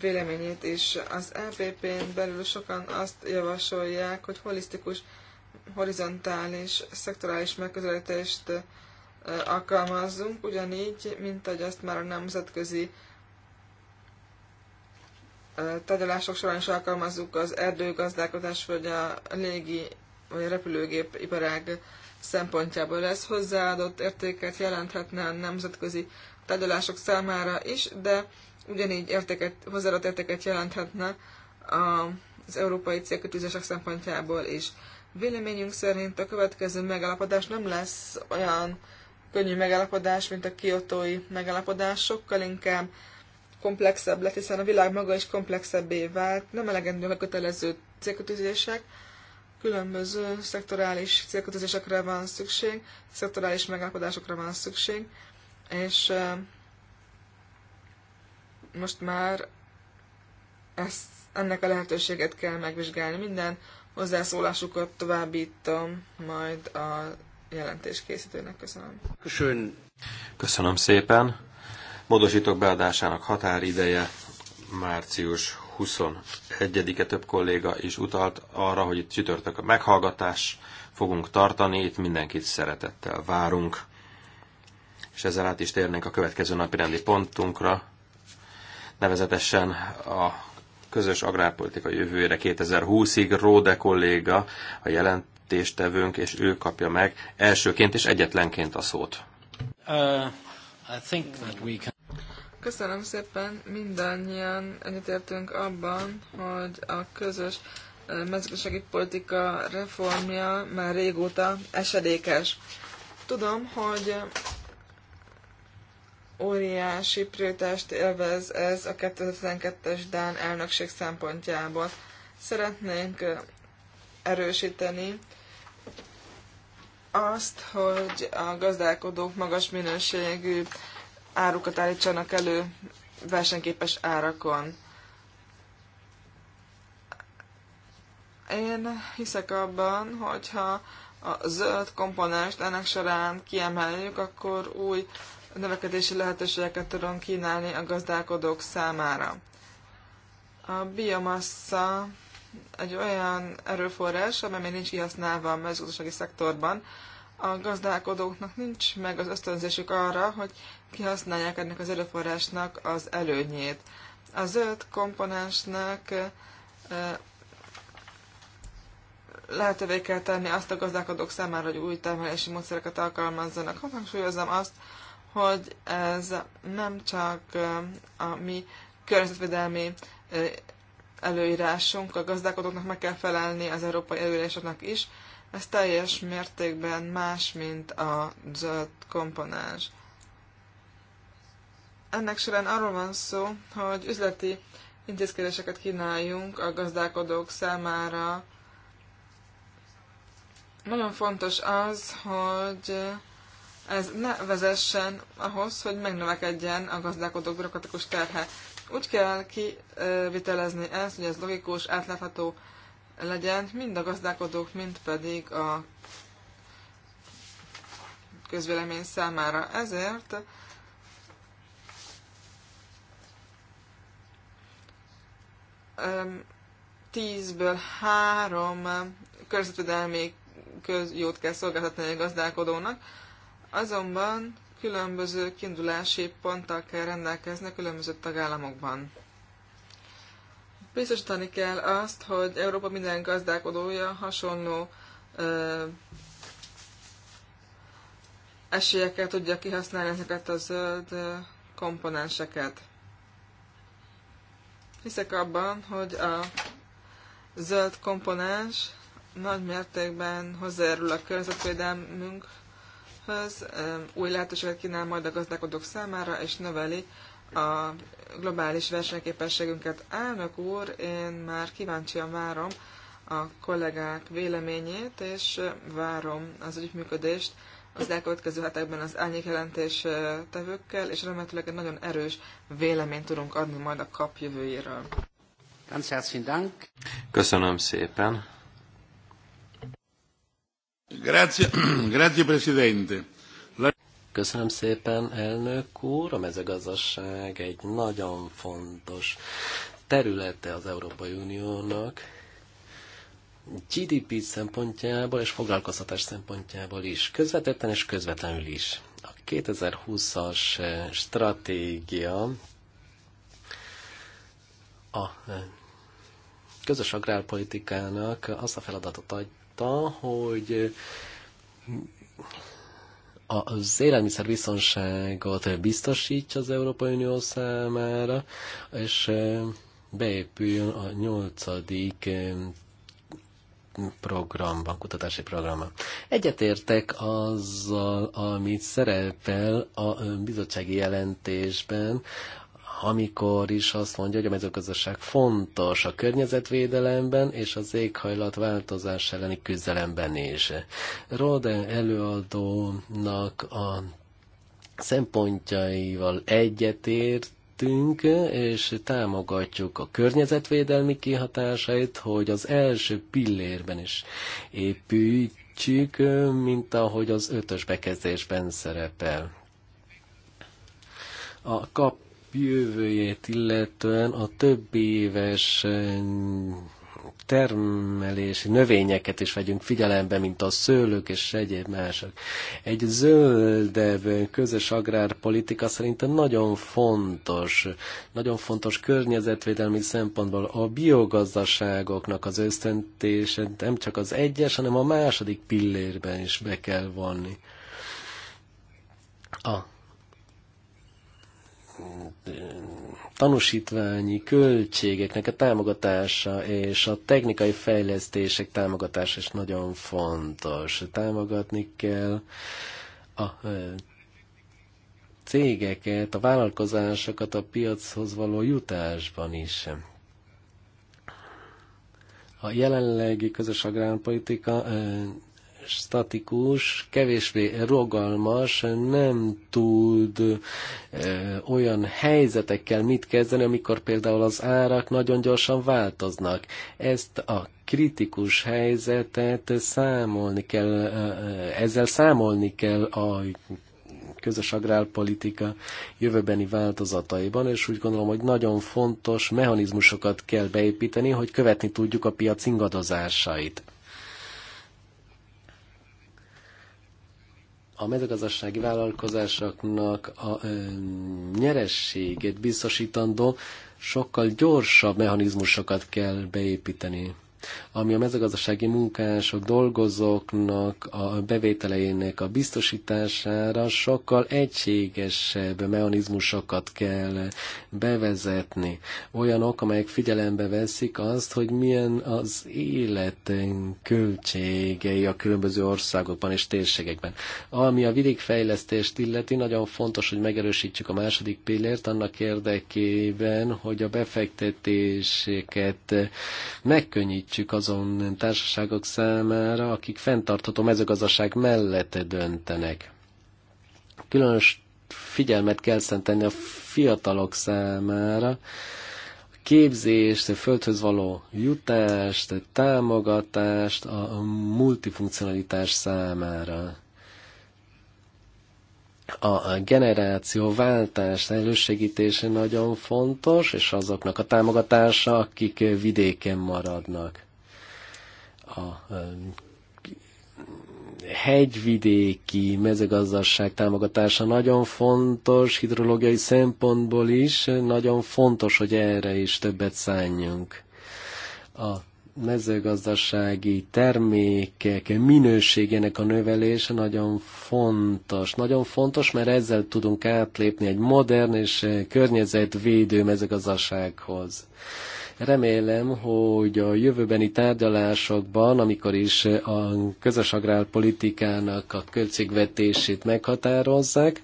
véleményét is. Az LPP-n e belül sokan azt javasolják, hogy holisztikus, horizontális, szektorális megközelítést alkalmazzunk, ugyanígy, mint ahogy azt már a nemzetközi tárgyalások során is alkalmazzuk az erdőgazdálkodás vagy a légi vagy a repülőgép iparág szempontjából. Ez hozzáadott értéket jelenthetne a nemzetközi tárgyalások számára is, de ugyanígy értéket, hozzáadott értéket jelenthetne az európai célkötőzések szempontjából is. Véleményünk szerint a következő megállapodás nem lesz olyan könnyű megállapodás, mint a kiotói megállapodás, sokkal inkább komplexebb lett, hiszen a világ maga is komplexebbé vált, nem elegendő a kötelező célkötőzések, különböző szektorális célkötőzésekre van szükség, szektorális megállapodásokra van szükség, és most már ezt, ennek a lehetőséget kell megvizsgálni. Minden hozzászólásukat továbbítom majd a jelentéskészítőnek. Köszönöm. Köszön. Köszönöm szépen. Módosítok beadásának határideje március 21-e több kolléga is utalt arra, hogy itt csütörtök a meghallgatás fogunk tartani, itt mindenkit szeretettel várunk. És ezzel át is térnénk a következő napi rendi pontunkra, nevezetesen a közös agrárpolitika jövőjére 2020-ig. Róde kolléga a jelent, jelentéstevőnk, és ő kapja meg elsőként és egyetlenként a szót. Uh, I think that we can... Köszönöm szépen, mindannyian egyetértünk abban, hogy a közös uh, mezőgazdasági politika reformja már régóta esedékes. Tudom, hogy óriási prioritást élvez ez a 2012-es Dán elnökség szempontjából. Szeretnénk uh, erősíteni azt, hogy a gazdálkodók magas minőségű árukat állítsanak elő versenyképes árakon. Én hiszek abban, hogyha a zöld komponást ennek során kiemeljük, akkor új növekedési lehetőségeket tudunk kínálni a gazdálkodók számára. A biomassa egy olyan erőforrás, amely még nincs kihasználva a mezőgazdasági szektorban. A gazdálkodóknak nincs meg az ösztönzésük arra, hogy kihasználják ennek az erőforrásnak az előnyét. A zöld komponensnek lehetővé kell tenni azt a gazdálkodók számára, hogy új termelési módszereket alkalmazzanak. Ha hangsúlyozom azt, hogy ez nem csak a mi környezetvédelmi előírásunk, a gazdálkodóknak meg kell felelni az európai előírásoknak is. Ez teljes mértékben más, mint a zöld komponás. Ennek során arról van szó, hogy üzleti intézkedéseket kínáljunk a gazdálkodók számára. Nagyon fontos az, hogy ez ne vezessen ahhoz, hogy megnövekedjen a gazdálkodók bürokratikus terhe. Úgy kell kivitelezni ezt, hogy ez logikus, átlátható legyen, mind a gazdálkodók, mind pedig a közvélemény számára. Ezért tízből három környezetvédelmi közjót kell szolgáltatni a gazdálkodónak, azonban különböző kiindulási ponttal kell rendelkeznek különböző tagállamokban. Biztosítani kell azt, hogy Európa minden gazdálkodója hasonló ö, esélyekkel tudja kihasználni ezeket a zöld komponenseket. Hiszek abban, hogy a zöld komponens nagy mértékben hozzájárul a környezetvédelmünk szerephez, új lehetőséget kínál majd a gazdálkodók számára, és növeli a globális versenyképességünket. Elnök úr, én már kíváncsian várom a kollégák véleményét, és várom az ügyműködést az elkövetkező hetekben az elnyékjelentés tevőkkel, és remélhetőleg egy nagyon erős véleményt tudunk adni majd a kap jövőjéről. Köszönöm szépen. Köszönöm szépen, elnök úr. A mezőgazdaság egy nagyon fontos területe az Európai Uniónak. GDP szempontjából és foglalkoztatás szempontjából is, közvetetten és közvetlenül is. A 2020-as eh, stratégia a eh, közös agrárpolitikának azt a feladatot adja, mondta, hogy az biztonságot biztosítja az Európai Unió számára, és beépüljön a nyolcadik eh, programban, kutatási programban. Egyetértek azzal, amit szerepel a bizottsági jelentésben, amikor is azt mondja, hogy a mezőgazdaság fontos a környezetvédelemben és az éghajlatváltozás elleni küzdelemben is. Rode előadónak a szempontjaival egyetért, és támogatjuk a környezetvédelmi kihatásait, hogy az első pillérben is építsük, mint ahogy az ötös bekezdésben szerepel. A kap jövőjét illetően a többi éves termelési növényeket is vegyünk figyelembe, mint a szőlők és egyéb mások. Egy zöldebb közös agrárpolitika szerintem nagyon fontos, nagyon fontos környezetvédelmi szempontból a biogazdaságoknak az ösztöntése nem csak az egyes, hanem a második pillérben is be kell vonni. A tanúsítványi költségeknek a támogatása és a technikai fejlesztések támogatása is nagyon fontos. Támogatni kell a cégeket, a vállalkozásokat a piachoz való jutásban is. A jelenlegi közös agrárpolitika statikus, kevésbé rogalmas, nem tud ö, olyan helyzetekkel mit kezdeni, amikor például az árak nagyon gyorsan változnak. Ezt a kritikus helyzetet számolni kell, ö, ezzel számolni kell a közös agrárpolitika jövőbeni változataiban, és úgy gondolom, hogy nagyon fontos mechanizmusokat kell beépíteni, hogy követni tudjuk a piac ingadozásait. a mezőgazdasági vállalkozásoknak a ö, nyerességet biztosítandó sokkal gyorsabb mechanizmusokat kell beépíteni ami a mezőgazdasági munkások, dolgozóknak a bevételeinek a biztosítására sokkal egységesebb mechanizmusokat kell bevezetni. Olyanok, amelyek figyelembe veszik azt, hogy milyen az élet költségei a különböző országokban és térségekben. Ami a vidékfejlesztést illeti, nagyon fontos, hogy megerősítsük a második pillért annak érdekében, hogy a befektetéseket megkönnyítsük az azon társaságok számára, akik fenntartható mezőgazdaság mellett döntenek. Különös figyelmet kell szentenni a fiatalok számára, képzést, földhöz való jutást, támogatást a multifunkcionalitás számára. A váltás elősegítése nagyon fontos, és azoknak a támogatása, akik vidéken maradnak a hegyvidéki mezőgazdaság támogatása nagyon fontos, hidrológiai szempontból is nagyon fontos, hogy erre is többet szálljunk. A mezőgazdasági termékek minőségének a növelése nagyon fontos. Nagyon fontos, mert ezzel tudunk átlépni egy modern és környezetvédő mezőgazdasághoz. Remélem, hogy a jövőbeni tárgyalásokban, amikor is a közös agrárpolitikának a költségvetését meghatározzák,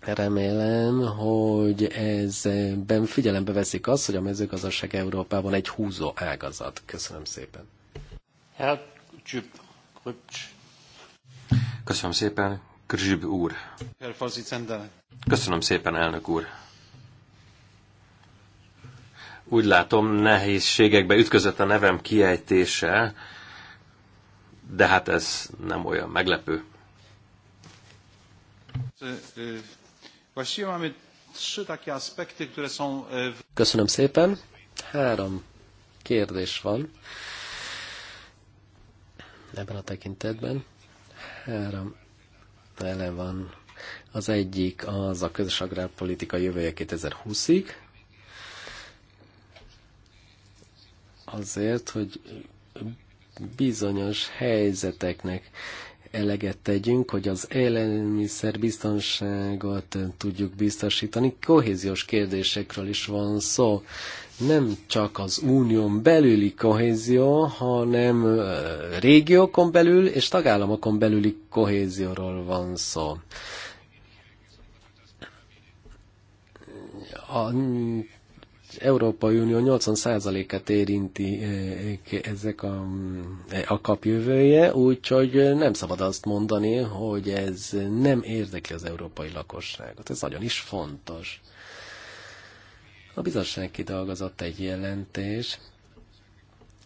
Remélem, hogy ezben figyelembe veszik azt, hogy a mezőgazdaság Európában egy húzó ágazat. Köszönöm szépen. Köszönöm szépen, Krzsib úr. Köszönöm szépen, elnök úr úgy látom, nehézségekbe ütközött a nevem kiejtése, de hát ez nem olyan meglepő. E, Köszönöm szépen. Három kérdés van ebben a tekintetben. Három ele van. Az egyik az a közös agrárpolitika jövője 2020-ig, azért, hogy bizonyos helyzeteknek eleget tegyünk, hogy az biztonságot tudjuk biztosítani. Kohéziós kérdésekről is van szó. Nem csak az unión belüli kohézió, hanem régiókon belül és tagállamokon belüli kohézióról van szó. A Európai Unió 80%-át érinti eh, eh, ezek a, eh, a kap jövője, úgyhogy nem szabad azt mondani, hogy ez nem érdekli az európai lakosságot. Ez nagyon is fontos. A bizottság kidolgozott egy jelentés,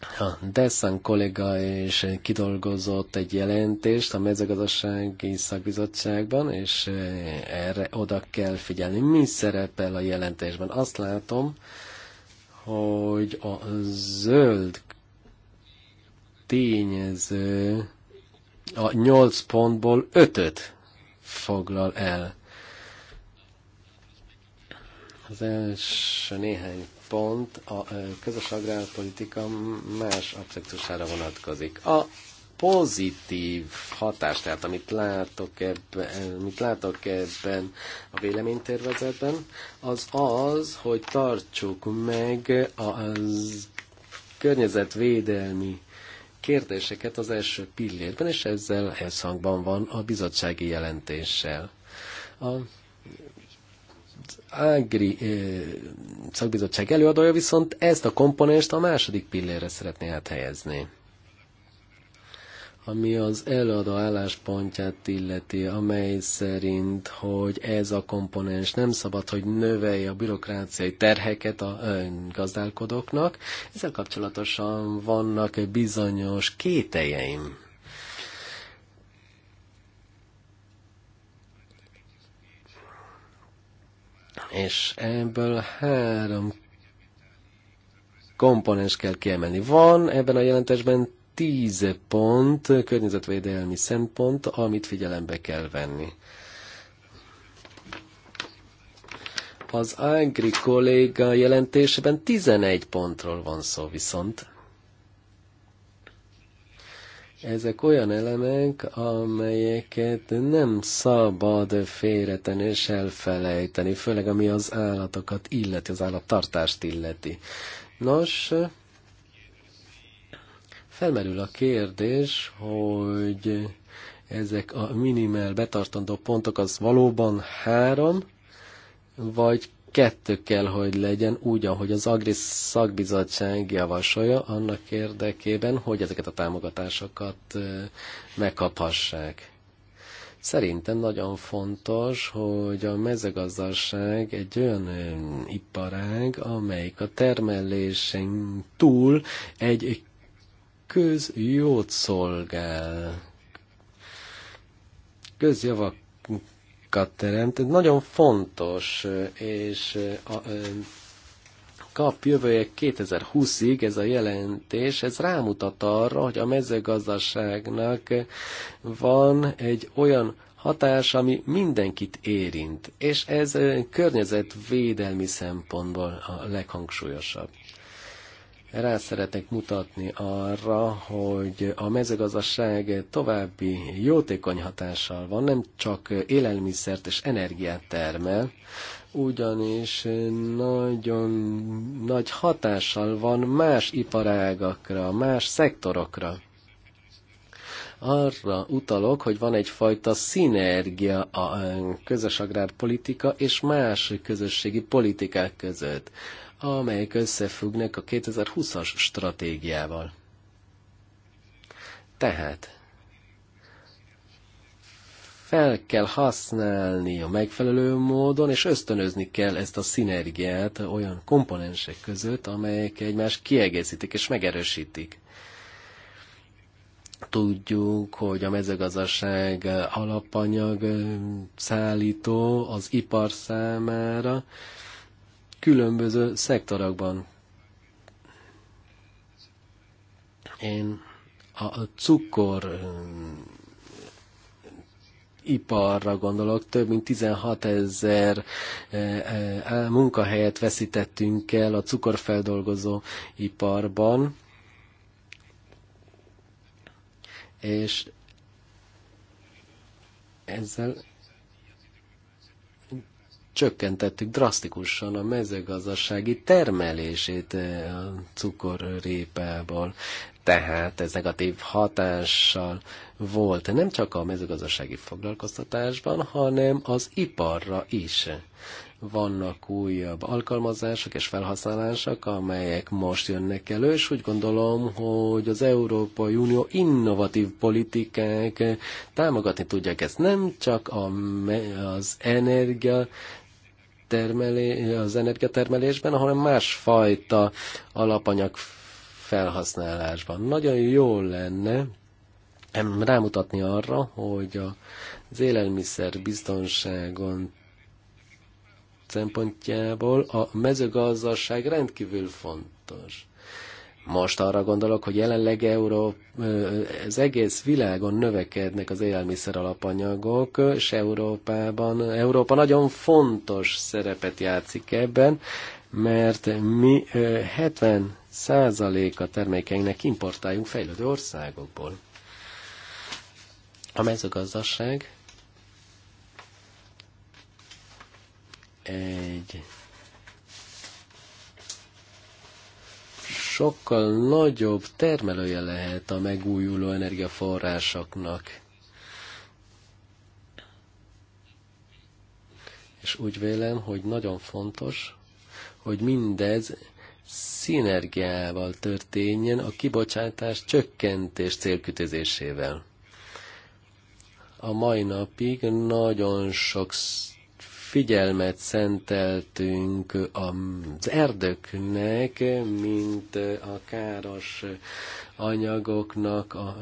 a Dessan kollega is kidolgozott egy jelentést a mezőgazdasági szakbizottságban, és eh, erre oda kell figyelni. Mi szerepel a jelentésben? Azt látom, hogy a zöld tényező a 8 pontból 5-öt foglal el. Az első néhány pont a közös agrárpolitika más aspektusára vonatkozik. A pozitív hatás, tehát amit látok ebben, amit látok ebben a véleménytervezetben, az az, hogy tartsuk meg a környezetvédelmi kérdéseket az első pillérben, és ezzel összhangban van a bizottsági jelentéssel. A Ágri szakbizottság előadója viszont ezt a komponest a második pillérre szeretné áthelyezni ami az előadó álláspontját illeti, amely szerint, hogy ez a komponens nem szabad, hogy növelje a bürokráciai terheket a gazdálkodóknak. Ezzel kapcsolatosan vannak bizonyos kételjeim. és ebből három komponens kell kiemelni. Van ebben a jelentésben tíz pont, környezetvédelmi szempont, amit figyelembe kell venni. Az Agri kolléga jelentésében 11 pontról van szó viszont. Ezek olyan elemek, amelyeket nem szabad félretenni és elfelejteni, főleg ami az állatokat illeti, az állattartást illeti. Nos, felmerül a kérdés, hogy ezek a minimál betartandó pontok az valóban három, vagy kettő kell, hogy legyen úgy, ahogy az Agri szakbizottság javasolja, annak érdekében, hogy ezeket a támogatásokat megkaphassák. Szerintem nagyon fontos, hogy a mezőgazdaság egy olyan iparág, amelyik a termelésen túl egy közjót szolgál. Közjavak teremt. Nagyon fontos, és a, kap jövője 2020-ig ez a jelentés, ez rámutat arra, hogy a mezőgazdaságnak van egy olyan hatás, ami mindenkit érint, és ez környezetvédelmi szempontból a leghangsúlyosabb rá szeretnék mutatni arra, hogy a mezőgazdaság további jótékony hatással van, nem csak élelmiszert és energiát termel, ugyanis nagyon nagy hatással van más iparágakra, más szektorokra. Arra utalok, hogy van egyfajta szinergia a közös agrárpolitika és más közösségi politikák között amelyek összefüggnek a 2020-as stratégiával. Tehát fel kell használni a megfelelő módon, és ösztönözni kell ezt a szinergiát olyan komponensek között, amelyek egymást kiegészítik és megerősítik. Tudjuk, hogy a mezőgazdaság alapanyag szállító az ipar számára, különböző szektorokban. Én a cukor iparra gondolok, több mint 16 ezer munkahelyet veszítettünk el a cukorfeldolgozó iparban, és ezzel csökkentettük drasztikusan a mezőgazdasági termelését eh, a cukorrépából. Tehát ez negatív hatással volt nem csak a mezőgazdasági foglalkoztatásban, hanem az iparra is. Vannak újabb alkalmazások és felhasználások, amelyek most jönnek elő, és úgy gondolom, hogy az Európai Unió innovatív politikák támogatni tudják ezt nem csak az energia termelé, az energiatermelésben, hanem másfajta alapanyag felhasználásban. Nagyon jó lenne rámutatni arra, hogy az élelmiszer biztonságon szempontjából a mezőgazdaság rendkívül fontos. Most arra gondolok, hogy jelenleg Euró, az egész világon növekednek az élelmiszer alapanyagok, és Európában, Európa nagyon fontos szerepet játszik ebben, mert mi 70 százaléka termékeinknek importáljunk fejlődő országokból. A mezőgazdaság egy sokkal nagyobb termelője lehet a megújuló energiaforrásoknak. És úgy vélem, hogy nagyon fontos, hogy mindez szinergiával történjen a kibocsátás csökkentés célkütözésével. A mai napig nagyon sok figyelmet szenteltünk az erdőknek, mint a káros anyagoknak a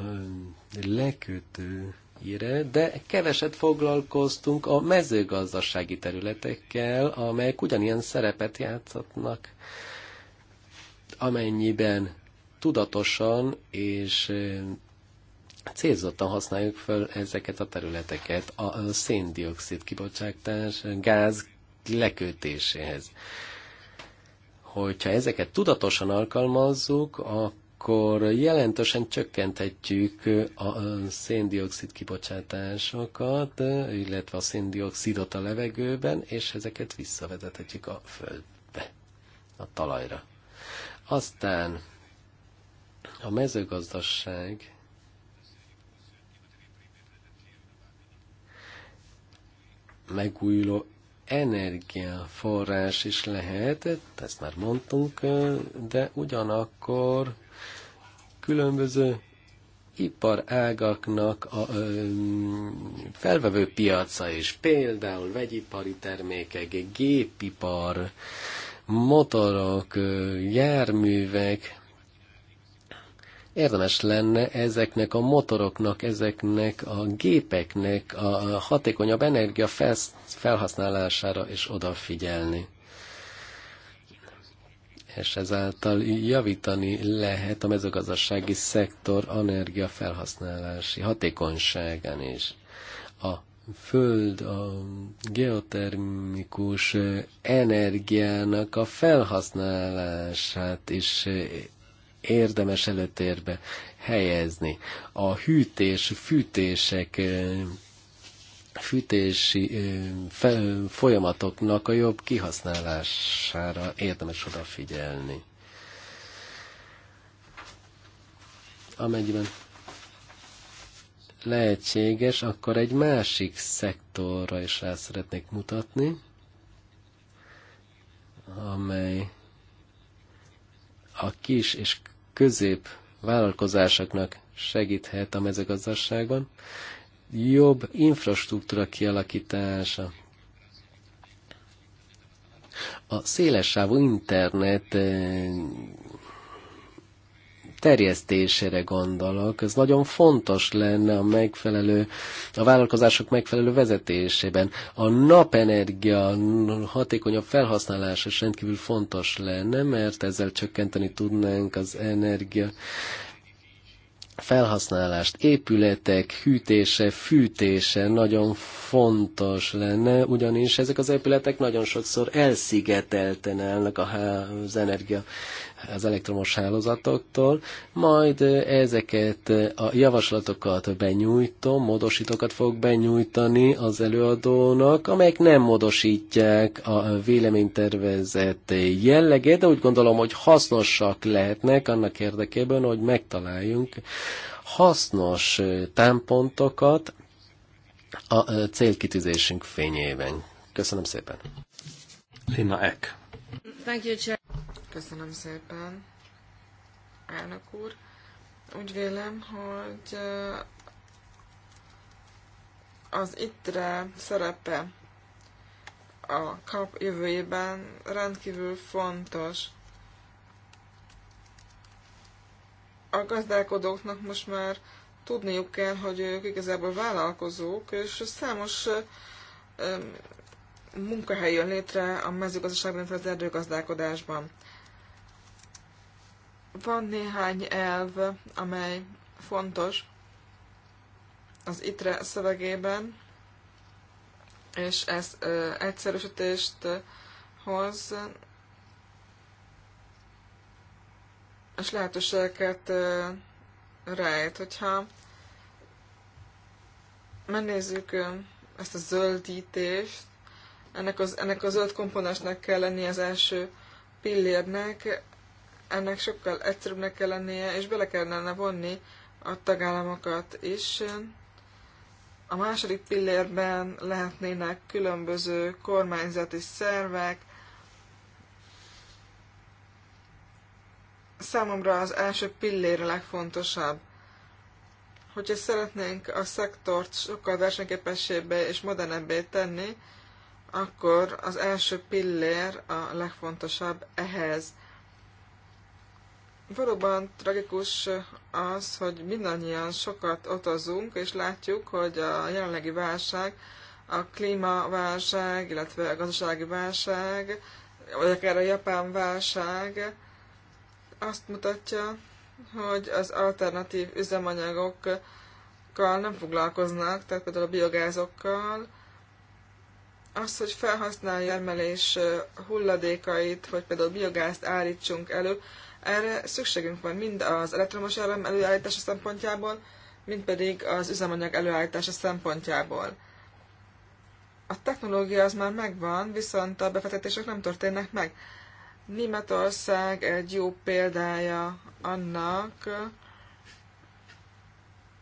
lekötő ére, de keveset foglalkoztunk a mezőgazdasági területekkel, amelyek ugyanilyen szerepet játszhatnak, amennyiben tudatosan és célzottan használjuk föl ezeket a területeket a széndiokszid kibocsátás gáz lekötéséhez. Hogyha ezeket tudatosan alkalmazzuk, akkor jelentősen csökkenthetjük a széndiokszid kibocsátásokat, illetve a széndiokszidot a levegőben, és ezeket visszavezethetjük a földbe, a talajra. Aztán a mezőgazdaság megújuló energiaforrás is lehet, ezt már mondtunk, de ugyanakkor különböző iparágaknak a ö, felvevő piaca is, például vegyipari termékek, gépipar, motorok, járművek, érdemes lenne ezeknek a motoroknak, ezeknek a gépeknek a hatékonyabb energia felhasználására is odafigyelni és ezáltal javítani lehet a mezőgazdasági szektor energiafelhasználási hatékonyságán is. A föld a geotermikus energiának a felhasználását is érdemes előtérbe helyezni. A hűtés, fűtések fűtési folyamatoknak a jobb kihasználására érdemes odafigyelni. Amennyiben lehetséges, akkor egy másik szektorra is rá szeretnék mutatni, amely a kis és közép vállalkozásoknak segíthet a mezőgazdaságban, jobb infrastruktúra kialakítása, a sávú internet eh, terjesztésére gondolok. Ez nagyon fontos lenne a megfelelő, a vállalkozások megfelelő vezetésében. A napenergia hatékonyabb felhasználása is rendkívül fontos lenne, mert ezzel csökkenteni tudnánk az energia felhasználást, épületek hűtése, fűtése nagyon fontos lenne, ugyanis ezek az épületek nagyon sokszor elszigetelten állnak az energia az elektromos hálózatoktól, majd ezeket a javaslatokat benyújtom, módosítókat fog benyújtani az előadónak, amelyek nem módosítják a véleménytervezet jellegét, de úgy gondolom, hogy hasznosak lehetnek annak érdekében, hogy megtaláljunk hasznos támpontokat a célkitűzésünk fényében. Köszönöm szépen. Lina Ek. Thank you, Chair. Köszönöm szépen, elnök úr. Úgy vélem, hogy az ittre szerepe a kap jövőjében rendkívül fontos. A gazdálkodóknak most már tudniuk kell, hogy ők igazából vállalkozók, és számos munkahely jön létre a mezőgazdaságban, illetve az erdőgazdálkodásban. Van néhány elv, amely fontos az ITRE szövegében, és ez ö, egyszerűsítést hoz, és lehetőségeket ö, rejt. Hogyha megnézzük ezt a zöldítést, ennek az, ennek az öt komponensnek kell lennie az első pillérnek, ennek sokkal egyszerűbbnek kell lennie, és bele kellene vonni a tagállamokat is. A második pillérben lehetnének különböző kormányzati szervek. Számomra az első pillér a legfontosabb. Hogyha szeretnénk a szektort sokkal versenyképessébbé és modernebbé tenni, akkor az első pillér a legfontosabb ehhez. Valóban tragikus az, hogy mindannyian sokat otazunk és látjuk, hogy a jelenlegi válság, a klímaválság, illetve a gazdasági válság, vagy akár a japán válság azt mutatja, hogy az alternatív üzemanyagokkal nem foglalkoznak, tehát például a biogázokkal, az, hogy felhasználja emelés hulladékait, hogy például biogázt állítsunk elő, erre szükségünk van mind az elektromos áram előállítása szempontjából, mind pedig az üzemanyag előállítása szempontjából. A technológia az már megvan, viszont a befektetések nem történnek meg. Németország egy jó példája annak,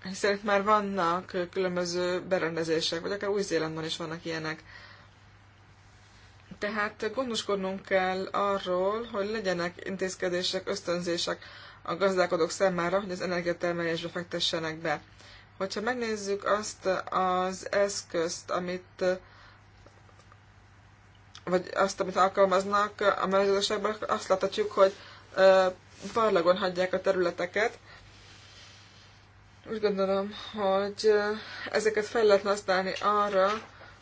hiszen itt már vannak különböző berendezések, vagy akár Új-Zélandon is vannak ilyenek. Tehát gondoskodnunk kell arról, hogy legyenek intézkedések, ösztönzések a gazdálkodók számára, hogy az energiatermelésbe fektessenek be. Hogyha megnézzük azt az eszközt, amit vagy azt, amit alkalmaznak a mezőgazdaságban, azt láthatjuk, hogy parlagon hagyják a területeket. Úgy gondolom, hogy ezeket fel lehetne használni arra,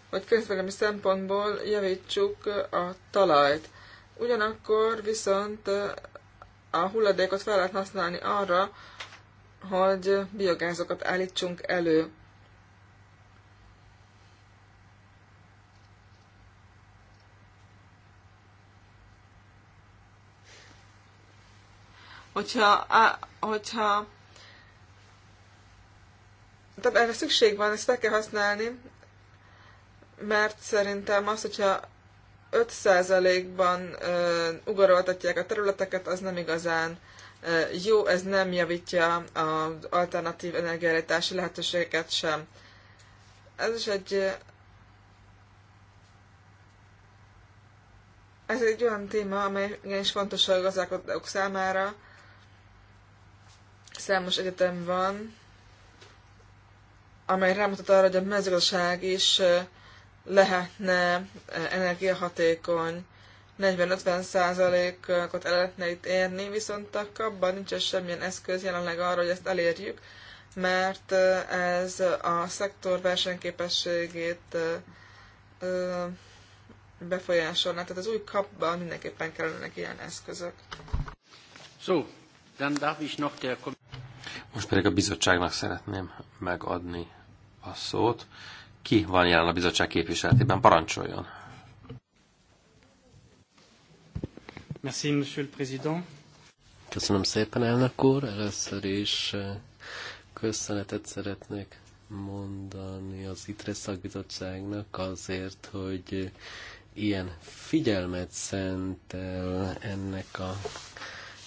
hogy közvélemény szempontból javítsuk a talajt. Ugyanakkor viszont a hulladékot fel lehet használni arra, hogy biogázokat állítsunk elő. Hogyha, á, hogyha tehát erre szükség van, ezt fel kell használni, mert szerintem az, hogyha 5%-ban ugoroltatják a területeket, az nem igazán jó, ez nem javítja az alternatív energiállítási lehetőségeket sem. Ez is egy ez egy olyan téma, amely igenis fontos a gazdálkodók számára. Számos egyetem van, amely rámutat arra, hogy a mezőgazdaság is lehetne eh, energiahatékony, 40-50 százalékot el lehetne itt érni, viszont a kapban nincs semmilyen eszköz jelenleg arra, hogy ezt elérjük, mert eh, ez a szektor versenyképességét eh, befolyásolná. Tehát az új kapban mindenképpen kellene ilyen eszközök. So, dann darf ich noch der Most pedig a bizottságnak szeretném megadni a szót. Ki van jelen a bizottság képviseletében? Parancsoljon! Merci, monsieur le président. Köszönöm szépen, elnök úr. Először is eh, köszönetet szeretnék mondani az ITRE szakbizottságnak azért, hogy eh, ilyen figyelmet szentel ennek a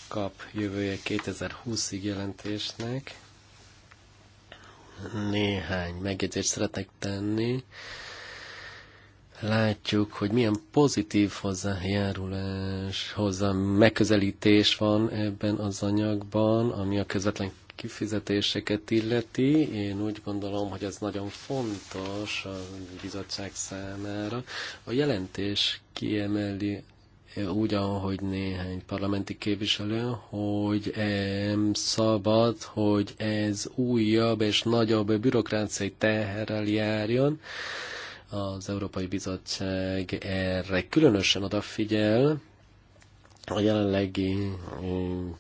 kap jövője 2020-ig jelentésnek néhány megjegyzést szeretnék tenni. Látjuk, hogy milyen pozitív hozzájárulás, hozzá megközelítés van ebben az anyagban, ami a közvetlen kifizetéseket illeti. Én úgy gondolom, hogy ez nagyon fontos a bizottság számára. A jelentés kiemeli úgy, ahogy néhány parlamenti képviselő, hogy em, szabad, hogy ez újabb és nagyobb bürokráciai teherrel járjon. Az Európai Bizottság erre különösen odafigyel, a jelenlegi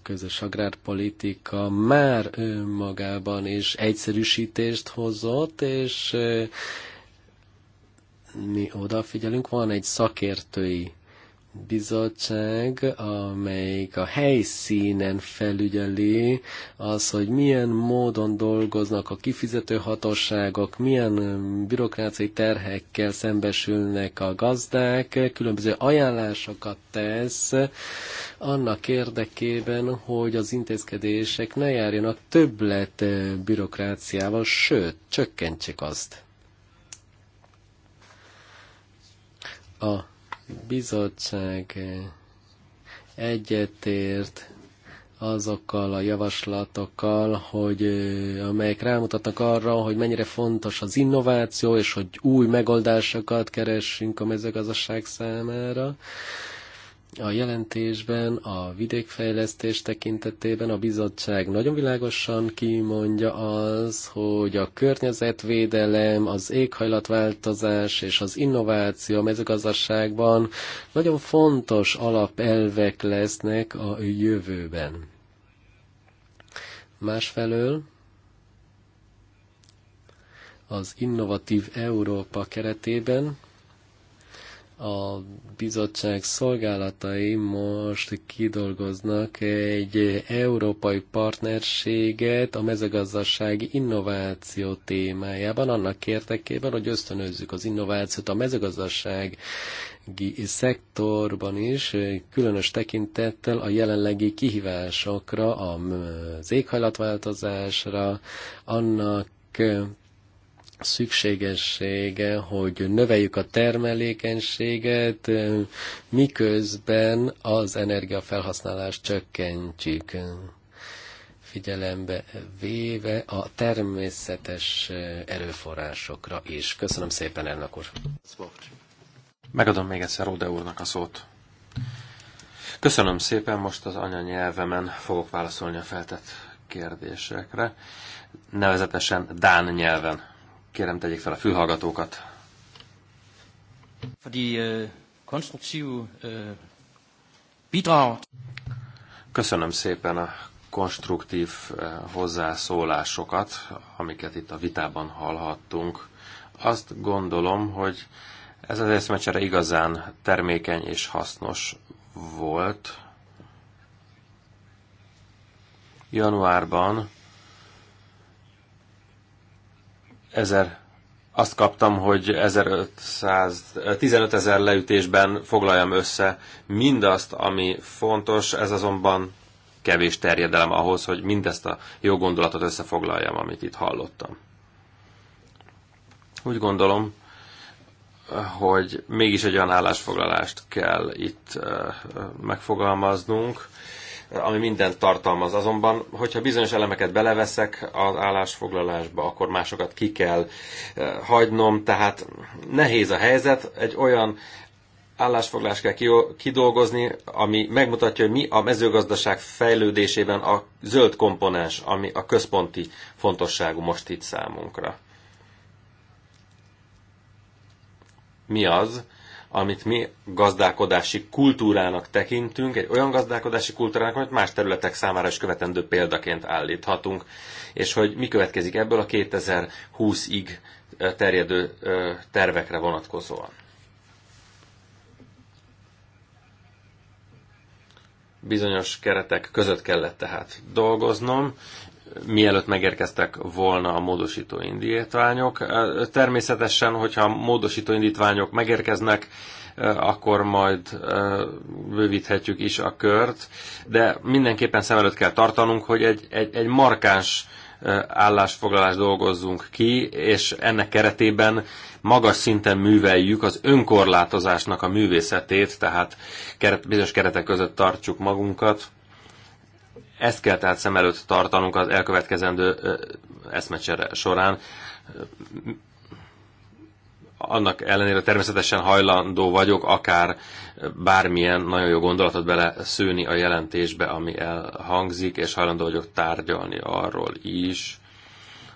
közös agrárpolitika már önmagában is egyszerűsítést hozott, és mi odafigyelünk, van egy szakértői bizottság, amelyik a helyszínen felügyeli az, hogy milyen módon dolgoznak a kifizető hatóságok, milyen bürokráciai terhekkel szembesülnek a gazdák, különböző ajánlásokat tesz annak érdekében, hogy az intézkedések ne járjanak többlet bürokráciával, sőt, csökkentsék azt. A bizottság eh, egyetért azokkal a javaslatokkal, hogy, eh, amelyek rámutatnak arra, hogy mennyire fontos az innováció, és hogy új megoldásokat keressünk a mezőgazdaság számára a jelentésben, a vidékfejlesztés tekintetében a bizottság nagyon világosan kimondja az, hogy a környezetvédelem, az éghajlatváltozás és az innováció a mezőgazdaságban nagyon fontos alapelvek lesznek a jövőben. Másfelől az innovatív Európa keretében a bizottság szolgálatai most kidolgoznak egy európai partnerséget a mezőgazdasági innováció témájában, annak érdekében, hogy ösztönözzük az innovációt a mezőgazdaság szektorban is, különös tekintettel a jelenlegi kihívásokra, az éghajlatváltozásra, annak szükségessége, hogy növeljük a termelékenységet, miközben az energiafelhasználást csökkentjük figyelembe véve a természetes erőforrásokra is. Köszönöm szépen, elnök úr. Megadom még egyszer Rode úrnak a szót. Köszönöm szépen, most az anyanyelvemen fogok válaszolni a feltett kérdésekre, nevezetesen Dán nyelven. Kérem, tegyék fel a fülhallgatókat. Øh, konstruktív øh, Köszönöm szépen a konstruktív hozzászólásokat, amiket itt a vitában hallhattunk. Azt gondolom, hogy ez az eszmecsere igazán termékeny és hasznos volt. Januárban ezer, azt kaptam, hogy 1500, 15 ezer leütésben foglaljam össze mindazt, ami fontos, ez azonban kevés terjedelem ahhoz, hogy mindezt a jó gondolatot összefoglaljam, amit itt hallottam. Úgy gondolom, hogy mégis egy olyan állásfoglalást kell itt megfogalmaznunk, ami mindent tartalmaz. Azonban, hogyha bizonyos elemeket beleveszek az állásfoglalásba, akkor másokat ki kell eh, hagynom, tehát nehéz a helyzet. Egy olyan állásfoglalás kell kidolgozni, ami megmutatja, hogy mi a mezőgazdaság fejlődésében a zöld komponens, ami a központi fontosságú most itt számunkra. Mi az, amit mi gazdálkodási kultúrának tekintünk, egy olyan gazdálkodási kultúrának, amit más területek számára is követendő példaként állíthatunk, és hogy mi következik ebből a 2020-ig terjedő tervekre vonatkozóan. Bizonyos keretek között kellett tehát dolgoznom, mielőtt megérkeztek volna a módosító indítványok. Természetesen, hogyha a módosító indítványok megérkeznek, akkor majd bővíthetjük is a kört, de mindenképpen szem előtt kell tartanunk, hogy egy, egy, egy markáns állásfoglalást dolgozzunk ki, és ennek keretében magas szinten műveljük az önkorlátozásnak a művészetét, tehát keret, bizonyos keretek között tartsuk magunkat, ezt kell tehát szem előtt tartanunk az elkövetkezendő eszmecsere során. Annak ellenére természetesen hajlandó vagyok akár bármilyen nagyon jó gondolatot bele szőni a jelentésbe, ami elhangzik, és hajlandó vagyok tárgyalni arról is,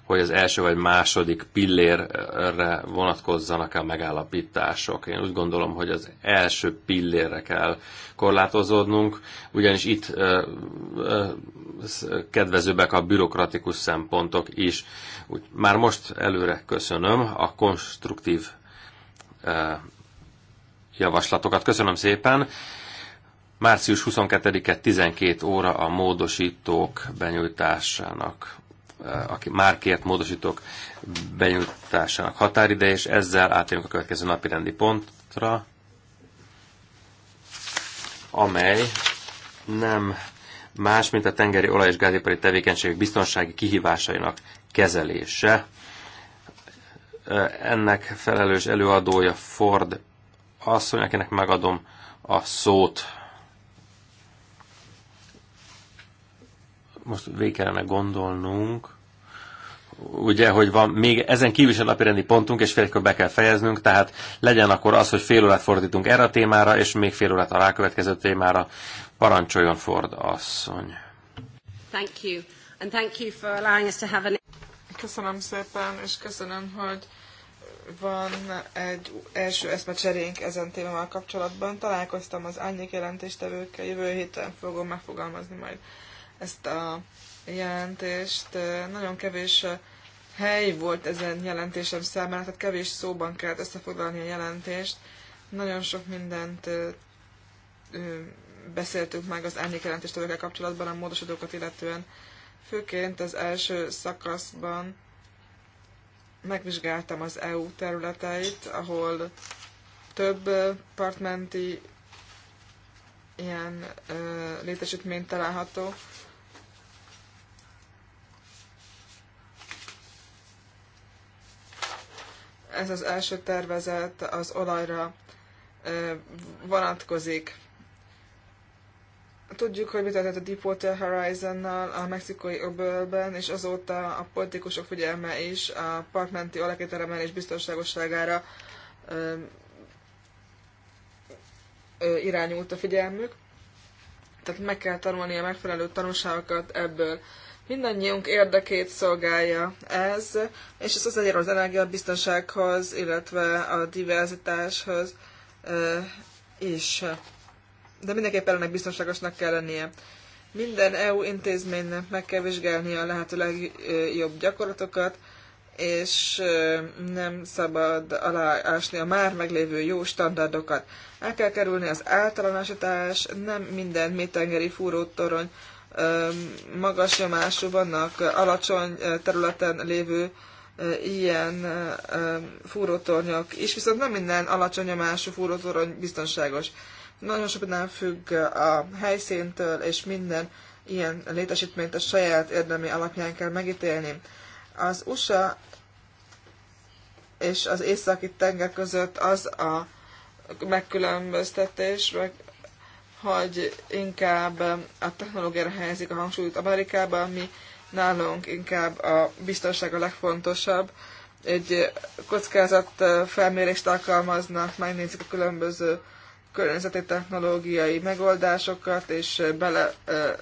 hogy az első vagy második pillérre vonatkozzanak a megállapítások. Én úgy gondolom, hogy az első pillérre kell korlátozódnunk, ugyanis itt ö, ö, kedvezőbbek a bürokratikus szempontok is. Úgy, már most előre köszönöm a konstruktív ö, javaslatokat. Köszönöm szépen! Március 22-e 12 óra a módosítók benyújtásának Eh, aki már kért módosítók benyújtásának határideje, és ezzel átérünk a következő napi rendi pontra, amely nem más, mint a tengeri olaj- és gázipari tevékenységek biztonsági kihívásainak kezelése. Eh, ennek felelős előadója Ford asszony, akinek megadom a szót. most végig kellene gondolnunk, ugye, hogy van még ezen kívül is a napirendi pontunk, és félkör be kell fejeznünk, tehát legyen akkor az, hogy fél órát fordítunk erre a témára, és még fél órát a rákövetkező témára. Parancsoljon Ford asszony. Thank you. And thank you for allowing us to have an... Köszönöm szépen, és köszönöm, hogy van egy első eszmecserénk ezen témával kapcsolatban. Találkoztam az árnyék jelentéstevőkkel, jövő héten fogom megfogalmazni majd ezt a jelentést. Nagyon kevés hely volt ezen jelentésem számára, tehát kevés szóban kellett összefoglalni a jelentést. Nagyon sok mindent beszéltünk meg az árnyék jelentéstevőkkel kapcsolatban, a módosodókat illetően. Főként az első szakaszban megvizsgáltam az EU területeit, ahol több partmenti ilyen ö, létesítmény található, Ez az első tervezet az olajra vonatkozik. Tudjuk, hogy mi történt a Deepwater Horizon-nal a mexikói öbölben, és azóta a politikusok figyelme is a partmenti olajkételemelés biztonságosságára irányult a figyelmük. Tehát meg kell tanulni a megfelelő tanulságokat ebből. Mindannyiunk érdekét szolgálja ez, és ez az egyre az energiabiztonsághoz, illetve a diverzitáshoz is. De mindenképpen ennek biztonságosnak kell lennie. Minden EU intézménynek meg kell vizsgálnia a lehető legjobb gyakorlatokat, és nem szabad aláásni a már meglévő jó standardokat. El kell kerülni az általánosítás, nem minden mélytengeri fúrótorony magas nyomású, vannak alacsony területen lévő ilyen fúrótornyok is, viszont nem minden alacsony nyomású fúrótorony biztonságos. Nagyon sok minden függ a helyszíntől, és minden ilyen létesítményt a saját érdemi alapján kell megítélni. Az USA és az északi tenger között az a megkülönböztetés, meg hogy inkább a technológiára helyezik a hangsúlyt Amerikában, ami nálunk inkább a biztonság a legfontosabb. Egy kockázat eh, felmérést alkalmaznak, megnézik a különböző környezeti technológiai megoldásokat, és eh, bele eh,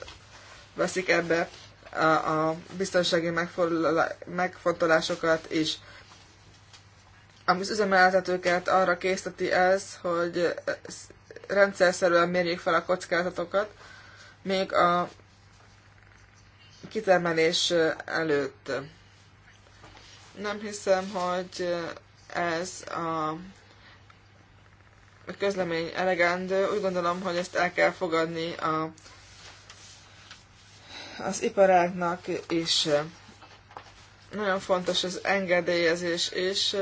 veszik ebbe a, a biztonsági megfontolásokat is. Ami az üzemeltetőket arra készíteti ez, hogy rendszerszerűen mérjük fel a kockázatokat, még a kitermelés előtt. Nem hiszem, hogy ez a közlemény elegendő. Úgy gondolom, hogy ezt el kell fogadni a, az iparáknak is. Nagyon fontos az engedélyezés is. És,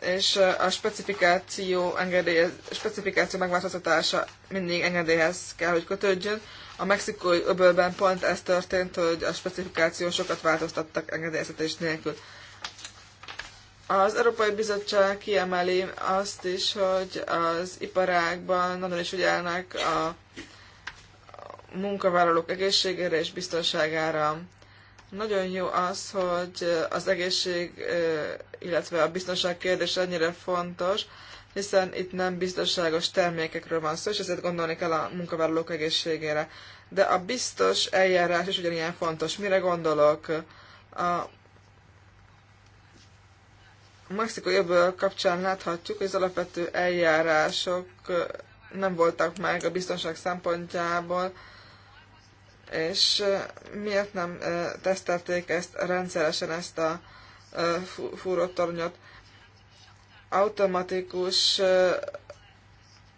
és a specifikáció, engedély, specifikáció megváltoztatása mindig engedélyhez kell, hogy kötődjön. A mexikói öbölben pont ez történt, hogy a specifikáció sokat változtattak engedélyeztetés nélkül. Az Európai Bizottság kiemeli azt is, hogy az iparágban nagyon is ügyelnek a munkavállalók egészségére és biztonságára. Nagyon jó az, hogy az egészség, illetve a biztonság kérdés ennyire fontos, hiszen itt nem biztonságos termékekről van szó, és ezért gondolni kell a munkavállalók egészségére. De a biztos eljárás is ugyanilyen fontos. Mire gondolok? A Mexikó jövő kapcsán láthatjuk, hogy az alapvető eljárások nem voltak meg a biztonság szempontjából, és miért nem tesztelték ezt rendszeresen, ezt a fúrott tornyot. Automatikus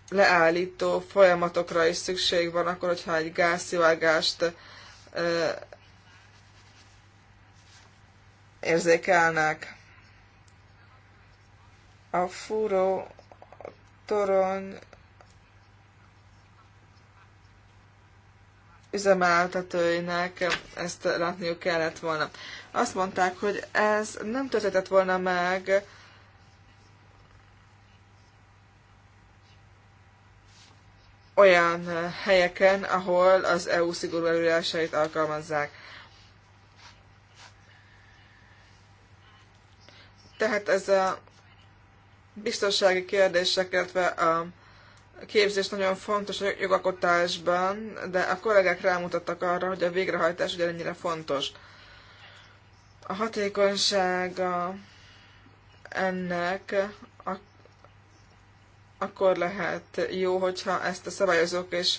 leállító folyamatokra is szükség van, akkor, hogyha egy gázszivágást érzékelnek. A fúró torony üzemeltetőinek ezt látniuk kellett volna. Azt mondták, hogy ez nem történt volna meg olyan helyeken, ahol az EU szigorú előírásait alkalmazzák. Tehát ez a biztonsági kérdések, illetve a képzés nagyon fontos a jogakotásban, de a kollégák rámutattak arra, hogy a végrehajtás ugyanennyire fontos. A hatékonysága ennek ak- akkor lehet jó, hogyha ezt a szabályozók és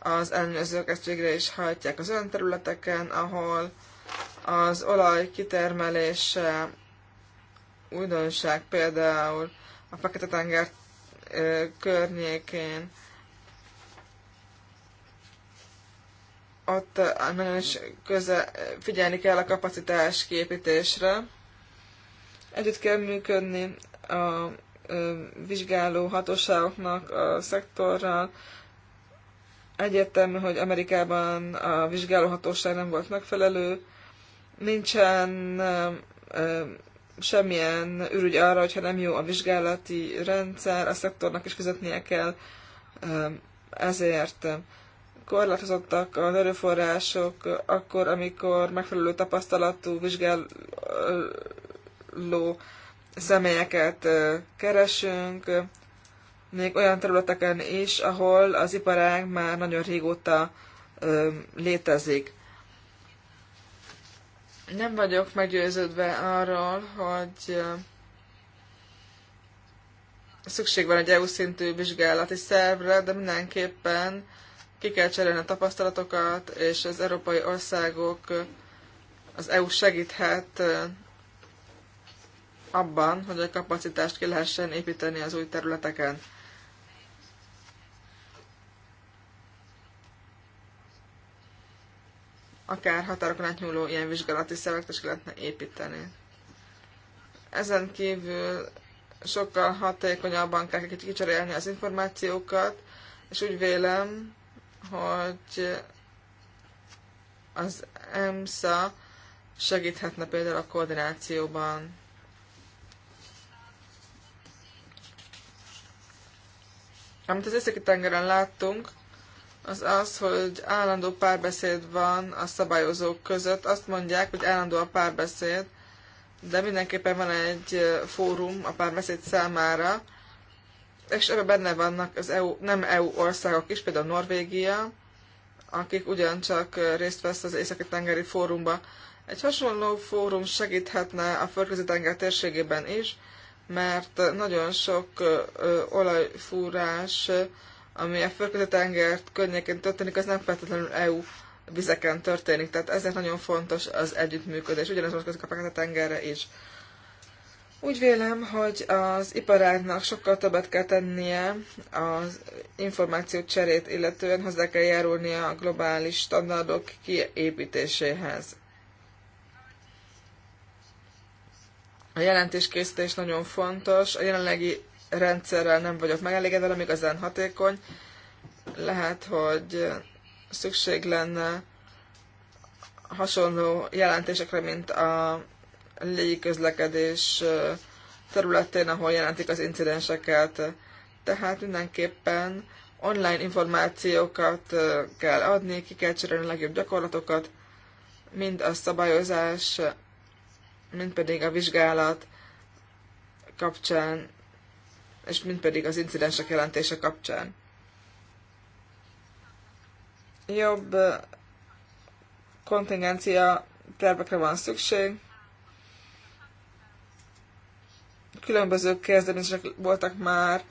az ellenőrzők ezt végre is hajtják az olyan területeken, ahol az olaj kitermelése újdonság például a Fekete-tenger környékén. Ott nagyon is köze, figyelni kell a kapacitás képítésre. Együtt kell működni a vizsgáló hatóságoknak a szektorral. Egyértelmű, hogy Amerikában a vizsgáló hatóság nem volt megfelelő. Nincsen semmilyen ürügy arra, hogyha nem jó a vizsgálati rendszer, a szektornak is fizetnie kell um, ezért. Korlátozottak az erőforrások akkor, amikor megfelelő tapasztalatú vizsgáló személyeket uh, keresünk, még olyan területeken is, ahol az iparág már nagyon régóta um, létezik nem vagyok meggyőződve arról, hogy szükség van egy EU szintű vizsgálati szervre, de mindenképpen ki kell cserélni a tapasztalatokat, és az európai országok, az EU segíthet abban, hogy a kapacitást ki lehessen építeni az új területeken. akár határokon átnyúló ilyen vizsgálati szervek is lehetne építeni. Ezen kívül sokkal hatékonyabban kell kicserélni az információkat, és úgy vélem, hogy az EMSA segíthetne például a koordinációban. Amit az északi tengeren láttunk, az az, hogy állandó párbeszéd van a szabályozók között. Azt mondják, hogy állandó a párbeszéd, de mindenképpen van egy fórum a párbeszéd számára, és ebben benne vannak az EU, nem EU országok is, például Norvégia, akik ugyancsak részt vesz az Északi-tengeri fórumba. Egy hasonló fórum segíthetne a Földközi-tenger térségében is, mert nagyon sok olajfúrás ami a földközi tengert környékén történik, az nem feltétlenül EU vizeken történik, tehát ezért nagyon fontos az együttműködés, Ugyanaz vonatkozik a fekete tengerre is. Úgy vélem, hogy az iparágnak sokkal többet kell tennie az információ cserét, illetően hozzá kell járulnia a globális standardok kiépítéséhez. A jelentéskészítés nagyon fontos. A jelenlegi rendszerrel nem vagyok megelégedve, nem igazán hatékony. Lehet, hogy szükség lenne hasonló jelentésekre, mint a légiközlekedés területén, ahol jelentik az incidenseket. Tehát mindenképpen online információkat kell adni, ki kell cserélni a legjobb gyakorlatokat, mind a szabályozás, mind pedig a vizsgálat kapcsán és mind pedig az incidensek jelentése kapcsán. Jobb kontingencia tervekre van szükség. Különböző kezdeményezések voltak már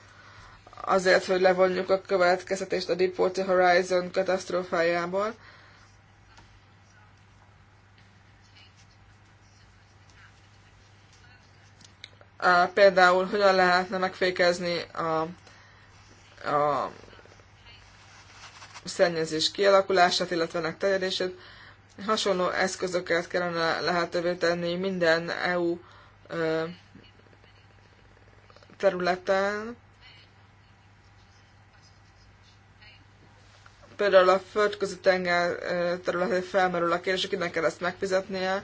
azért, hogy levonjuk a következtetést a Deepwater Horizon katasztrófájából. például hogyan lehetne megfékezni a, a szennyezés kialakulását, illetve ennek terjedését. Hasonló eszközöket kellene lehetővé tenni minden EU területen. Például a földközi tenger területén felmerül a kérdés, kinek kell ezt megfizetnie,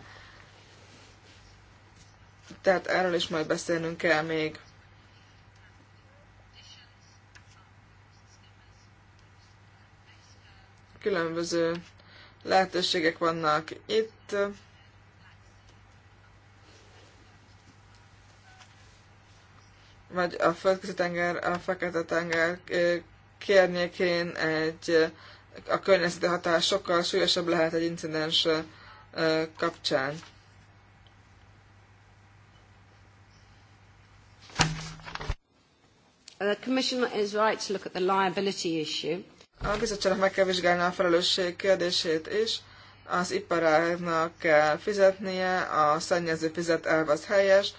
tehát erről is majd beszélnünk kell még. Különböző lehetőségek vannak itt. Vagy a földközi tenger, a fekete tenger kérnyékén egy a környezeti hatás sokkal súlyosabb lehet egy incidens kapcsán. The uh, Commission is right to look at the liability issue. A bizottságnak meg kell vizsgálni a felelősség kérdését is. Az iparágnak kell fizetnie, a szennyező fizet elv az helyes,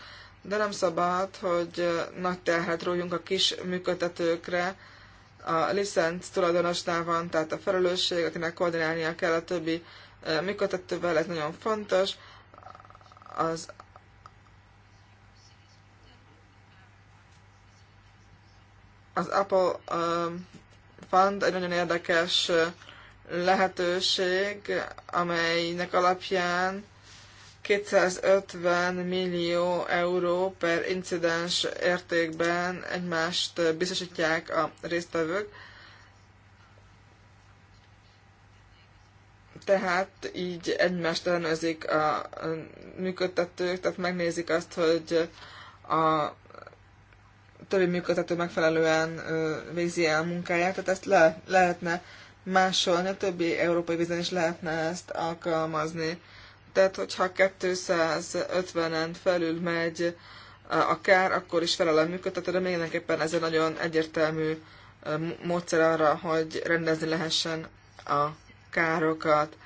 de nem szabad, hogy uh, nagy terhet rójunk a kis működtetőkre. A licenc tulajdonosnál van, tehát a felelősség, akinek koordinálnia kell a többi uh, működtetővel, ez nagyon fontos. Az az Apple um, Fund egy nagyon érdekes uh, lehetőség, amelynek alapján 250 millió euró per incidens értékben egymást uh, biztosítják a résztvevők. Tehát így egymást ellenőrzik a működtetők, tehát megnézik azt, hogy a többi működtető megfelelően végzi el munkáját, tehát ezt le, lehetne másolni, a többi európai vízen is lehetne ezt alkalmazni. Tehát, hogyha 250-en felül megy a kár, akkor is felel a működtető, de mindenképpen ez egy nagyon egyértelmű módszer arra, hogy rendezni lehessen a károkat.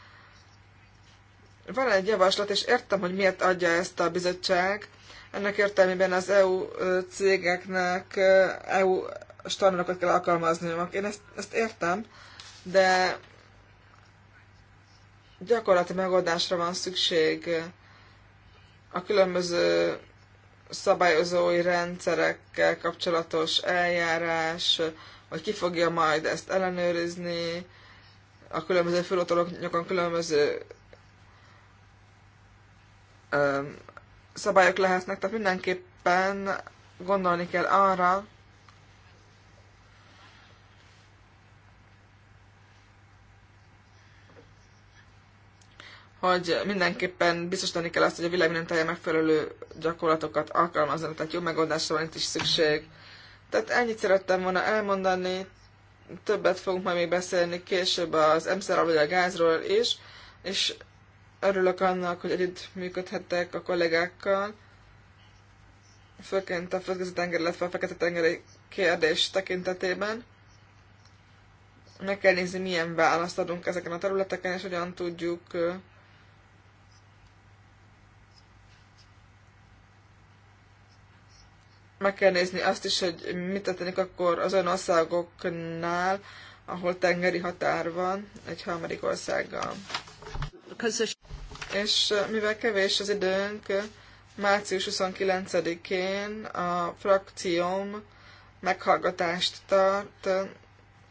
Van egy javaslat, és értem, hogy miért adja ezt a bizottság, ennek értelmében az EU cégeknek EU standardokat kell alkalmazniuk. Én ezt, ezt értem, de gyakorlati megoldásra van szükség a különböző szabályozói rendszerekkel kapcsolatos eljárás, hogy ki fogja majd ezt ellenőrizni, a különböző nyakon különböző szabályok lehetnek, tehát mindenképpen gondolni kell arra, hogy mindenképpen biztosítani kell azt, hogy a világ minden táján megfelelő gyakorlatokat alkalmazzanak, tehát jó megoldásra van itt is szükség. Tehát ennyit szerettem volna elmondani, többet fogunk majd még beszélni később az emszerről vagy a gázról is, és örülök annak, hogy együtt működhettek a kollégákkal, főként a földközi tenger, illetve a fekete tengeri kérdés tekintetében. Meg kell nézni, milyen választ adunk ezeken a területeken, és hogyan tudjuk meg kell nézni azt is, hogy mit történik akkor az olyan országoknál, ahol tengeri határ van egy harmadik országgal közös... És mivel kevés az időnk, március 29-én a frakcióm meghallgatást tart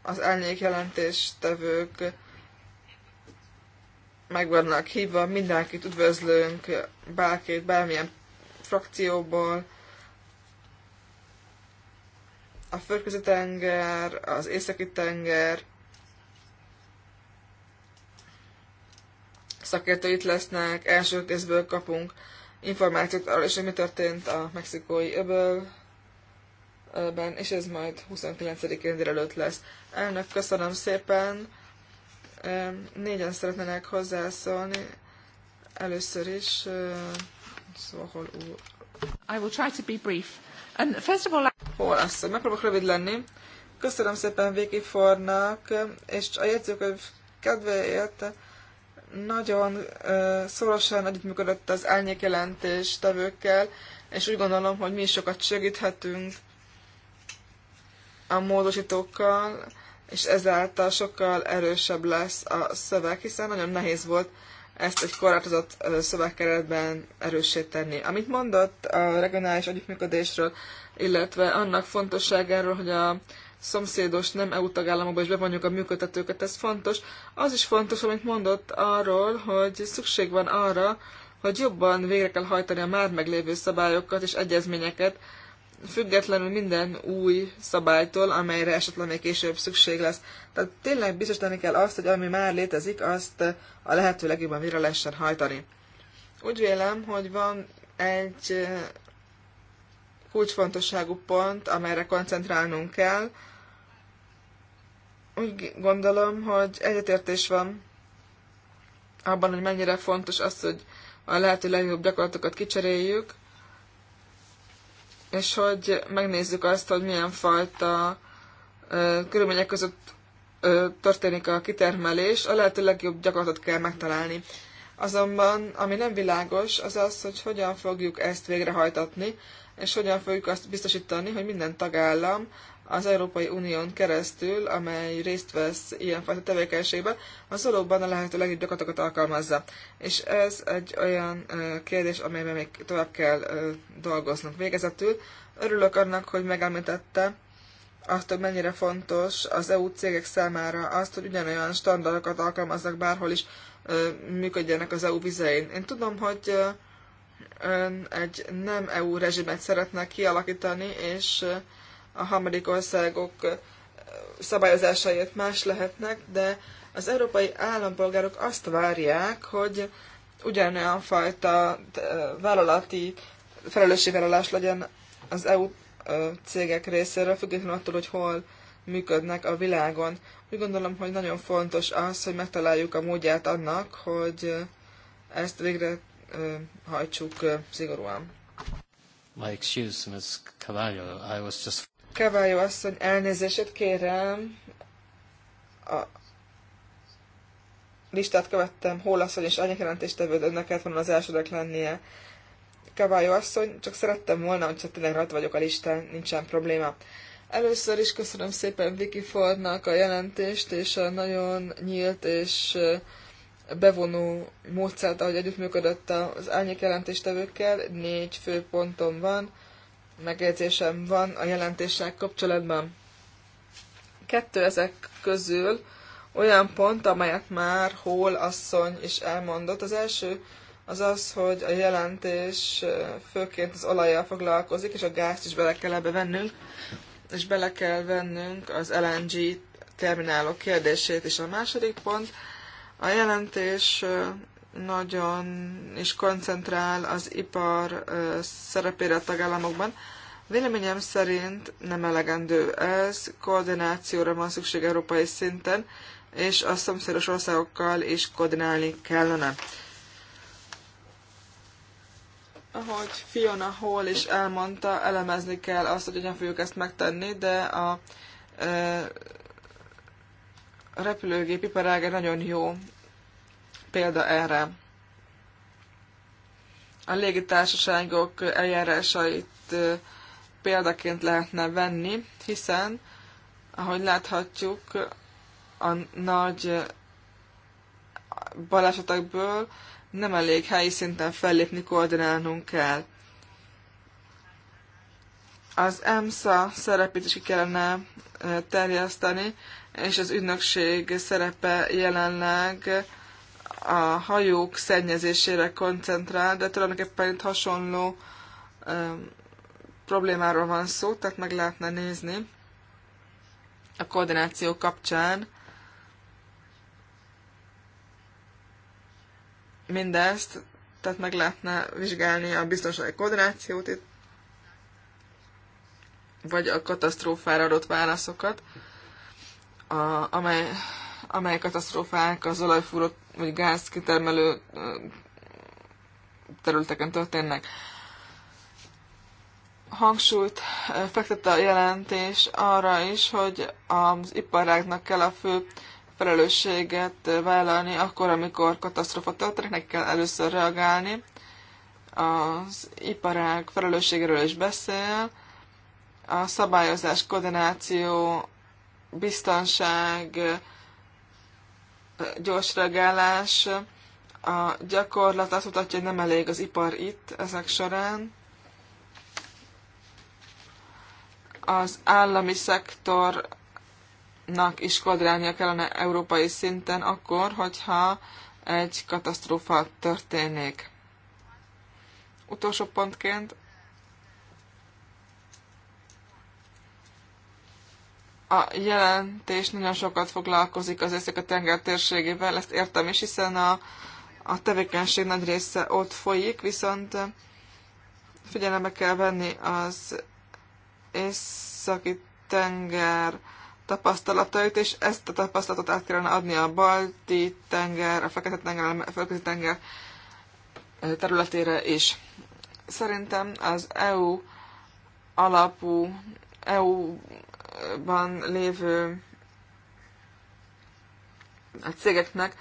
az jelentéstevők meg vannak hívva, mindenkit üdvözlünk, bárkit, bármilyen frakcióból, a földközi tenger, az északi tenger, szakértőit itt lesznek, első kézből kapunk információt arról is, hogy mi történt a mexikói öbölben, és ez majd 29-én délelőtt lesz. Elnök, köszönöm szépen! Négyen szeretnének hozzászólni. Először is szóval úr. I will try to be brief. And first of all... Hol asszony? Megpróbálok rövid lenni. Köszönöm szépen Vicky Fornak, és a jegyzőkönyv kedvéért nagyon szorosan együttműködött az árnyékjelentés tevőkkel, és úgy gondolom, hogy mi is sokat segíthetünk a módosítókkal, és ezáltal sokkal erősebb lesz a szöveg, hiszen nagyon nehéz volt ezt egy korlátozott szövegkeretben erőssé tenni. Amit mondott a regionális együttműködésről, illetve annak fontosságáról, hogy a szomszédos nem EU tagállamokba is bevonjuk a működtetőket, ez fontos. Az is fontos, amit mondott arról, hogy szükség van arra, hogy jobban végre kell hajtani a már meglévő szabályokat és egyezményeket, függetlenül minden új szabálytól, amelyre esetleg még később szükség lesz. Tehát tényleg biztosítani kell azt, hogy ami már létezik, azt a lehető legjobban végre lehessen hajtani. Úgy vélem, hogy van egy eh, kulcsfontosságú pont, amelyre koncentrálnunk kell, úgy gondolom, hogy egyetértés van abban, hogy mennyire fontos az, hogy a lehető legjobb gyakorlatokat kicseréljük, és hogy megnézzük azt, hogy milyen fajta ö, körülmények között ö, történik a kitermelés, a lehető legjobb gyakorlatot kell megtalálni. Azonban, ami nem világos, az az, hogy hogyan fogjuk ezt végrehajtatni, és hogyan fogjuk azt biztosítani, hogy minden tagállam az Európai Unión keresztül, amely részt vesz ilyenfajta tevékenységben, az valóban a lehető legjobb gyakorlatokat alkalmazza. És ez egy olyan kérdés, amelyben még tovább kell dolgoznunk végezetül. Örülök annak, hogy megemlítette azt, hogy mennyire fontos az EU cégek számára azt, hogy ugyanolyan standardokat alkalmaznak bárhol is működjenek az EU vizein. Én tudom, hogy ön egy nem EU rezsimet szeretne kialakítani, és a harmadik országok szabályozásaiért más lehetnek, de az európai állampolgárok azt várják, hogy ugyanolyan fajta vállalati felelősségvállalás legyen az EU cégek részéről, függetlenül attól, hogy hol működnek a világon. Úgy gondolom, hogy nagyon fontos az, hogy megtaláljuk a módját annak, hogy ezt végre hajtsuk szigorúan. My excuse, Ms. Cavallo, I was just... Kávályó asszony elnézését kérem, a listát követtem, hol asszony és anyagjelentéstevőd, önnek kellett volna az elsőnek lennie. Kavályó asszony, csak szerettem volna, hogyha tényleg rajta vagyok a listán, nincsen probléma. Először is köszönöm szépen Vicky Fordnak a jelentést, és a nagyon nyílt és eh, bevonó módszert, ahogy együttműködött az árnyék jelentéstevőkkel, négy fő pontom van megjegyzésem van a jelentéssel kapcsolatban. Kettő ezek közül olyan pont, amelyet már Hol asszony is elmondott. Az első az az, hogy a jelentés főként az olajjal foglalkozik, és a gázt is bele kell ebbe vennünk, és bele kell vennünk az LNG terminálok kérdését is. A második pont, a jelentés nagyon is koncentrál az ipar szerepére a tagállamokban. Véleményem szerint nem elegendő ez, koordinációra van szükség európai szinten, és a szomszédos országokkal is koordinálni kellene. Ahogy Fiona Hall is elmondta, elemezni kell azt, hogy hogyan fogjuk ezt megtenni, de a, e, a repülőgép iparága nagyon jó példa erre. A légitársaságok eljárásait példaként lehetne venni, hiszen, ahogy láthatjuk, a nagy balesetekből nem elég helyi szinten fellépni, koordinálnunk kell. Az EMSA szerepét is ki kellene terjeszteni, és az ügynökség szerepe jelenleg a hajók szennyezésére koncentrál, de tulajdonképpen itt hasonló ö, problémáról van szó, tehát meg lehetne nézni a koordináció kapcsán mindezt, tehát meg lehetne vizsgálni a biztonsági koordinációt itt, vagy a katasztrófára adott válaszokat, a, amely, amely katasztrófák az olajfúró vagy gáz kitermelő területeken történnek. Hangsúlyt fektette a jelentés arra is, hogy az iparágnak kell a fő felelősséget vállalni akkor, amikor katasztrofa történik, neki kell először reagálni. Az iparág felelősségéről is beszél, a szabályozás, koordináció, biztonság, gyors reagálás, a gyakorlat azt mutatja, hogy nem elég az ipar itt ezek során. Az állami szektornak is kodrálnia kellene európai szinten akkor, hogyha egy katasztrófa történik. Utolsó pontként A jelentés nagyon sokat foglalkozik az a tenger térségével, ezt értem is, hiszen a, a tevékenység nagy része ott folyik, viszont figyelembe kell venni az északi tenger tapasztalatait, és ezt a tapasztalatot át kellene adni a balti tenger, a fekete tenger, a Földközi tenger területére is. Szerintem az EU alapú, EU Európában lévő cégeknek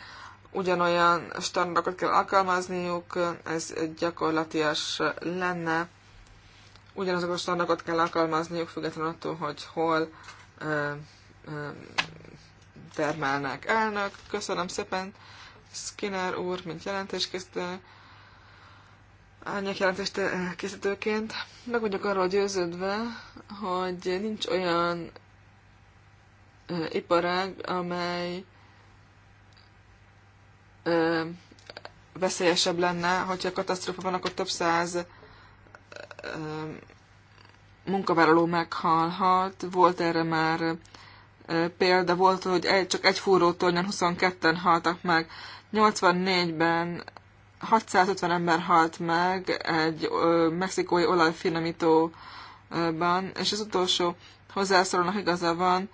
ugyanolyan standardokat kell alkalmazniuk, ez gyakorlatias lenne. Ugyanazokat a standardokat kell alkalmazniuk, függetlenül attól, hogy hol ö, ö, termelnek. Elnök, köszönöm szépen, Skinner úr, mint jelentéskészítő árnyakjelentést eh, készítőként. Meg vagyok arról győződve, hogy nincs olyan eh, iparág, amely eh, veszélyesebb lenne, hogyha katasztrófa van, akkor több száz munkavállaló meghalhat. Volt erre már példa, volt, hogy egy, csak egy fúrótornyon 22-en haltak meg. 84-ben 650 ember halt meg egy mexikói olajfinomítóban, és az utolsó hozzászólónak igaza van,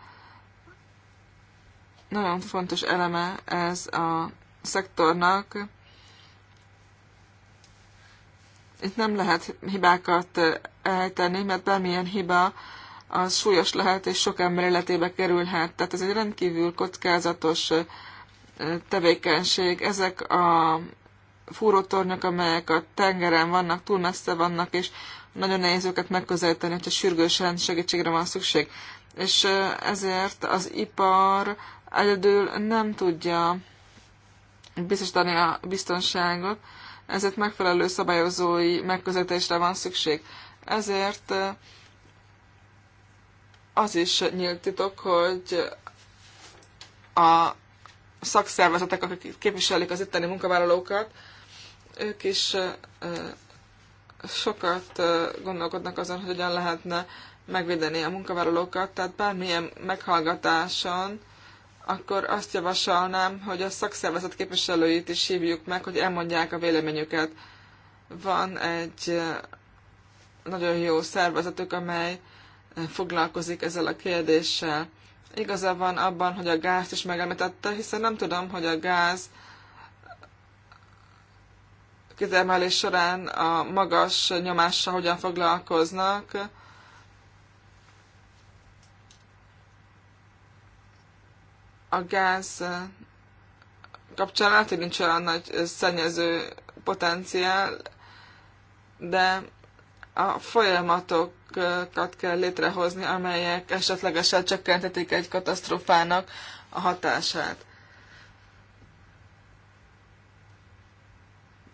nagyon fontos eleme ez a szektornak. Itt nem lehet hibákat eltenni, mert bármilyen hiba az súlyos lehet, és sok ember életébe kerülhet. Tehát ez egy rendkívül kockázatos tevékenység. Ezek a fúrótornyok, amelyek a tengeren vannak, túl messze vannak, és nagyon nehéz őket megközelíteni, hogyha sürgősen segítségre van szükség. És ezért az ipar egyedül nem tudja biztosítani a biztonságot, ezért megfelelő szabályozói megközelítésre van szükség. Ezért az is nyílt titok, hogy a szakszervezetek, akik képviselik az itteni munkavállalókat, ők is sokat gondolkodnak azon, hogy hogyan lehetne megvédeni a munkavállalókat, tehát bármilyen meghallgatáson, akkor azt javasolnám, hogy a szakszervezet képviselőit is hívjuk meg, hogy elmondják a véleményüket. Van egy nagyon jó szervezetük, amely foglalkozik ezzel a kérdéssel. Igaza van abban, hogy a gázt is megemlítette, hiszen nem tudom, hogy a gáz kizemelés során a magas nyomással hogyan foglalkoznak. A gáz kapcsán lehet, hogy nincs olyan nagy szennyező potenciál, de a folyamatokat kell létrehozni, amelyek esetlegesen csökkentetik egy katasztrófának a hatását.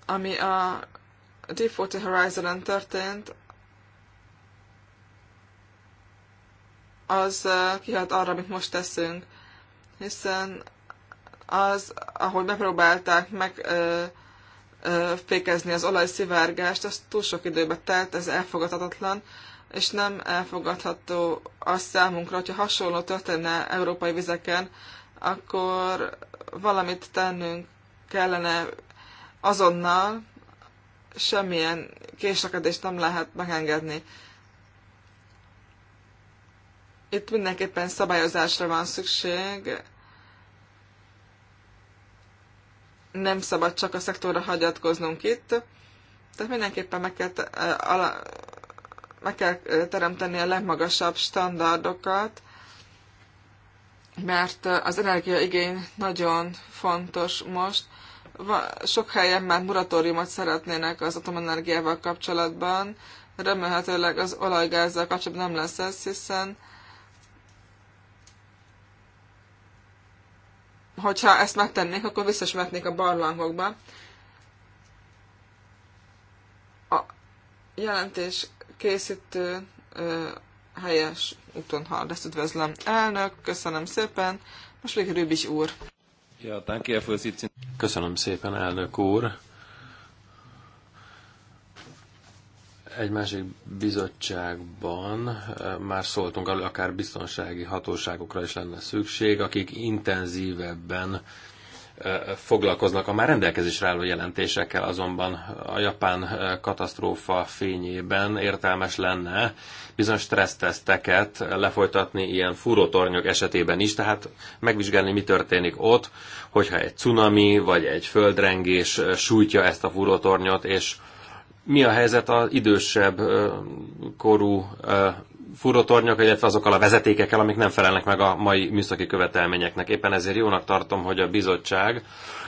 ami a Deepwater Horizon-en történt, az kihat arra, amit most teszünk. Hiszen az, ahogy megpróbálták meg ö, ö, fékezni az olajszivárgást, az túl sok időbe telt, ez elfogadhatatlan, és nem elfogadható az számunkra, hogyha hasonló történne európai vizeken, akkor valamit tennünk kellene azonnal semmilyen késlekedést nem lehet megengedni. Itt mindenképpen szabályozásra van szükség. Nem szabad csak a szektorra hagyatkoznunk itt. Tehát mindenképpen meg kell, e, meg kell e, teremteni a legmagasabb standardokat, mert az energiaigény nagyon fontos most, sok helyen már moratóriumot szeretnének az atomenergiával kapcsolatban. Remélhetőleg az olajgázzal kapcsolatban nem lesz ez, hiszen hogyha ezt megtennék, akkor visszasmetnék a barlangokba. A jelentés készítő ö, helyes úton halad, ezt üdvözlöm. Elnök, köszönöm szépen, most még Rübis úr. Köszönöm szépen, elnök úr. Egy másik bizottságban eh, már szóltunk, akár biztonsági hatóságokra is lenne szükség, akik intenzívebben foglalkoznak a már rendelkezésre álló jelentésekkel, azonban a japán katasztrófa fényében értelmes lenne bizonyos stresszteszteket lefolytatni ilyen furótornyok esetében is, tehát megvizsgálni, mi történik ott, hogyha egy cunami vagy egy földrengés sújtja ezt a furótornyot, és mi a helyzet az idősebb korú fúrótornyok, illetve azokkal a vezetékekkel, amik nem felelnek meg a mai műszaki követelményeknek. Éppen ezért jónak tartom, hogy a bizottság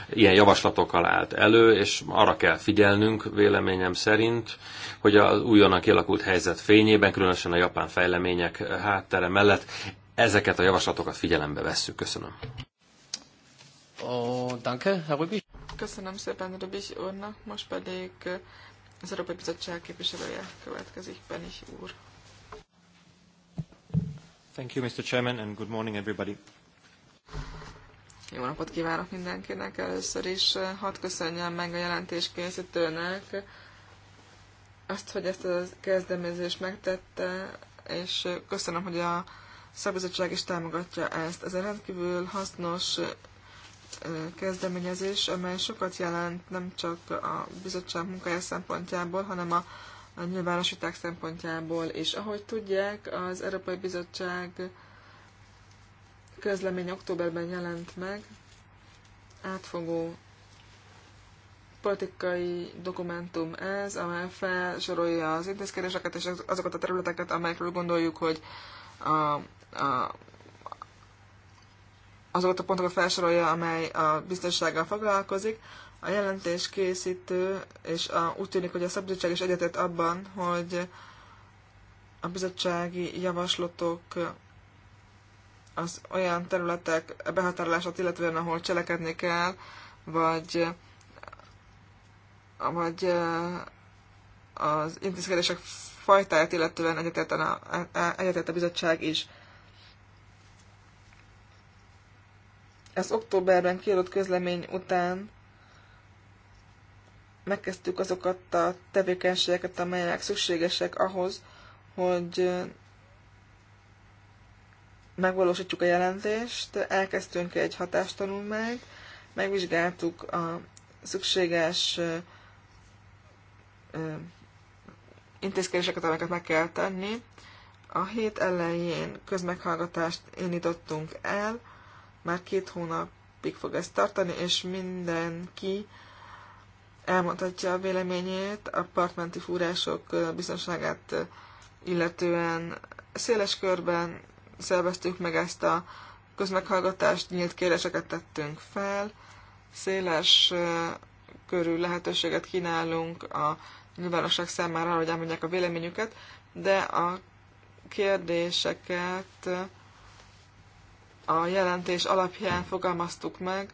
ilyen javaslatokkal állt elő, és arra kell figyelnünk véleményem szerint, hogy az újonnan kialakult helyzet fényében, különösen a japán fejlemények háttere mellett ezeket a javaslatokat figyelembe vesszük. Köszönöm. Oh, danke, Herr Rübig. Köszönöm szépen Rübig úrnak, most pedig az Európai Bizottság képviselője következik, Benich úr. Thank you, Mr. Chairman, and good morning, everybody. Jó napot kívánok mindenkinek! Először is eh, hadd köszönjem meg a jelentés készítőnek azt, hogy ezt a kezdeményezést megtette, és köszönöm, hogy a szakbizottság is támogatja ezt. Ez egy rendkívül hasznos eh, kezdeményezés, amely sokat jelent nem csak a bizottság munkája szempontjából, hanem a a nyilvános szempontjából és Ahogy tudják, az Európai Bizottság közlemény októberben jelent meg, átfogó politikai dokumentum ez, amely felsorolja az intézkedéseket és azokat a területeket, amelyekről gondoljuk, hogy a, a, azokat a pontokat felsorolja, amely a biztonsággal foglalkozik. A jelentés készítő, és a, úgy tűnik, hogy a szabadság is egyetett abban, hogy a bizottsági javaslatok az olyan területek behatárolását illetően, ahol cselekedni kell, vagy, vagy eh, az intézkedések fajtáját illetően egyetett a, e, egyetért a bizottság is. Ez októberben kiadott közlemény után megkezdtük azokat a tevékenységeket, amelyek szükségesek ahhoz, hogy megvalósítjuk a jelentést, elkezdtünk egy hatástanulmányt, megvizsgáltuk a szükséges intézkedéseket, amelyeket meg kell tenni. A hét elején közmeghallgatást indítottunk el, már két hónapig fog ez tartani, és mindenki elmondhatja a véleményét a partmenti fúrások biztonságát illetően. Széles körben szerveztük meg ezt a közmeghallgatást, nyílt kéréseket tettünk fel, széles körű lehetőséget kínálunk a nyilvánosság számára, hogy elmondják a véleményüket, de a kérdéseket a jelentés alapján fogalmaztuk meg,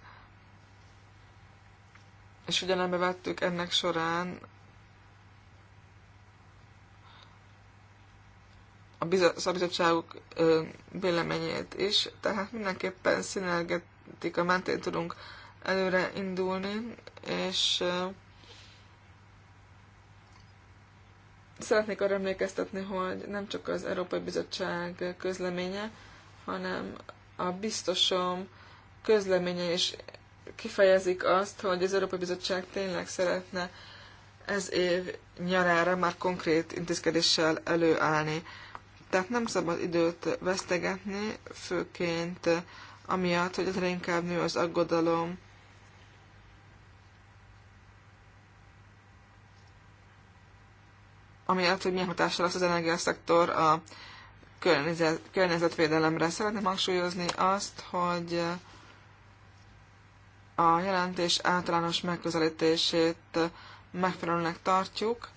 és figyelembe vettük ennek során a szabizottságuk véleményét is, tehát mindenképpen a mentén tudunk előre indulni, és szeretnék arra emlékeztetni, hogy nem csak az Európai Bizottság közleménye, hanem a biztosom közleménye is kifejezik azt, hogy az Európai Bizottság tényleg szeretne ez év nyarára már konkrét intézkedéssel előállni. Tehát nem szabad időt vesztegetni, főként amiatt, hogy egyre inkább nő az aggodalom, amiatt, hogy milyen hatással lesz az energiaszektor a környezet, környezetvédelemre. Szeretném hangsúlyozni azt, hogy a jelentés általános megközelítését megfelelőnek tartjuk.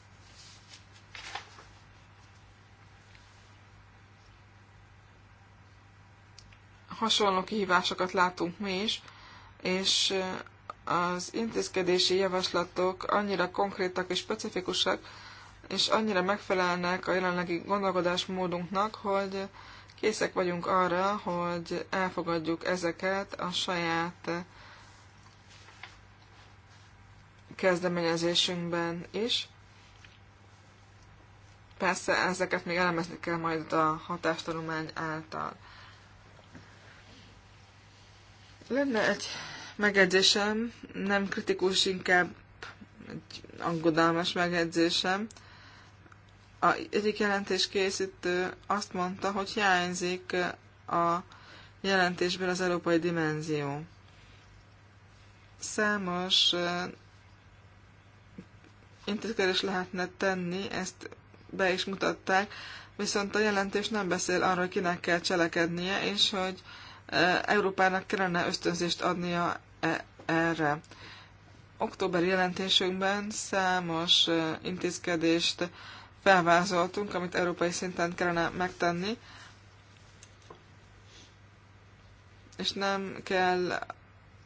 Hasonló kihívásokat látunk mi is, és az intézkedési javaslatok annyira konkrétak és specifikusak, és annyira megfelelnek a jelenlegi gondolkodásmódunknak, hogy készek vagyunk arra, hogy elfogadjuk ezeket a saját kezdeményezésünkben is. Persze ezeket még elemezni kell majd a hatástanulmány által. Lenne egy megjegyzésem, nem kritikus, inkább egy aggodalmas megjegyzésem. A egyik jelentés készítő azt mondta, hogy hiányzik a jelentésből az európai dimenzió. Számos intézkedés lehetne tenni, ezt be is mutatták, viszont a jelentés nem beszél arról, hogy kinek kell cselekednie, és hogy e, Európának kellene ösztönzést adnia e, erre. Októberi jelentésünkben számos e, intézkedést felvázoltunk, amit európai szinten kellene megtenni, és nem kell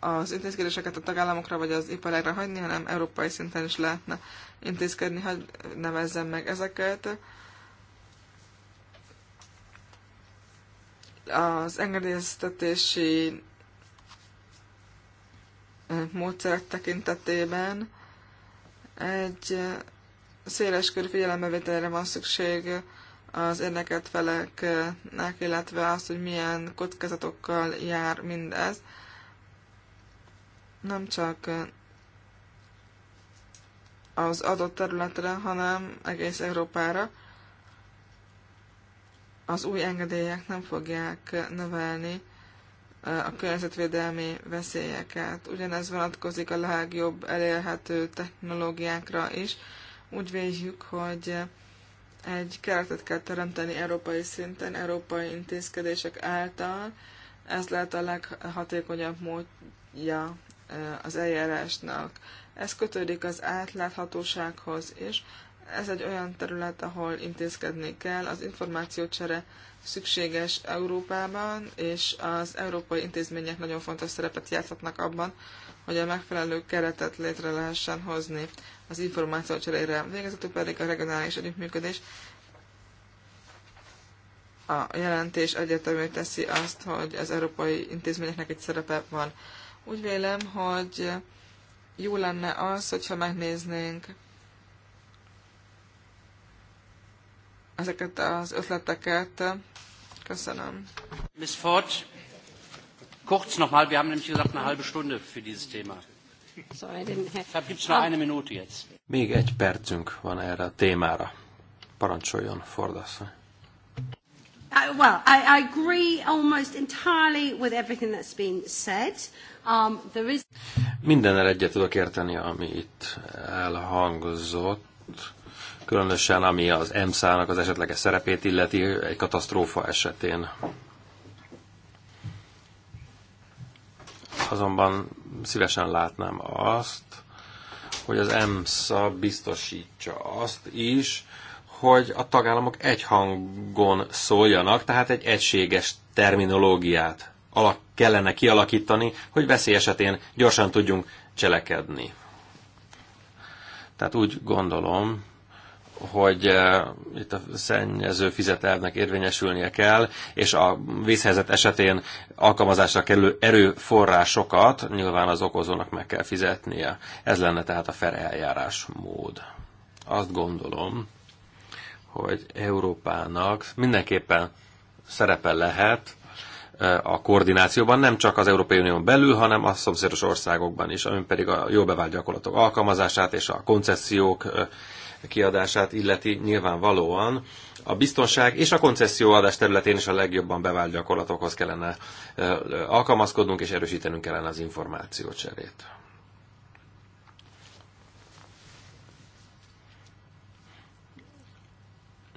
az intézkedéseket a tagállamokra vagy az iparágra hagyni, hanem európai szinten is lehetne intézkedni, hogy nevezzem meg ezeket. Az engedélyeztetési módszerek tekintetében egy széles körű figyelembevételre van szükség az érdekelt feleknek, illetve az, hogy milyen kockázatokkal jár mindez nem csak az adott területre, hanem egész Európára. Az új engedélyek nem fogják növelni a környezetvédelmi veszélyeket. Ugyanez vonatkozik a legjobb elérhető technológiákra is. Úgy véljük, hogy egy keretet kell teremteni európai szinten, európai intézkedések által. Ez lehet a leghatékonyabb módja az eljárásnak. Ez kötődik az átláthatósághoz és Ez egy olyan terület, ahol intézkedni kell. Az információcsere szükséges Európában, és az európai intézmények nagyon fontos szerepet játszhatnak abban, hogy a megfelelő keretet létre lehessen hozni az információ cserére. Végezetül pedig a regionális együttműködés a jelentés egyértelmű teszi azt, hogy az európai intézményeknek egy szerepe van úgy vélem, hogy jó lenne az, hogyha megnéznénk ezeket az ötleteket. Köszönöm. Miss Ford, kurz nochmal, wir haben nämlich gesagt eine halbe Stunde für dieses Thema. Ah. Még egy percünk van erre a témára. Parancsoljon, fordassa. Well, I, I agree almost entirely with everything that's been said. Um, Mindennel egyet tudok érteni, ami itt elhangzott, különösen ami az EMSZ-nak az esetleges szerepét illeti egy katasztrófa esetén. Azonban szívesen látnám azt, hogy az EMSZA biztosítsa azt is, hogy a tagállamok egy hangon szóljanak, tehát egy egységes terminológiát alak kellene kialakítani, hogy veszély esetén gyorsan tudjunk cselekedni. Tehát úgy gondolom, hogy eh, itt a szennyező fizetelvnek érvényesülnie kell, és a vészhelyzet esetén alkalmazásra kerülő erőforrásokat nyilván az okozónak meg kell fizetnie. Ez lenne tehát a fair eljárás mód. Azt gondolom, hogy Európának mindenképpen szerepe lehet a koordinációban, nem csak az Európai Unión belül, hanem a szomszédos országokban is, ami pedig a jó bevált gyakorlatok alkalmazását és a koncesziók kiadását illeti nyilvánvalóan. A biztonság és a koncesszióadás területén is a legjobban bevált gyakorlatokhoz kellene alkalmazkodnunk, és erősítenünk kellene az információcserét.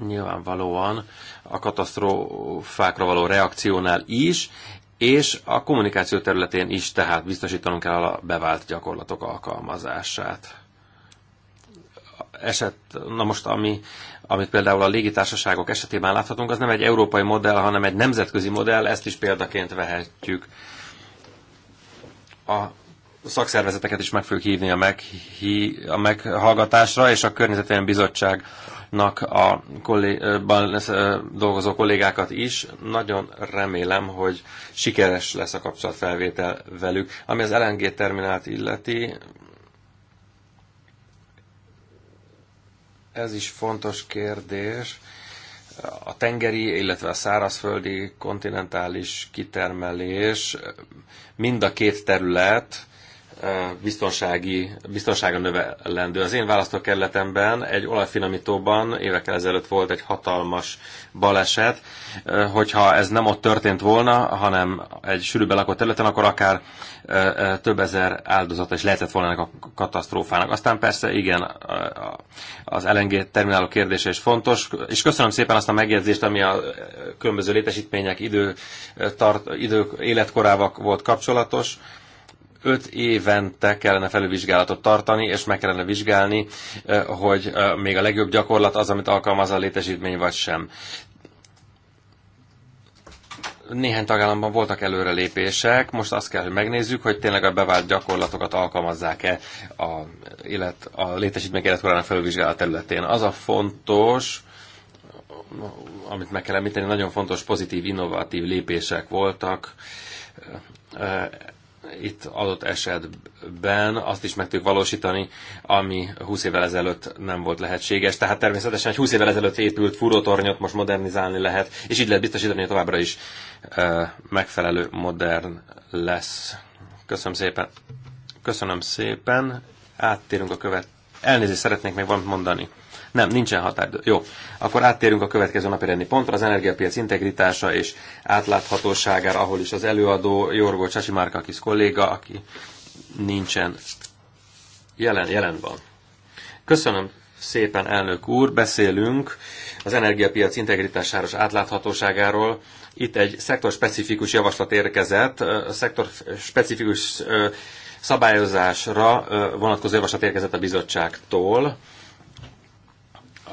nyilvánvalóan a katasztrófákra való reakciónál is, és a kommunikáció területén is, tehát biztosítanunk kell a bevált gyakorlatok alkalmazását. Eset, na most, ami, amit például a légitársaságok esetében láthatunk, az nem egy európai modell, hanem egy nemzetközi modell, ezt is példaként vehetjük. A szakszervezeteket is meg fogjuk hívni a, meghi, a meghallgatásra, és a Környezetvédelmi Bizottságnak a kollégban dolgozó kollégákat is. Nagyon remélem, hogy sikeres lesz a kapcsolatfelvétel velük. Ami az LNG terminált illeti, ez is fontos kérdés. A tengeri, illetve a szárazföldi kontinentális kitermelés mind a két terület biztonsági, biztonsága növelendő. Az én választókerületemben egy olajfinomítóban évekkel ezelőtt volt egy hatalmas baleset. Hogyha ez nem ott történt volna, hanem egy sűrűben lakott területen, akkor akár több ezer áldozata is lehetett volna ennek a katasztrófának. Aztán persze igen, az LNG termináló kérdése is fontos, és köszönöm szépen azt a megjegyzést, ami a különböző létesítmények idő, tart, idő életkorával volt kapcsolatos öt évente kellene felülvizsgálatot tartani, és meg kellene vizsgálni, hogy még a legjobb gyakorlat az, amit alkalmaz a létesítmény, vagy sem. Néhány tagállamban voltak előrelépések, most azt kell, hogy megnézzük, hogy tényleg a bevált gyakorlatokat alkalmazzák-e a, élet, a létesítmény életkorának felülvizsgálat területén. Az a fontos, amit meg kell említeni, nagyon fontos pozitív, innovatív lépések voltak itt adott esetben azt is meg tudjuk valósítani, ami 20 évvel ezelőtt nem volt lehetséges. Tehát természetesen egy 20 évvel ezelőtt épült fúrótornyot most modernizálni lehet, és így lehet biztosítani, hogy továbbra is megfelelő modern lesz. Köszönöm szépen. Köszönöm szépen. Áttérünk a követ. Elnézést szeretnék még valamit mondani. Nem, nincsen határidő. Jó, akkor áttérünk a következő napi rendi pontra, az energiapiac integritása és átláthatóságára, ahol is az előadó Jorgó kis kolléga, aki nincsen jelen, jelen van. Köszönöm szépen, elnök úr, beszélünk az energiapiac integritására és átláthatóságáról. Itt egy szektorspecifikus javaslat érkezett, szektorspecifikus szabályozásra vonatkozó javaslat érkezett a bizottságtól.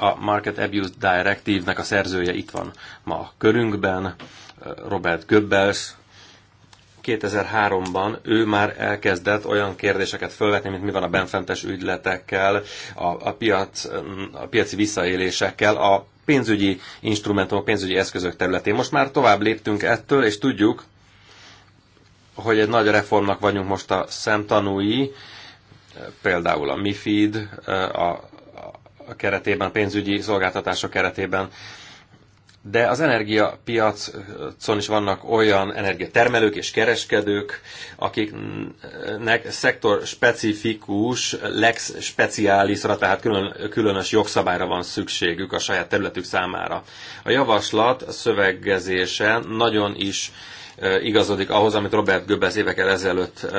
A Market Abuse Directive-nek a szerzője itt van ma a körünkben, Robert Goebbels. 2003-ban ő már elkezdett olyan kérdéseket felvetni, mint mi van a benfentes ügyletekkel, a, a, piac, a piaci visszaélésekkel, a pénzügyi instrumentumok, pénzügyi eszközök területén. Most már tovább léptünk ettől, és tudjuk, hogy egy nagy reformnak vagyunk most a szemtanúi, például a MIFID, a keretében, pénzügyi szolgáltatások keretében. De az energiapiacon is vannak olyan energiatermelők és kereskedők, akiknek szektor specifikus, lex speciálisra, tehát külön, különös jogszabályra van szükségük a saját területük számára. A javaslat a szövegezése nagyon is igazodik ahhoz, amit Robert Göbbez évekkel ezelőtt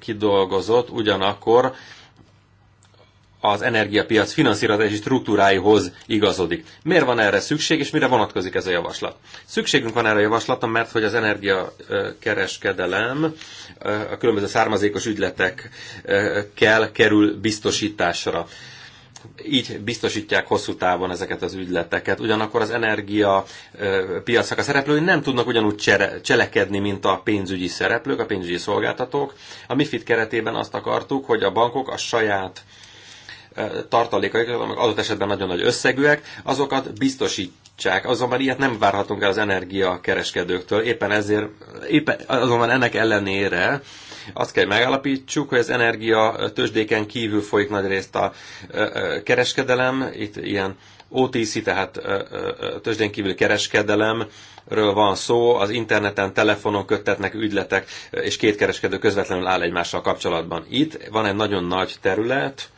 kidolgozott, ugyanakkor az energiapiac finanszírozási struktúráihoz igazodik. Miért van erre szükség, és mire vonatkozik ez a javaslat? Szükségünk van erre a javaslatra, mert hogy az energiakereskedelem a különböző származékos ügyletekkel kerül biztosításra így biztosítják hosszú távon ezeket az ügyleteket. Ugyanakkor az energia piacnak a szereplői nem tudnak ugyanúgy csere, cselekedni, mint a pénzügyi szereplők, a pénzügyi szolgáltatók. A MIFID keretében azt akartuk, hogy a bankok a saját tartalékaikat, amik adott esetben nagyon nagy összegűek, azokat biztosítsák. Azonban ilyet nem várhatunk el az energiakereskedőktől. Éppen ezért, éppen, azonban ennek ellenére azt kell megállapítsuk, hogy az energia tőzsdéken kívül folyik nagy részt a kereskedelem, itt ilyen OTC, tehát tőzsdén kívül kereskedelemről van szó, az interneten, telefonon köttetnek ügyletek, és két kereskedő közvetlenül áll egymással kapcsolatban. Itt van egy nagyon nagy terület,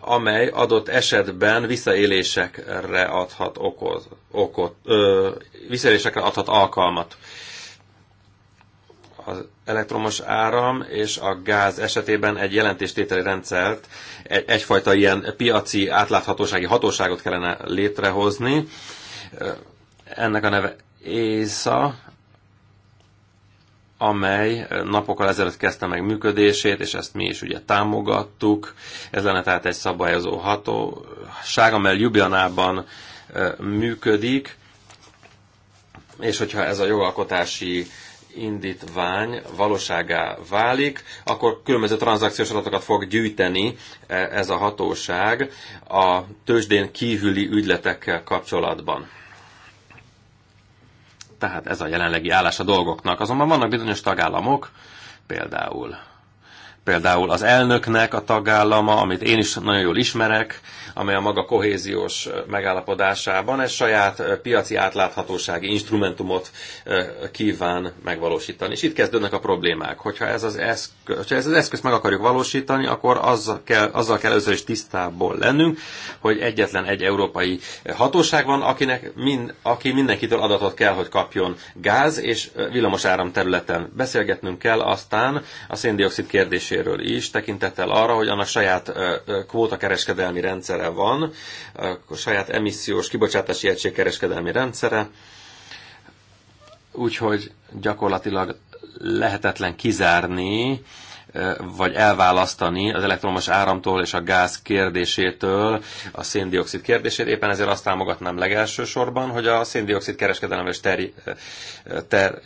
amely adott esetben visszaélésekre adhat okoz, okot, ö, visszaélésekre adhat alkalmat. Az elektromos áram és a gáz esetében egy jelentéstételi rendszert, egy, egyfajta ilyen piaci átláthatósági hatóságot kellene létrehozni. Ennek a neve ÉSZA, amely napokkal ezelőtt kezdte meg működését, és ezt mi is ugye támogattuk. Ez lenne tehát egy szabályozó hatóság, amely Ljubljanában működik, és hogyha ez a jogalkotási indítvány valóságá válik, akkor különböző tranzakciós adatokat fog gyűjteni ez a hatóság a tőzsdén kívüli ügyletekkel kapcsolatban. Tehát ez a jelenlegi állás a dolgoknak. Azonban vannak bizonyos tagállamok, például például az elnöknek a tagállama, amit én is nagyon jól ismerek, amely a maga kohéziós megállapodásában egy saját piaci átláthatósági instrumentumot kíván megvalósítani. És itt kezdődnek a problémák. Hogyha ez az eszköz, ez az eszköz meg akarjuk valósítani, akkor azzal kell, azzal kell először is tisztából lennünk, hogy egyetlen egy európai hatóság van, akinek mind, aki mindenkitől adatot kell, hogy kapjon gáz és villamos áram területen. Beszélgetnünk kell aztán a széndiokszid kérdéséről is, tekintettel arra, hogy annak saját kvótakereskedelmi rendszere rendszere van, a saját emissziós kibocsátási egység kereskedelmi rendszere, úgyhogy gyakorlatilag lehetetlen kizárni, vagy elválasztani az elektromos áramtól és a gáz kérdésétől a széndiokszid kérdését. Éppen ezért azt támogatnám legelsősorban, hogy a széndiokszid kereskedelemre is terjedjen ter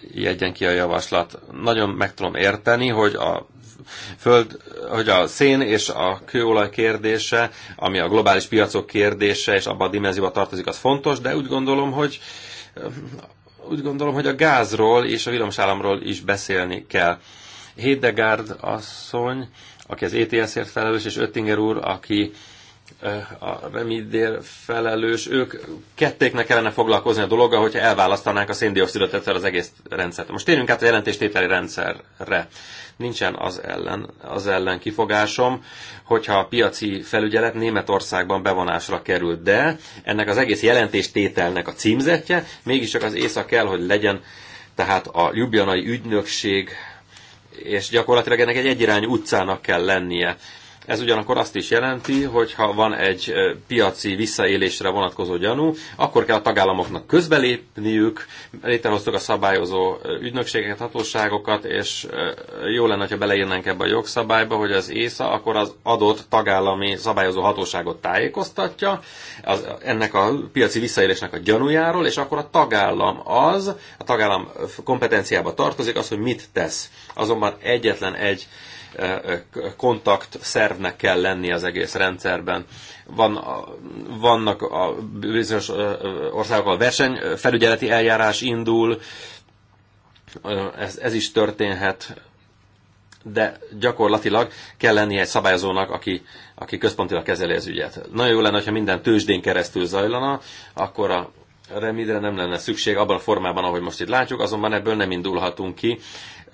ki a javaslat. Nagyon meg tudom érteni, hogy a föld, hogy a szén és a kőolaj kérdése, ami a globális piacok kérdése, és abban a dimenzióba tartozik, az fontos, de úgy gondolom, hogy úgy gondolom, hogy a gázról és a villamosállamról is beszélni kell. Hédegárd asszony, aki az ETS-ért felelős, és Öttinger úr, aki eh, a Remidér felelős, ők kettéknek kellene foglalkozni a dologgal, hogyha elválasztanánk a széndiokszidot egyszer az egész rendszert. Most térjünk át a jelentéstételi rendszerre. Nincsen az ellen, az ellen kifogásom, hogyha a piaci felügyelet Németországban bevonásra került, de ennek az egész jelentéstételnek a címzetje mégiscsak az észak kell, hogy legyen tehát a Ljubljanai ügynökség és gyakorlatilag ennek egy egyirányú utcának kell lennie. Ez ugyanakkor azt is jelenti, hogy ha van egy piaci visszaélésre vonatkozó gyanú, akkor kell a tagállamoknak közbelépniük, létrehoztuk a szabályozó ügynökségeket, hatóságokat, és jó lenne, ha beleírnánk ebbe a jogszabályba, hogy az ÉSZA akkor az adott tagállami szabályozó hatóságot tájékoztatja az, ennek a piaci visszaélésnek a gyanújáról, és akkor a tagállam az, a tagállam kompetenciába tartozik az, hogy mit tesz. Azonban egyetlen egy kontakt szervnek kell lenni az egész rendszerben. Van, vannak a bizonyos országokkal versenyfelügyeleti eljárás indul, ez, ez is történhet, de gyakorlatilag kell lennie egy szabályozónak, aki, aki központilag kezeli az ügyet. Nagyon jó lenne, ha minden tőzsdén keresztül zajlana, akkor a remidre nem lenne szükség abban a formában, ahogy most itt látjuk, azonban ebből nem indulhatunk ki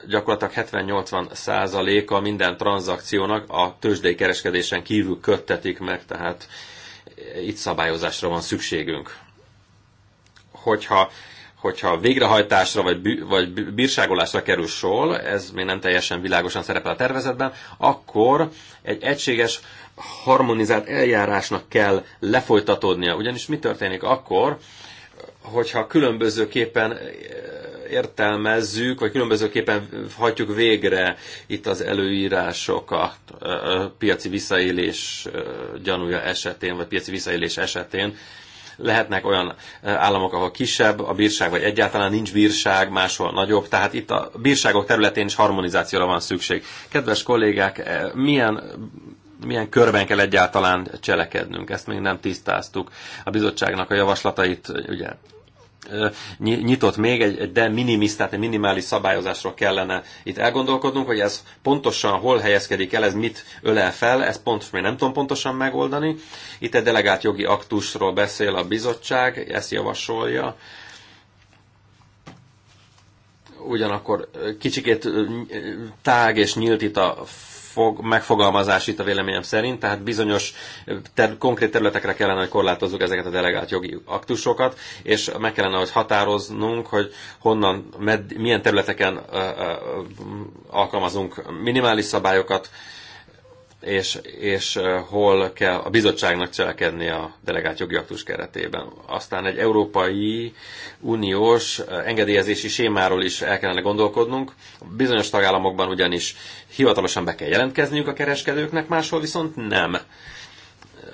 gyakorlatilag 70-80 százaléka minden tranzakciónak a tőzsdei kereskedésen kívül köttetik meg, tehát itt szabályozásra van szükségünk. Hogyha, hogyha végrehajtásra vagy, bű, vagy bírságolásra kerül sor, ez még nem teljesen világosan szerepel a tervezetben, akkor egy egységes, harmonizált eljárásnak kell lefolytatódnia. Ugyanis mi történik akkor, hogyha különbözőképpen értelmezzük, vagy különbözőképpen hagyjuk végre itt az előírásokat piaci visszaélés gyanúja esetén, vagy piaci visszaélés esetén. Lehetnek olyan államok, ahol kisebb a bírság, vagy egyáltalán nincs bírság, máshol nagyobb. Tehát itt a bírságok területén is harmonizációra van szükség. Kedves kollégák, milyen milyen körben kell egyáltalán cselekednünk. Ezt még nem tisztáztuk. A bizottságnak a javaslatait ugye nyitott még, egy de minimis, tehát egy minimális szabályozásról kellene itt elgondolkodnunk, hogy ez pontosan hol helyezkedik el, ez mit ölel fel, ezt pont még nem tudom pontosan megoldani. Itt egy delegált jogi aktusról beszél a bizottság, ezt javasolja ugyanakkor kicsikét tág és nyílt itt a fog, megfogalmazás itt a véleményem szerint, tehát bizonyos ter- konkrét területekre kellene, hogy korlátozzuk ezeket a delegált jogi aktusokat, és meg kellene, hogy határoznunk, hogy honnan, med- milyen területeken ö, ö, alkalmazunk minimális szabályokat, és, és hol kell a bizottságnak cselekedni a delegált jogi aktus keretében. Aztán egy Európai Uniós engedélyezési sémáról is el kellene gondolkodnunk. Bizonyos tagállamokban ugyanis hivatalosan be kell jelentkezniük a kereskedőknek, máshol viszont nem.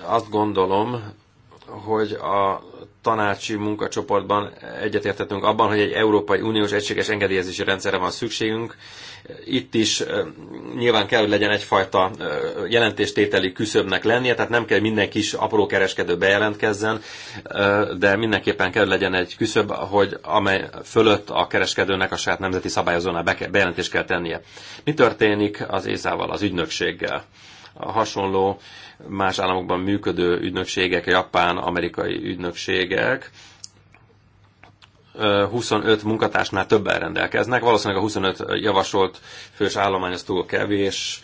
Azt gondolom, hogy a tanácsi munkacsoportban egyetértettünk abban, hogy egy Európai Uniós egységes engedélyezési rendszerre van szükségünk. Itt is nyilván kell, hogy legyen egyfajta jelentéstételi küszöbnek lennie, tehát nem kell minden kis apró kereskedő bejelentkezzen, de mindenképpen kell, hogy legyen egy küszöb, hogy amely fölött a kereskedőnek a saját nemzeti szabályozónál bejelentést kell tennie. Mi történik az észával, az ügynökséggel? A hasonló más államokban működő ügynökségek, japán, amerikai ügynökségek, 25 munkatársnál többen rendelkeznek. Valószínűleg a 25 javasolt fős állomány az túl kevés.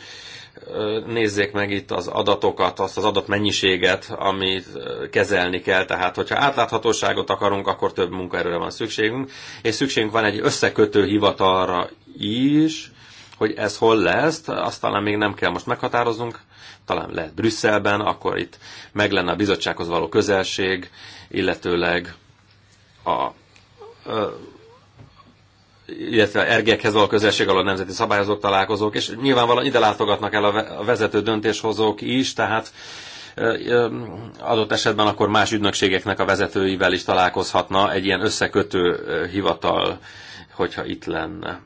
Nézzék meg itt az adatokat, azt az mennyiséget, amit kezelni kell. Tehát, hogyha átláthatóságot akarunk, akkor több munkaerőre van szükségünk, és szükségünk van egy összekötő hivatalra is, hogy ez hol lesz, azt talán még nem kell most meghatároznunk, talán lehet Brüsszelben, akkor itt meg lenne a bizottsághoz való közelség, illetőleg a illetve a ergekhez való közelség a nemzeti szabályozók, találkozók, és nyilvánvalóan ide látogatnak el a vezető döntéshozók is, tehát adott esetben akkor más ügynökségeknek a vezetőivel is találkozhatna egy ilyen összekötő hivatal, hogyha itt lenne.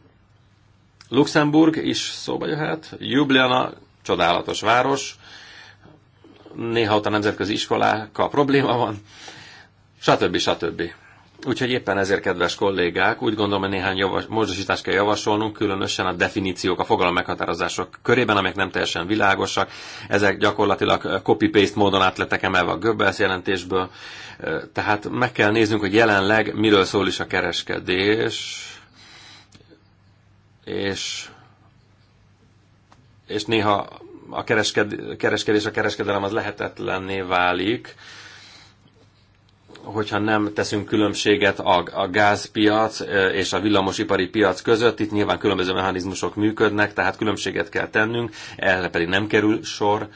Luxemburg is szóba jöhet, Ljubljana csodálatos város, néha ott a nemzetközi iskolákkal probléma van, stb. stb. Úgyhogy éppen ezért, kedves kollégák, úgy gondolom, hogy néhány javas, módosítást kell javasolnunk, különösen a definíciók, a fogalom meghatározások körében, amelyek nem teljesen világosak. Ezek gyakorlatilag copy-paste módon átletek emelve a Göbbelsz jelentésből. Tehát meg kell néznünk, hogy jelenleg miről szól is a kereskedés, és és néha a keresked, kereskedés, a kereskedelem az lehetetlenné válik, hogyha nem teszünk különbséget a, a gázpiac és a villamosipari piac között, itt nyilván különböző mechanizmusok működnek, tehát különbséget kell tennünk, erre pedig nem kerül sor. Uh,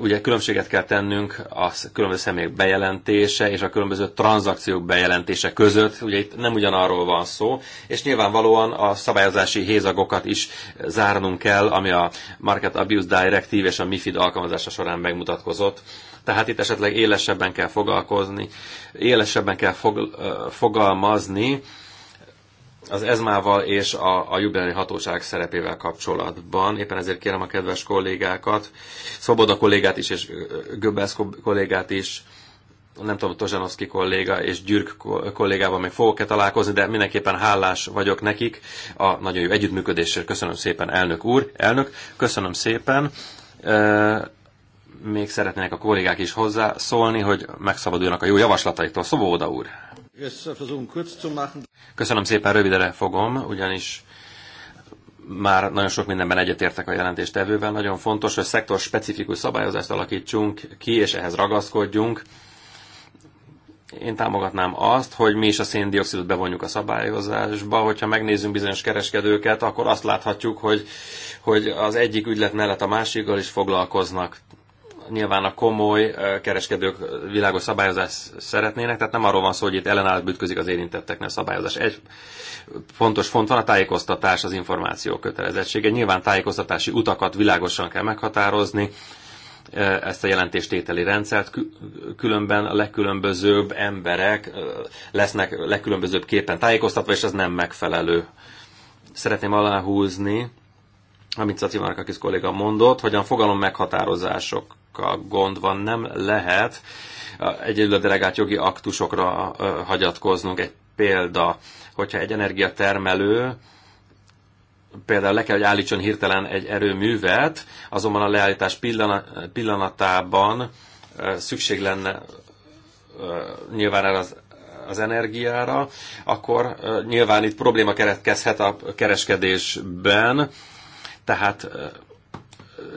ugye különbséget kell tennünk a különböző személyek bejelentése és a különböző tranzakciók bejelentése között, ugye itt nem ugyanarról van szó, és nyilvánvalóan a szabályozási hézagokat is zárnunk kell, ami a Market Abuse Directive és a MIFID alkalmazása során megmutatkozott. Tehát itt esetleg élesebben kell foglalkozni, élesebben kell fog, fogalmazni, az ezmával és a, a jubileumi hatóság szerepével kapcsolatban. Éppen ezért kérem a kedves kollégákat, Szoboda kollégát is, és Göbbelsz kollégát is, nem tudom, Tozsanovszki kolléga és Gyürk kollégával még fogok-e találkozni, de mindenképpen hálás vagyok nekik a nagyon jó együttműködésért. Köszönöm szépen, elnök úr. Elnök, köszönöm szépen. Még szeretnének a kollégák is hozzászólni, hogy megszabaduljanak a jó javaslataitól. Szoboda úr. Köszönöm szépen, rövidre fogom, ugyanis már nagyon sok mindenben egyetértek a jelentéstevővel. Nagyon fontos, hogy szektor specifikus szabályozást alakítsunk ki, és ehhez ragaszkodjunk. Én támogatnám azt, hogy mi is a széndiokszidot bevonjuk a szabályozásba. Hogyha megnézzünk bizonyos kereskedőket, akkor azt láthatjuk, hogy, hogy az egyik ügylet mellett a másikkal is foglalkoznak nyilván a komoly eh, kereskedők világos szabályozást szeretnének, tehát nem arról van szó, hogy itt ellenállat bütközik az érintetteknek a szabályozás. Egy fontos font van a tájékoztatás, az információ kötelezettsége. Nyilván tájékoztatási utakat világosan kell meghatározni, eh, ezt a jelentéstételi rendszert, különben a legkülönbözőbb emberek eh, lesznek legkülönbözőbb képen tájékoztatva, és ez nem megfelelő. Szeretném aláhúzni, amit Szaci Markakis kolléga mondott, hogy a fogalom meghatározások gond van, nem lehet egyedül a delegált jogi aktusokra hagyatkoznunk. Egy példa, hogyha egy energiatermelő például le kell, hogy állítson hirtelen egy erőművet, azonban a leállítás pillanatában szükség lenne nyilván erre az, az energiára, akkor nyilván itt probléma keretkezhet a kereskedésben, tehát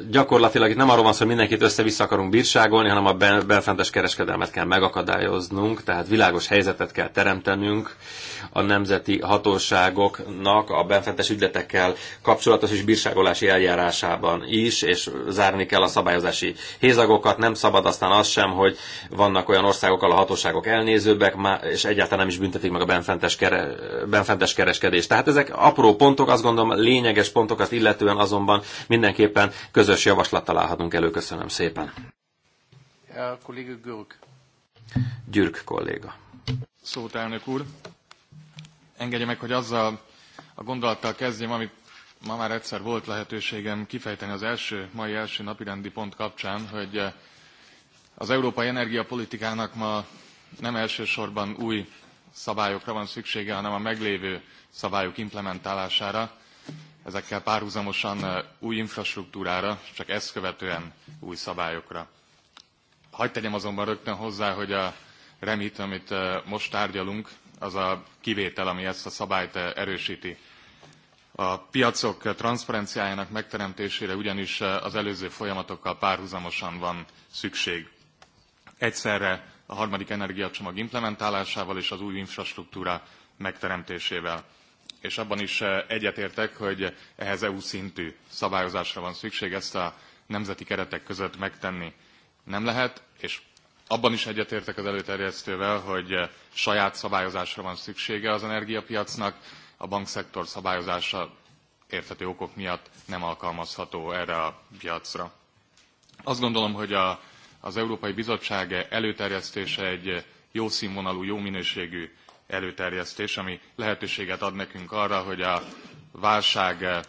gyakorlatilag itt nem arról van szó, hogy mindenkit össze-vissza akarunk bírságolni, hanem a belfentes kereskedelmet kell megakadályoznunk, tehát világos helyzetet kell teremtenünk a nemzeti hatóságoknak a belfentes ügyletekkel kapcsolatos és bírságolási eljárásában is, és zárni kell a szabályozási hézagokat, nem szabad aztán az sem, hogy vannak olyan országok, ahol a hatóságok elnézőbbek, és egyáltalán nem is büntetik meg a benfentes, kere, benfentes kereskedést. Tehát ezek apró pontok, azt gondolom lényeges pontokat illetően azonban mindenképpen közös javaslat találhatunk elő. Köszönöm szépen. Gyürk kolléga. Szót elnök úr. Engedje meg, hogy azzal a gondolattal kezdjem, amit ma már egyszer volt lehetőségem kifejteni az első, mai első napirendi pont kapcsán, hogy eh, az európai energiapolitikának ma nem elsősorban új szabályokra van szüksége, hanem a meglévő szabályok implementálására ezekkel párhuzamosan új infrastruktúrára, csak ezt követően új szabályokra. Hagy tegyem azonban rögtön hozzá, hogy a remit, amit most tárgyalunk, az a kivétel, ami ezt a szabályt erősíti. A piacok transzparenciájának megteremtésére ugyanis az előző folyamatokkal párhuzamosan van szükség. Egyszerre a harmadik energiacsomag implementálásával és az új infrastruktúra megteremtésével és abban is eh, egyetértek, hogy ehhez EU szintű szabályozásra van szükség, ezt a nemzeti keretek között megtenni nem lehet, és abban is egyetértek az előterjesztővel, hogy eh, saját szabályozásra van szüksége az energiapiacnak, a bankszektor szabályozása érthető okok miatt nem alkalmazható erre a piacra. Azt gondolom, hogy a, az Európai Bizottság előterjesztése egy jó színvonalú, jó minőségű előterjesztés, ami lehetőséget ad nekünk arra, hogy a válság eh,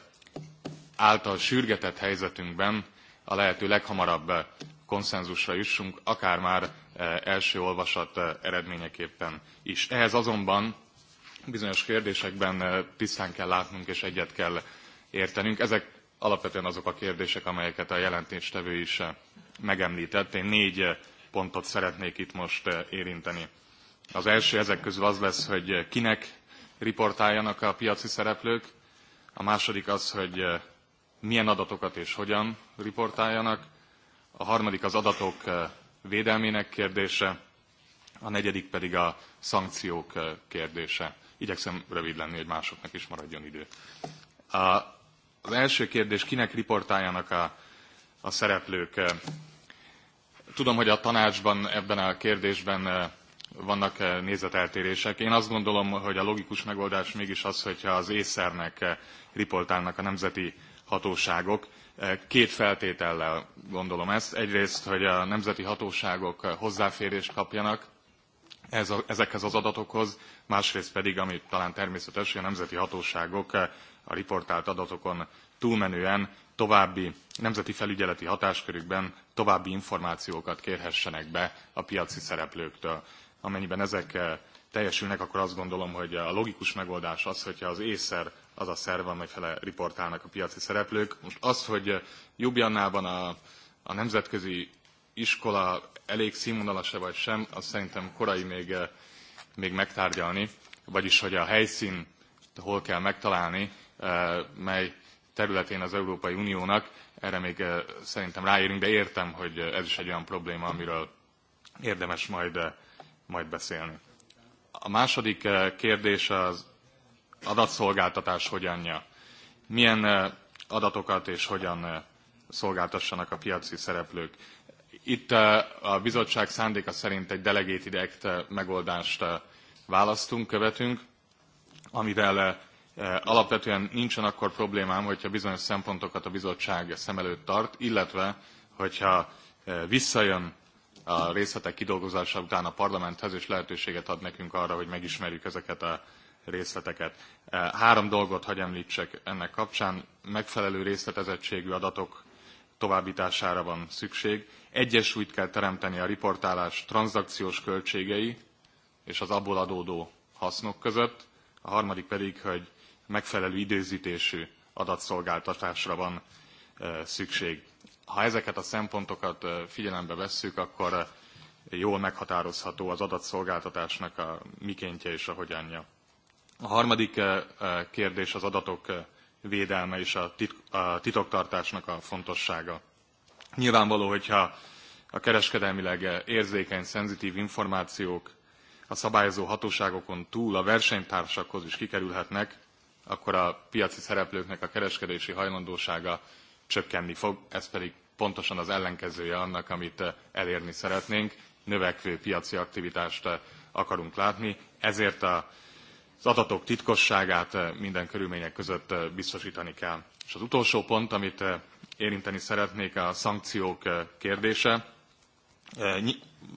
által sürgetett helyzetünkben a lehető leghamarabb eh, konszenzusra jussunk, akár már eh, első olvasat eredményeképpen is. Ehhez azonban bizonyos kérdésekben tisztán kell látnunk és egyet kell értenünk. Ezek alapvetően azok a kérdések, amelyeket a jelentéstevő is megemlített. Én négy pontot szeretnék itt most érinteni. Az első ezek közül az lesz, hogy kinek riportáljanak a piaci szereplők, a második az, hogy eh, milyen adatokat és hogyan riportáljanak, a harmadik az adatok eh, védelmének kérdése, a negyedik pedig a szankciók eh, kérdése. Igyekszem rövid lenni, hogy másoknak is maradjon idő. A, az első kérdés, kinek riportáljanak a, a szereplők? Tudom, hogy a tanácsban ebben a kérdésben vannak eh, nézeteltérések. Én azt gondolom, hogy a logikus megoldás mégis az, hogyha az észernek eh, riportálnak a nemzeti hatóságok. Eh, két feltétellel gondolom ezt. Egyrészt, hogy a nemzeti hatóságok hozzáférést kapjanak ez a, ezekhez az adatokhoz, másrészt pedig, ami talán természetes, hogy a nemzeti hatóságok a riportált adatokon túlmenően további nemzeti felügyeleti hatáskörükben további információkat kérhessenek be a piaci szereplőktől amennyiben ezek eh, teljesülnek, akkor azt gondolom, hogy a logikus megoldás az, hogyha az észer az a szerv, fele riportálnak a piaci szereplők. Most az, hogy eh, Jubjannában a, a nemzetközi iskola elég színvonalas-e vagy sem, azt szerintem korai még, eh, még megtárgyalni, vagyis hogy a helyszín hol kell megtalálni, mely területén az Európai Uniónak, erre még szerintem ráérünk, de értem, hogy ez is egy olyan probléma, amiről érdemes majd majd beszélni. A második eh, kérdés az adatszolgáltatás hogyanja. Milyen eh, adatokat és hogyan eh, szolgáltassanak a piaci szereplők. Itt a bizottság szándéka szerint egy delegated act megoldást választunk, követünk, amivel alapvetően nincsen akkor problémám, hogyha bizonyos szempontokat a bizottság szem előtt tart, illetve hogyha visszajön a részletek kidolgozása után a parlamenthez, és lehetőséget ad nekünk arra, hogy megismerjük ezeket a részleteket. E, három dolgot hagy említsek ennek kapcsán. Megfelelő részletezettségű adatok továbbítására van szükség. Egyesúlyt kell teremteni a riportálás tranzakciós költségei és az abból adódó hasznok között. A harmadik pedig, hogy megfelelő időzítésű adatszolgáltatásra van e, szükség. Ha ezeket a szempontokat figyelembe vesszük, akkor jól meghatározható az adatszolgáltatásnak a mikéntje és a hogyanja. A harmadik kérdés az adatok védelme és a, titoktartásnak a fontossága. Nyilvánvaló, hogyha a kereskedelmileg érzékeny, szenzitív információk a szabályozó hatóságokon túl a versenytársakhoz is kikerülhetnek, akkor a piaci szereplőknek a kereskedési hajlandósága csökkenni fog, ez pedig pontosan az ellenkezője annak, amit eh, elérni szeretnénk, növekvő piaci aktivitást eh, akarunk látni, ezért az adatok titkosságát eh, minden körülmények között biztosítani kell. És az utolsó pont, amit érinteni szeretnék, a szankciók kérdése.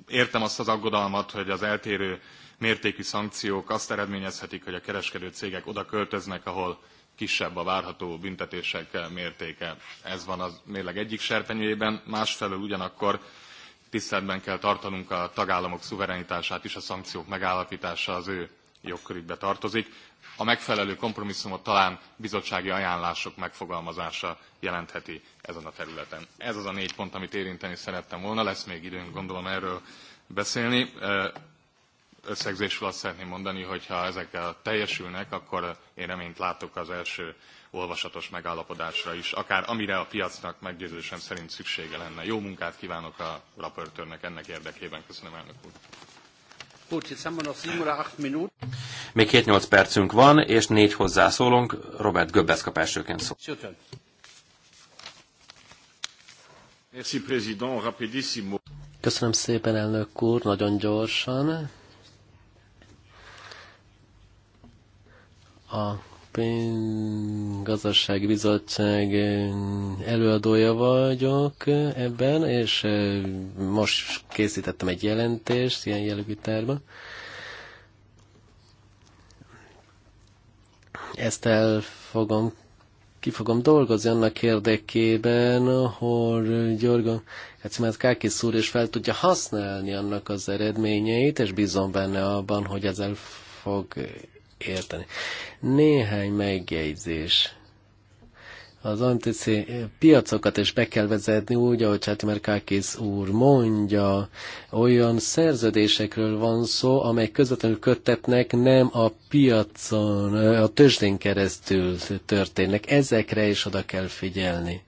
Értem azt az aggodalmat, hogy az eltérő mértékű szankciók azt eredményezhetik, hogy a kereskedő cégek oda költöznek, ahol kisebb a várható büntetések mértéke. Ez van az mérleg egyik serpenyőjében, másfelől ugyanakkor tiszteletben kell tartanunk a tagállamok szuverenitását is, a szankciók megállapítása az ő jogkörükbe tartozik. A megfelelő kompromisszumot talán bizottsági ajánlások megfogalmazása jelentheti ezen a területen. Ez az a négy pont, amit érinteni szerettem volna, lesz még időnk gondolom erről beszélni összegzésül azt szeretném mondani, hogy ha ezek teljesülnek, akkor én reményt látok az első olvasatos megállapodásra is, akár amire a piacnak meggyőződésem szerint szüksége lenne. Jó munkát kívánok a raportőrnek ennek érdekében. Köszönöm, elnök úr. Még 7-8 percünk van, és négy hozzászólunk. Robert Göbbez kap elsőként szó. Köszönöm szépen, elnök úr, nagyon gyorsan. A pénzgazdasági bizottság előadója vagyok ebben, és most készítettem egy jelentést ilyen jellegű tárban. Ezt el fogom, ki fogom dolgozni annak érdekében, hogy Gyorga Kacimát Kákis úr is fel tudja használni annak az eredményeit, és bízom benne abban, hogy ezzel fog érteni. Néhány megjegyzés. Az MTC piacokat is be kell vezetni úgy, ahogy Kákész úr mondja. Olyan szerződésekről van szó, amely közvetlenül kötetnek, nem a piacon, a tőzsdén keresztül történnek. Ezekre is oda kell figyelni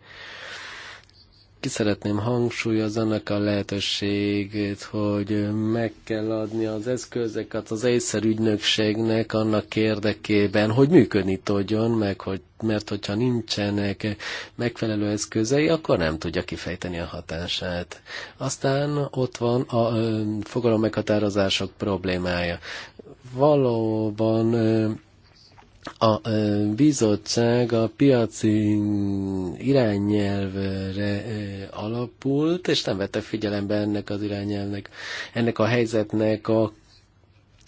ki szeretném hangsúlyozni annak a lehetőségét, hogy meg kell adni az eszközeket az egyszer ügynökségnek annak érdekében, hogy működni tudjon, meg hogy, mert hogyha nincsenek megfelelő eszközei, akkor nem tudja kifejteni a hatását. Aztán ott van a fogalom meghatározások problémája. Valóban a bizottság a piaci irányelvre alapult, és nem vette figyelembe ennek az irányelvnek, ennek a helyzetnek a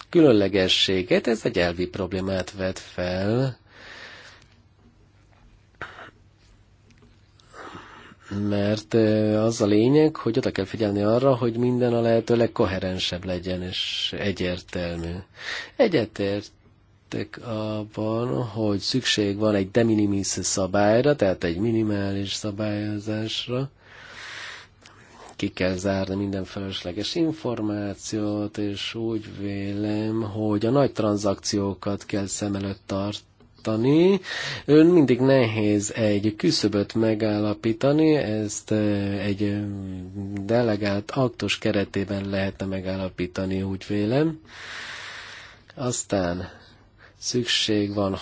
különlegességet. Ez egy elvi problémát vet fel. Mert az a lényeg, hogy oda kell figyelni arra, hogy minden a lehető legkoherensebb legyen és egyértelmű. Egyetért egyetértek abban, hogy szükség van egy de minimis szabályra, tehát egy minimális szabályozásra. Ki kell zárni minden felesleges információt, és úgy vélem, hogy a nagy tranzakciókat kell szem előtt tartani, tartani. Ön mindig nehéz egy küszöböt megállapítani, ezt eh, egy eh, delegált aktus keretében lehetne megállapítani, úgy vélem. Aztán Szükség van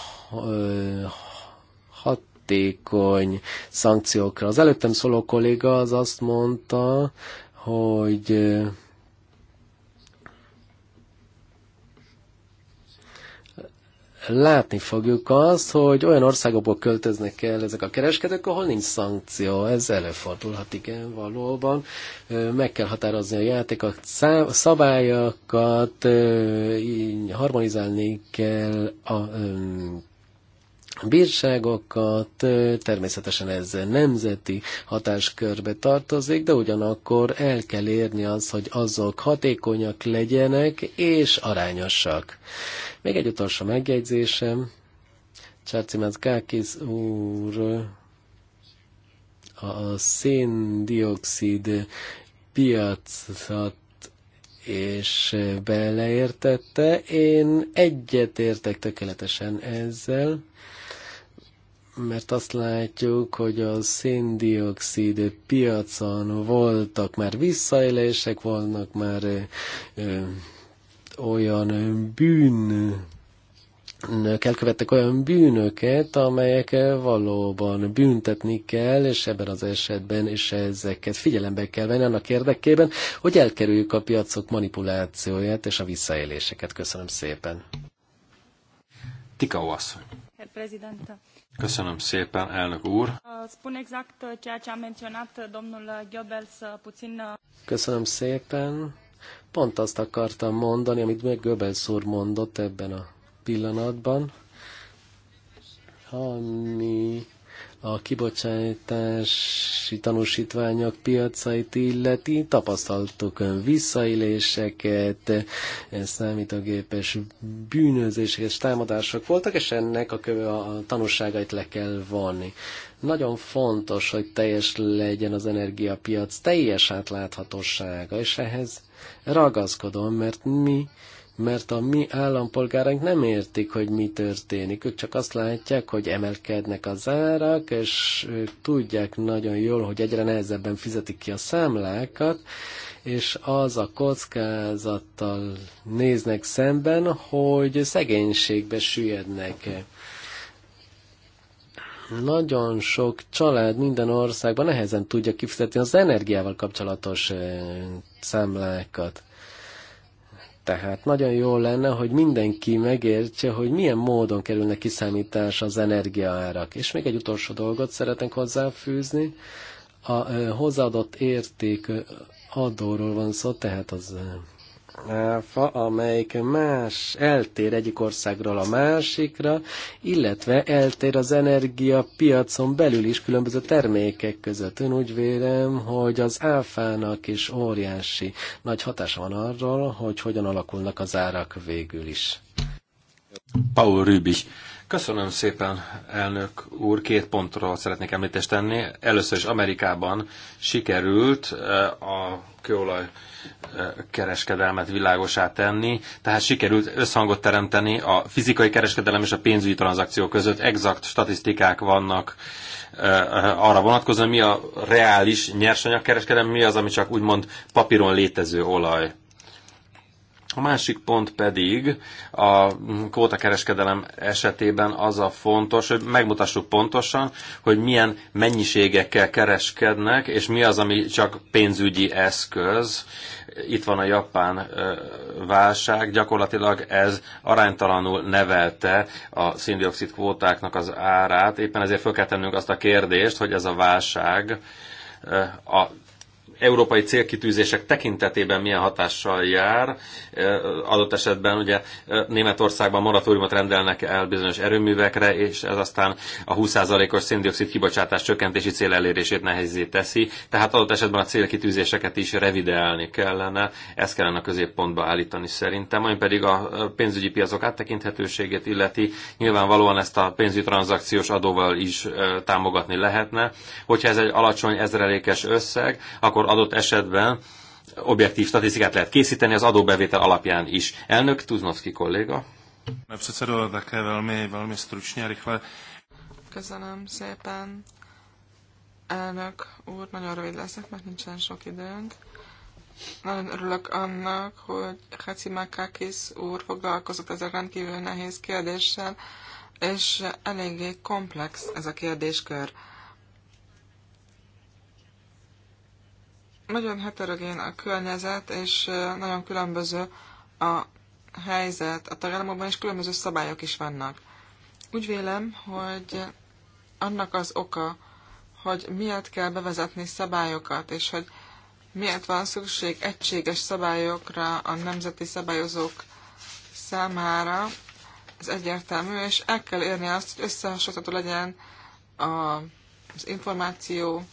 hatékony szankciókra. Az előttem szóló kolléga az azt mondta, hogy látni fogjuk azt, hogy olyan országokból költöznek el ezek a kereskedők, ahol nincs szankció. Ez előfordulhat, igen, valóban. Meg kell határozni a játékok szabályokat, harmonizálni kell a bírságokat, természetesen ez nemzeti hatáskörbe tartozik, de ugyanakkor el kell érni az, hogy azok hatékonyak legyenek és arányosak. Még egy utolsó megjegyzésem. Csárcimánc Kákis úr a széndiokszid piacat és beleértette. Én egyetértek tökéletesen ezzel mert azt látjuk, hogy a széndiokszid piacon voltak már visszaélések, vannak már ö, ö, olyan bűn nők elkövettek olyan bűnöket, amelyek valóban büntetni kell, és ebben az esetben is ezeket figyelembe kell venni annak érdekében, hogy elkerüljük a piacok manipulációját és a visszaéléseket. Köszönöm szépen. Tika asszony. Herr Presidente. Köszönöm szépen, elnök úr. Spun exact uh, ceea ce a menționat uh, domnul uh, Goebbels puțin... Köszönöm szépen. Pont azt akartam mondani, amit meg Goebbels úr mondott ebben a pillanatban, ami a kibocsátási tanúsítványok piacait illeti. Tapasztaltuk visszaéléseket, számítógépes bűnözések és támadások voltak, és ennek a, köve a tanúságait le kell vonni. Nagyon fontos, hogy teljes legyen az energiapiac teljes átláthatósága, és ehhez ragaszkodom, mert mi mert a mi állampolgáraink nem értik, hogy mi történik. Ők csak azt látják, hogy emelkednek az árak, és ők tudják nagyon jól, hogy egyre nehezebben fizetik ki a számlákat, és az a kockázattal néznek szemben, hogy szegénységbe süllyednek nagyon sok család minden országban nehezen tudja kifizetni az energiával kapcsolatos eh, számlákat. Tehát nagyon jó lenne, hogy mindenki megértse, hogy milyen módon kerülnek kiszámítás az energiaárak. És még egy utolsó dolgot szeretnénk hozzáfűzni. A hozzáadott érték adóról van szó, tehát az áfa, amelyik más eltér egyik országról a másikra, illetve eltér az energia piacon belül is különböző termékek között. Ön úgy vélem, hogy az áfának is óriási nagy hatása van arról, hogy hogyan alakulnak az árak végül is. Paul Rübich Köszönöm szépen, elnök úr. Két pontról szeretnék említést tenni. Először is Amerikában sikerült eh, a kőolaj eh, kereskedelmet világosá tenni, tehát sikerült összhangot teremteni a fizikai kereskedelem és a pénzügyi tranzakció között. Exakt statisztikák vannak eh, arra vonatkozóan, mi a reális nyersanyagkereskedelem, mi az, ami csak úgymond papíron létező olaj. A másik pont pedig a kvótakereskedelem esetében az a fontos, hogy megmutassuk pontosan, hogy milyen mennyiségekkel kereskednek, és mi az, ami csak pénzügyi eszköz. Itt van a japán válság, gyakorlatilag ez aránytalanul nevelte a szindioxid kvótáknak az árát. Éppen ezért fel kell tennünk azt a kérdést, hogy ez a válság a európai célkitűzések tekintetében milyen hatással jár. Adott esetben ugye Németországban moratóriumot rendelnek el bizonyos erőművekre, és ez aztán a 20%-os széndiokszid kibocsátás csökkentési cél elérését nehézé teszi. Tehát adott esetben a célkitűzéseket is revidelni kellene. Ezt kellene a középpontba állítani szerintem. Ami pedig a pénzügyi piacok áttekinthetőségét illeti, nyilvánvalóan ezt a pénzügyi tranzakciós adóval is támogatni lehetne. Hogyha ez egy alacsony ezrelékes összeg, akkor adott esetben objektív statisztikát lehet készíteni az adóbevétel alapján is. Elnök Tuznovski kolléga. Předsedo, také velmi, velmi stručně, rychle. Köszönöm szépen. Elnök úr, nagyon rövid leszek, mert nincsen sok időnk. Nagyon örülök annak, hogy Makakis úr foglalkozott ezzel rendkívül nehéz kérdéssel, és eléggé komplex ez a kérdéskör. Nagyon heterogén a környezet, és nagyon különböző a helyzet a tagállamokban, és különböző szabályok is vannak. Úgy vélem, hogy annak az oka, hogy miért kell bevezetni szabályokat, és hogy miért van szükség egységes szabályokra a nemzeti szabályozók számára, ez egyértelmű, és el kell érni azt, hogy összehasonlható legyen az információ,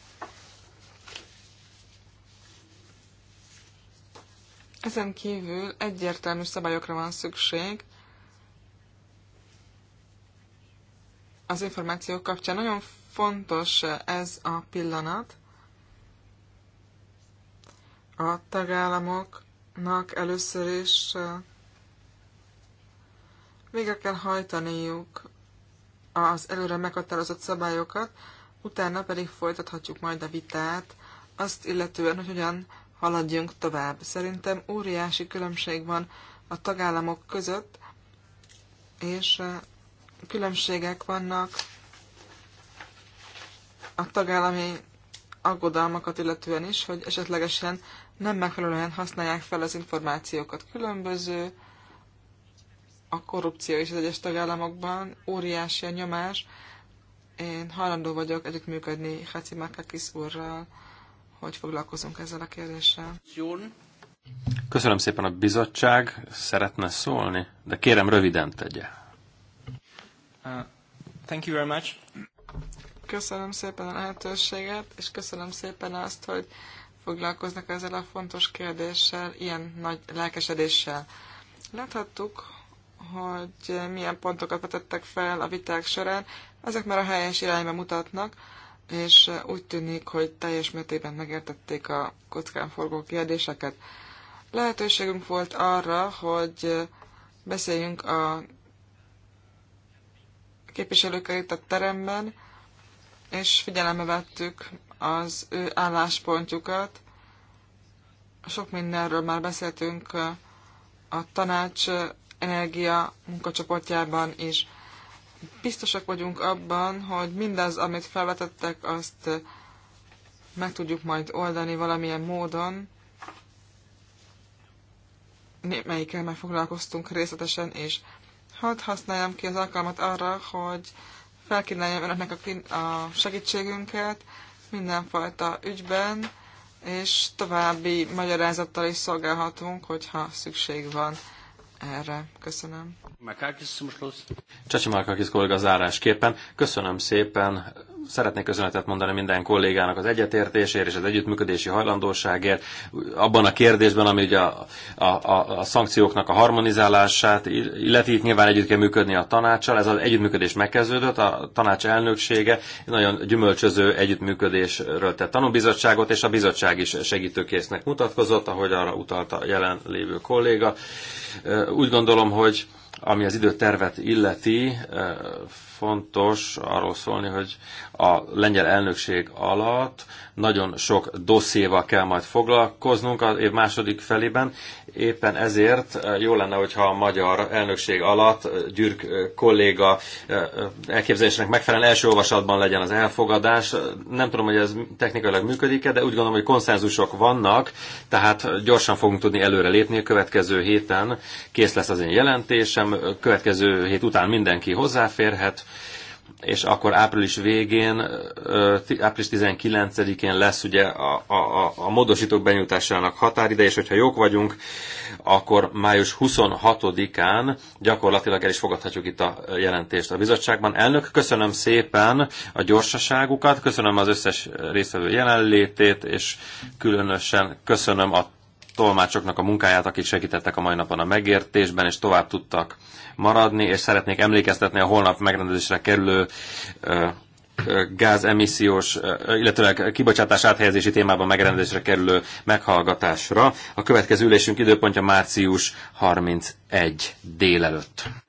Ezen kívül egyértelmű szabályokra van szükség az információk kapcsán. Nagyon fontos ez a pillanat. A tagállamoknak először is végre kell hajtaniuk az előre meghatározott szabályokat, utána pedig folytathatjuk majd a vitát, azt illetően, hogy hogyan haladjunk tovább. Szerintem óriási különbség van a tagállamok között, és különbségek vannak a tagállami aggodalmakat illetően is, hogy esetlegesen nem megfelelően használják fel az információkat. Különböző a korrupció is az egyes tagállamokban, óriási a nyomás. Én hajlandó vagyok együttműködni Hacimakakis úrral hogy foglalkozunk ezzel a kérdéssel. Köszönöm szépen a bizottság, szeretne szólni, de kérem röviden tegye. Uh, thank you very much. Köszönöm szépen a lehetőséget, és köszönöm szépen azt, hogy foglalkoznak ezzel a fontos kérdéssel, ilyen nagy lelkesedéssel. Láthattuk, hogy milyen pontokat vetettek fel a viták során, ezek már a helyes irányba mutatnak, és eh, úgy tűnik, hogy teljes mértékben megértették a kockán forgó kérdéseket. Lehetőségünk volt arra, hogy eh, beszéljünk a képviselőkkel itt a teremben, és figyelembe vettük az ő álláspontjukat. Sok mindenről már beszéltünk eh, a tanács energia munkacsoportjában is biztosak vagyunk abban, hogy mindaz, amit felvetettek, azt meg tudjuk majd oldani valamilyen módon. Melyikkel már foglalkoztunk részletesen, és hadd használjam ki az alkalmat arra, hogy felkínáljam önöknek a, a segítségünket mindenfajta ügyben, és további magyarázattal is szolgálhatunk, hogyha szükség van erre. Köszönöm. Csacsi Márkakis kollega zárásképpen. Köszönöm szépen szeretnék köszönetet mondani minden kollégának az egyetértésért és az együttműködési hajlandóságért, abban a kérdésben, ami ugye a, a, a, a szankcióknak a harmonizálását, illeti itt nyilván együtt kell működni a tanácssal, ez az együttműködés megkezdődött, a tanács elnöksége nagyon gyümölcsöző együttműködésről tett tanúbizottságot, és a bizottság is segítőkésznek mutatkozott, ahogy arra utalta jelenlévő kolléga. Úgy gondolom, hogy ami az időtervet illeti, fontos arról szólni, hogy a lengyel elnökség alatt nagyon sok dosszéval kell majd foglalkoznunk az év második felében, Éppen ezért eh, jó lenne, hogyha a magyar elnökség alatt eh, Gyürk eh, kolléga elképzelésének megfelelően első olvasatban legyen az elfogadás. Nem tudom, hogy ez technikailag működik-e, de úgy gondolom, hogy konszenzusok vannak, tehát gyorsan fogunk tudni előre lépni. A következő héten kész lesz az én jelentésem, következő hét után mindenki hozzáférhet és akkor április végén, április 19-én lesz ugye a, a, a módosítók benyújtásának határide, és hogyha jók vagyunk, akkor május 26-án gyakorlatilag el is fogadhatjuk itt a jelentést a bizottságban. Elnök, köszönöm szépen a gyorsaságukat, köszönöm az összes résztvevő jelenlétét, és különösen köszönöm a tolmácsoknak a munkáját, akik segítettek a mai napon a megértésben, és tovább tudtak maradni, és szeretnék emlékeztetni a holnap megrendezésre kerülő gázemissziós, illetőleg kibocsátás áthelyezési témában megrendezésre kerülő meghallgatásra. A következő ülésünk időpontja március 31 délelőtt.